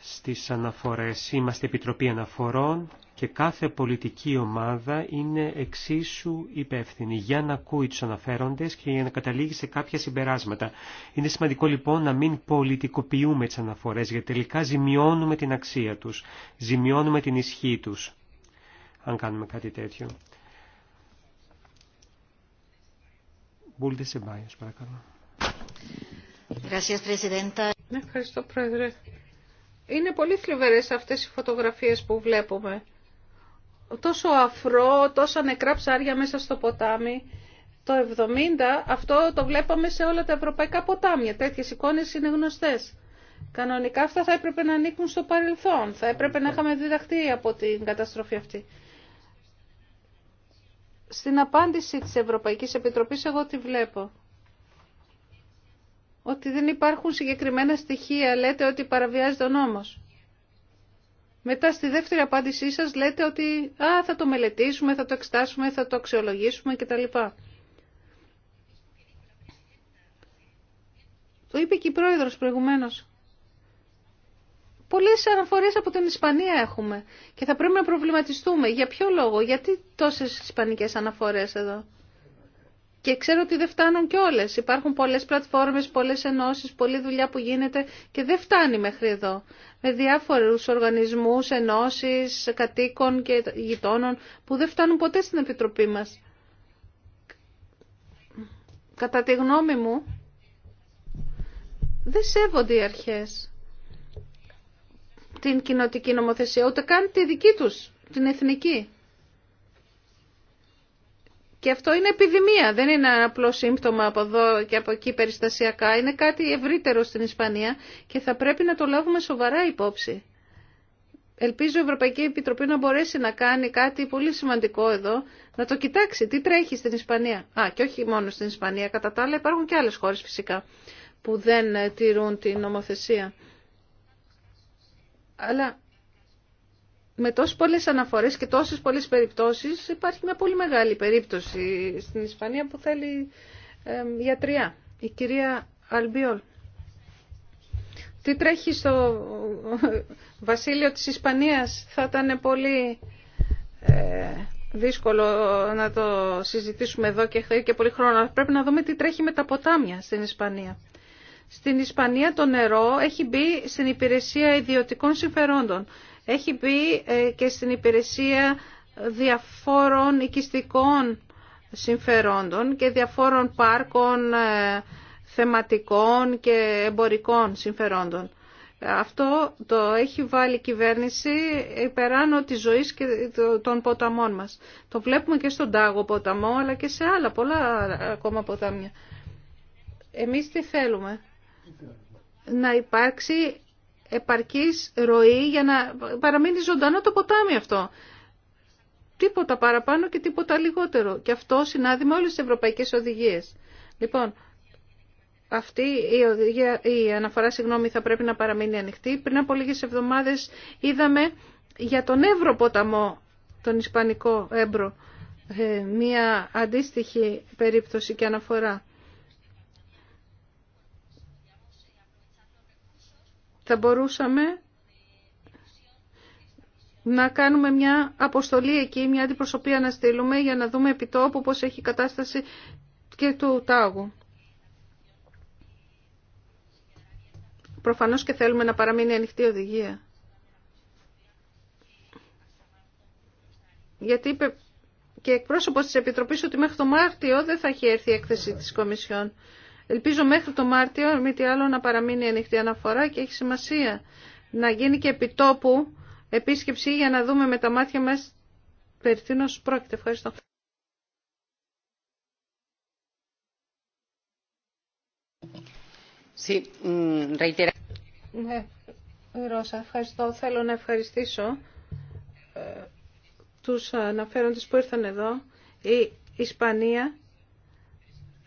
στις αναφορές. Είμαστε Επιτροπή Αναφορών και κάθε πολιτική ομάδα είναι εξίσου υπεύθυνη για να ακούει τους αναφέροντες και για να καταλήγει σε κάποια συμπεράσματα. Είναι σημαντικό λοιπόν να μην πολιτικοποιούμε τις αναφορές γιατί τελικά ζημιώνουμε την αξία τους, ζημιώνουμε την ισχύ τους, αν κάνουμε κάτι τέτοιο. Ευχαριστώ, Πρόεδρε. Είναι πολύ θλιβερές αυτές οι φωτογραφίες που βλέπουμε. Τόσο αφρό, τόσα νεκρά ψάρια μέσα στο ποτάμι. Το 70 αυτό το βλέπαμε σε όλα τα ευρωπαϊκά ποτάμια. Τέτοιες εικόνες είναι γνωστές. Κανονικά αυτά θα έπρεπε να ανήκουν στο παρελθόν. Θα έπρεπε να είχαμε διδαχτεί από την καταστροφή αυτή. Στην απάντηση της Ευρωπαϊκής Επιτροπής εγώ τη βλέπω. Ότι δεν υπάρχουν συγκεκριμένα στοιχεία, λέτε ότι παραβιάζεται ο νόμος. Μετά στη δεύτερη απάντησή σας λέτε ότι α, θα το μελετήσουμε, θα το εξτάσουμε, θα το αξιολογήσουμε κτλ. Το είπε και η πρόεδρος προηγουμένως. Πολλέ αναφορές από την Ισπανία έχουμε και θα πρέπει να προβληματιστούμε. Για ποιο λόγο, γιατί τόσες ισπανικές αναφορές εδώ. Και ξέρω ότι δεν φτάνουν και όλες. Υπάρχουν πολλές πλατφόρμες, πολλές ενώσει, πολλή δουλειά που γίνεται και δεν φτάνει μέχρι εδώ. Με διάφορους οργανισμούς, ενώσεις, κατοίκων και γειτόνων που δεν φτάνουν ποτέ στην Επιτροπή μα. Κατά τη γνώμη μου, δεν σέβονται οι αρχές την κοινοτική νομοθεσία, ούτε καν τη δική τους, την εθνική. Και αυτό είναι επιδημία, δεν είναι ένα απλό σύμπτωμα από εδώ και από εκεί περιστασιακά. Είναι κάτι ευρύτερο στην Ισπανία και θα πρέπει να το λάβουμε σοβαρά υπόψη. Ελπίζω η Ευρωπαϊκή Επιτροπή να μπορέσει να κάνει κάτι πολύ σημαντικό εδώ, να το κοιτάξει τι τρέχει στην Ισπανία. Α, και όχι μόνο στην Ισπανία, κατά τα άλλα υπάρχουν και άλλες χώρες φυσικά που δεν τηρούν την νομοθεσία. Αλλά με τόσες πολλές αναφορές και τόσες πολλές περιπτώσεις υπάρχει μια πολύ μεγάλη περίπτωση στην Ισπανία που θέλει ε, γιατριά. Η κυρία Αλμπιόλ. Τι τρέχει στο βασίλειο της Ισπανίας. Θα ήταν πολύ ε, δύσκολο να το συζητήσουμε εδώ και και πολύ χρόνο. Πρέπει να δούμε τι τρέχει με τα ποτάμια στην Ισπανία. Στην Ισπανία το νερό έχει μπει στην υπηρεσία ιδιωτικών συμφερόντων. Έχει μπει ε, και στην υπηρεσία διαφόρων οικιστικών συμφερόντων και διαφόρων πάρκων ε, θεματικών και εμπορικών συμφερόντων. Αυτό το έχει βάλει η κυβέρνηση υπεράνω της ζωής και των ποταμών μας. Το βλέπουμε και στον Τάγο ποταμό, αλλά και σε άλλα πολλά ακόμα ποτάμια. Εμείς τι θέλουμε να υπάρξει επαρκής ροή για να παραμείνει ζωντανό το ποτάμι αυτό. Τίποτα παραπάνω και τίποτα λιγότερο. Και αυτό συνάδει με όλες τις ευρωπαϊκές οδηγίες. Λοιπόν, αυτή η, οδηγία, η αναφορά συγγνώμη, θα πρέπει να παραμείνει ανοιχτή. Πριν από λίγες εβδομάδες είδαμε για τον Εύρο ποταμό, τον Ισπανικό Έμπρο, ε, μια αντίστοιχη περίπτωση και αναφορά. θα μπορούσαμε να κάνουμε μια αποστολή εκεί, μια αντιπροσωπεία να στείλουμε για να δούμε επιτόπου πώς έχει η κατάσταση και του τάγου. Προφανώς και θέλουμε να παραμείνει ανοιχτή οδηγία. Γιατί είπε και εκπρόσωπος της Επιτροπής ότι μέχρι το Μάρτιο δεν θα έχει έρθει η έκθεση της Κομισιόν. Ελπίζω μέχρι το Μάρτιο, μη τι άλλο, να παραμείνει ανοιχτή αναφορά και έχει σημασία να γίνει και επιτόπου επίσκεψη για να δούμε με τα μάτια μας περί πρόκειται. Ευχαριστώ. Mm, ναι, Ρώσα, ευχαριστώ. Θέλω να ευχαριστήσω ε, τους αναφέροντες που ήρθαν εδώ. Η Ισπανία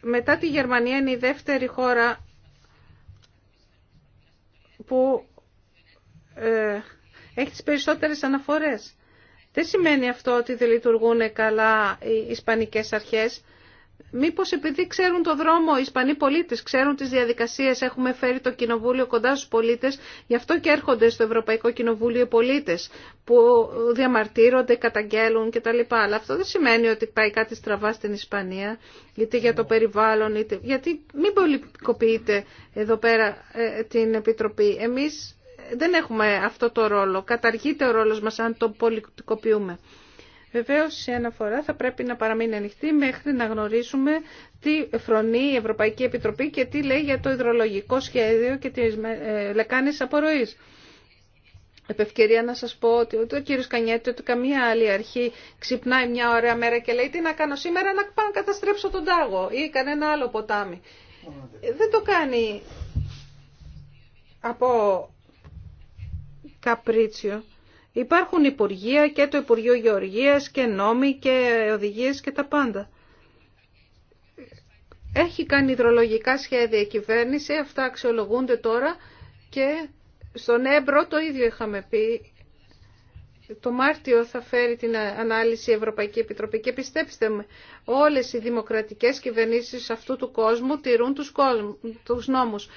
μετά τη Γερμανία είναι η δεύτερη χώρα που ε, έχει τις περισσότερες αναφορές. Δεν σημαίνει αυτό ότι δεν λειτουργούν καλά οι Ισπανικές αρχές. Μήπως επειδή ξέρουν το δρόμο οι Ισπανοί πολίτες, ξέρουν τις διαδικασίες, έχουμε φέρει το Κοινοβούλιο κοντά στους πολίτες, γι' αυτό και έρχονται στο Ευρωπαϊκό Κοινοβούλιο οι πολίτες που διαμαρτύρονται, καταγγέλουν κτλ. Αλλά αυτό δεν σημαίνει ότι πάει κάτι στραβά στην Ισπανία, γιατί για το ναι. περιβάλλον, είτε... γιατί μην πολιτικοποιείτε εδώ πέρα ε, την Επιτροπή. Εμείς δεν έχουμε αυτό το ρόλο. Καταργείται ο ρόλος μας αν το πολιτικοποιούμε. Βεβαίως η αναφορά θα πρέπει να παραμείνει ανοιχτή μέχρι να γνωρίσουμε τι φρονεί η Ευρωπαϊκή Επιτροπή και τι λέει για το υδρολογικό σχέδιο και τις ε, λεκάνες απορροής. Επ' ευκαιρία να σας πω ότι ούτε ο κύριος Κανιέτη ούτε καμία άλλη αρχή ξυπνάει μια ωραία μέρα και λέει τι να κάνω σήμερα να πάω να καταστρέψω τον τάγο ή κανένα άλλο ποτάμι. Δεν το κάνει από καπρίτσιο. Υπάρχουν Υπουργεία και το Υπουργείο Γεωργίας και νόμοι και οδηγίες και τα πάντα. Έχει κάνει υδρολογικά σχέδια η κυβέρνηση, αυτά αξιολογούνται τώρα και στον Έμπρο το ίδιο είχαμε πει. Το Μάρτιο θα φέρει την ανάλυση η Ευρωπαϊκή Επιτροπή και πιστέψτε με, όλες οι δημοκρατικές κυβερνήσεις αυτού του κόσμου τηρούν τους, κόσμ, τους νόμους.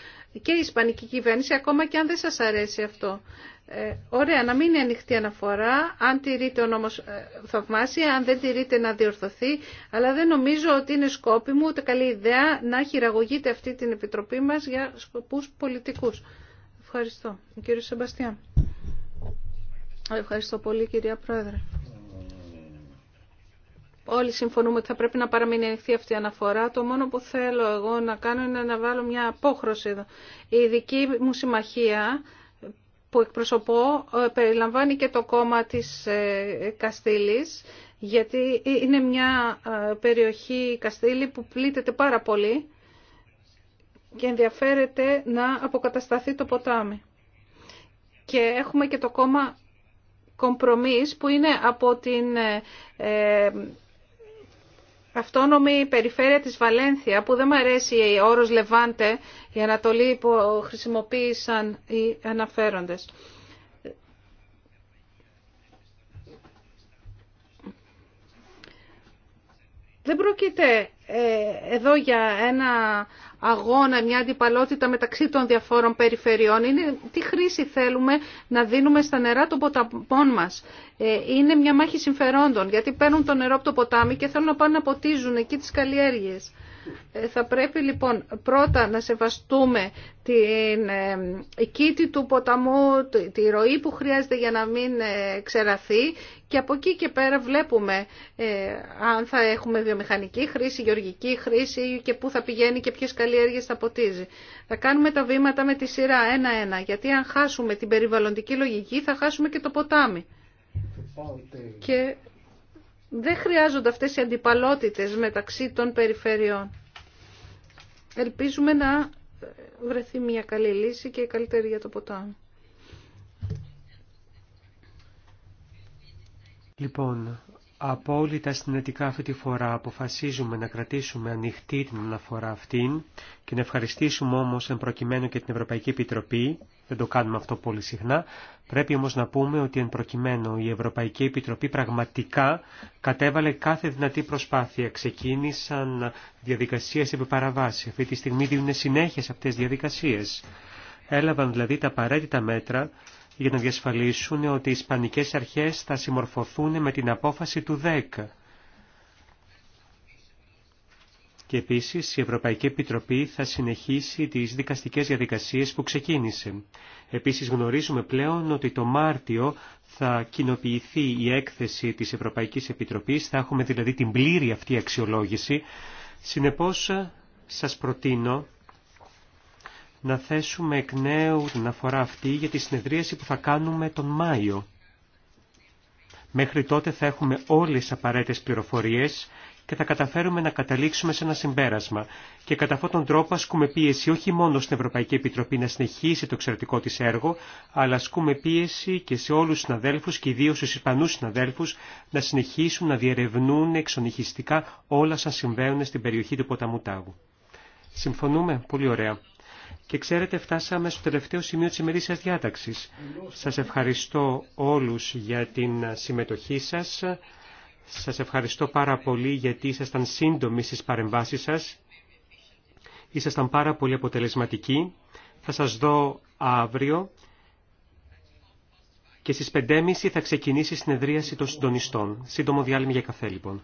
Και η Ισπανική κυβέρνηση, ακόμα και αν δεν σας αρέσει αυτό. Ε, ωραία, να μην είναι ανοιχτή αναφορά. Αν τηρείται ο νόμος ε, θαυμάσια, αν δεν τηρείται να διορθωθεί. Αλλά δεν νομίζω ότι είναι σκόπι μου ούτε καλή ιδέα να χειραγωγείται αυτή την Επιτροπή μας για σκοπούς πολιτικούς. Ευχαριστώ. Κύριε Σεμπαστιά. Ευχαριστώ πολύ κυρία Πρόεδρε. Όλοι συμφωνούμε ότι θα πρέπει να παραμείνει ανοιχτή αυτή η αναφορά. Το μόνο που θέλω εγώ να κάνω είναι να βάλω μια απόχρωση εδώ. Η δική μου συμμαχία που εκπροσωπώ ε, περιλαμβάνει και το κόμμα της ε, Καστήλης, γιατί ε, είναι μια περιοχή Καστήλη που πλήττεται πάρα πολύ και ενδιαφέρεται να αποκατασταθεί το ποτάμι. Και έχουμε και το κόμμα Κομπρομής που είναι από την αυτόνομη περιφέρεια της Βαλένθια, που δεν μου αρέσει η όρος Λεβάντε, η Ανατολή που χρησιμοποίησαν οι αναφέροντες. Δεν πρόκειται ε, εδώ για ένα αγώνα, μια αντιπαλότητα μεταξύ των διαφόρων περιφερειών. Είναι τι χρήση θέλουμε να δίνουμε στα νερά των ποταμών μας. Ε, είναι μια μάχη συμφερόντων, γιατί παίρνουν το νερό από το ποτάμι και θέλουν να πάνε να ποτίζουν εκεί τις καλλιέργειε. Ε, θα πρέπει λοιπόν πρώτα να σεβαστούμε την ε, κήτη του ποταμού, τη ροή που χρειάζεται για να μην ε, ξεραθεί και από εκεί και πέρα βλέπουμε αν θα έχουμε βιομηχανική χρήση, γεωργική χρήση και πού θα πηγαίνει και ποιες καλλιέργειες θα ποτίζει. Θα κάνουμε τα βήματα με τη σειρά ένα-ένα γιατί αν χάσουμε την περιβαλλοντική λογική θα χάσουμε και το ποτάμι. Και δεν χρειάζονται αυτές οι αντιπαλότητες μεταξύ των περιφερειών. Ελπίζουμε να βρεθεί μια καλή λύση και καλύτερη για το ποτάμι. Λοιπόν, απόλυτα συνετικά αυτή τη φορά αποφασίζουμε να κρατήσουμε ανοιχτή την αναφορά αυτήν και να ευχαριστήσουμε όμως εν προκειμένου και την Ευρωπαϊκή Επιτροπή δεν το κάνουμε αυτό πολύ συχνά. Πρέπει όμως να πούμε ότι εν προκειμένου η Ευρωπαϊκή Επιτροπή πραγματικά κατέβαλε κάθε δυνατή προσπάθεια. Ξεκίνησαν διαδικασίες επί παραβάση. Αυτή τη στιγμή δίνουν συνέχεια σε αυτές τις διαδικασίες. Έλαβαν δηλαδή τα απαραίτητα μέτρα για να διασφαλίσουν ότι οι Ισπανικές αρχές θα συμμορφωθούν με την απόφαση του 10 και επίσης η Ευρωπαϊκή Επιτροπή θα συνεχίσει τις δικαστικές διαδικασίες που ξεκίνησε. Επίσης γνωρίζουμε πλέον ότι το Μάρτιο θα κοινοποιηθεί η έκθεση της Ευρωπαϊκής Επιτροπής, θα έχουμε δηλαδή την πλήρη αυτή αξιολόγηση. Συνεπώς σας προτείνω να θέσουμε εκ νέου την αφορά αυτή για τη συνεδρίαση που θα κάνουμε τον Μάιο. Μέχρι τότε θα έχουμε όλες τις απαραίτητες πληροφορίες και θα καταφέρουμε να καταλήξουμε σε ένα συμπέρασμα. Και κατά αυτόν τον τρόπο ασκούμε πίεση όχι μόνο στην Ευρωπαϊκή Επιτροπή να συνεχίσει το εξαιρετικό της έργο, αλλά ασκούμε πίεση και σε όλους τους συναδέλφους και ιδίως στους Ισπανούς συναδέλφους να συνεχίσουν να διερευνούν εξονυχιστικά όλα σαν συμβαίνουν στην περιοχή του ποταμού Τάγου. Συμφωνούμε? Πολύ ωραία. Και ξέρετε, φτάσαμε στο τελευταίο σημείο της ημερήσιας διάταξης. Σας ευχαριστώ όλους για την συμμετοχή σας. Σας ευχαριστώ πάρα πολύ γιατί ήσασταν σύντομοι στις παρεμβάσεις σας. Ήσασταν πάρα πολύ αποτελεσματικοί. Θα σας δω αύριο και στις 5.30 θα ξεκινήσει η συνεδρίαση των συντονιστών. Σύντομο διάλειμμα για καφέ λοιπόν.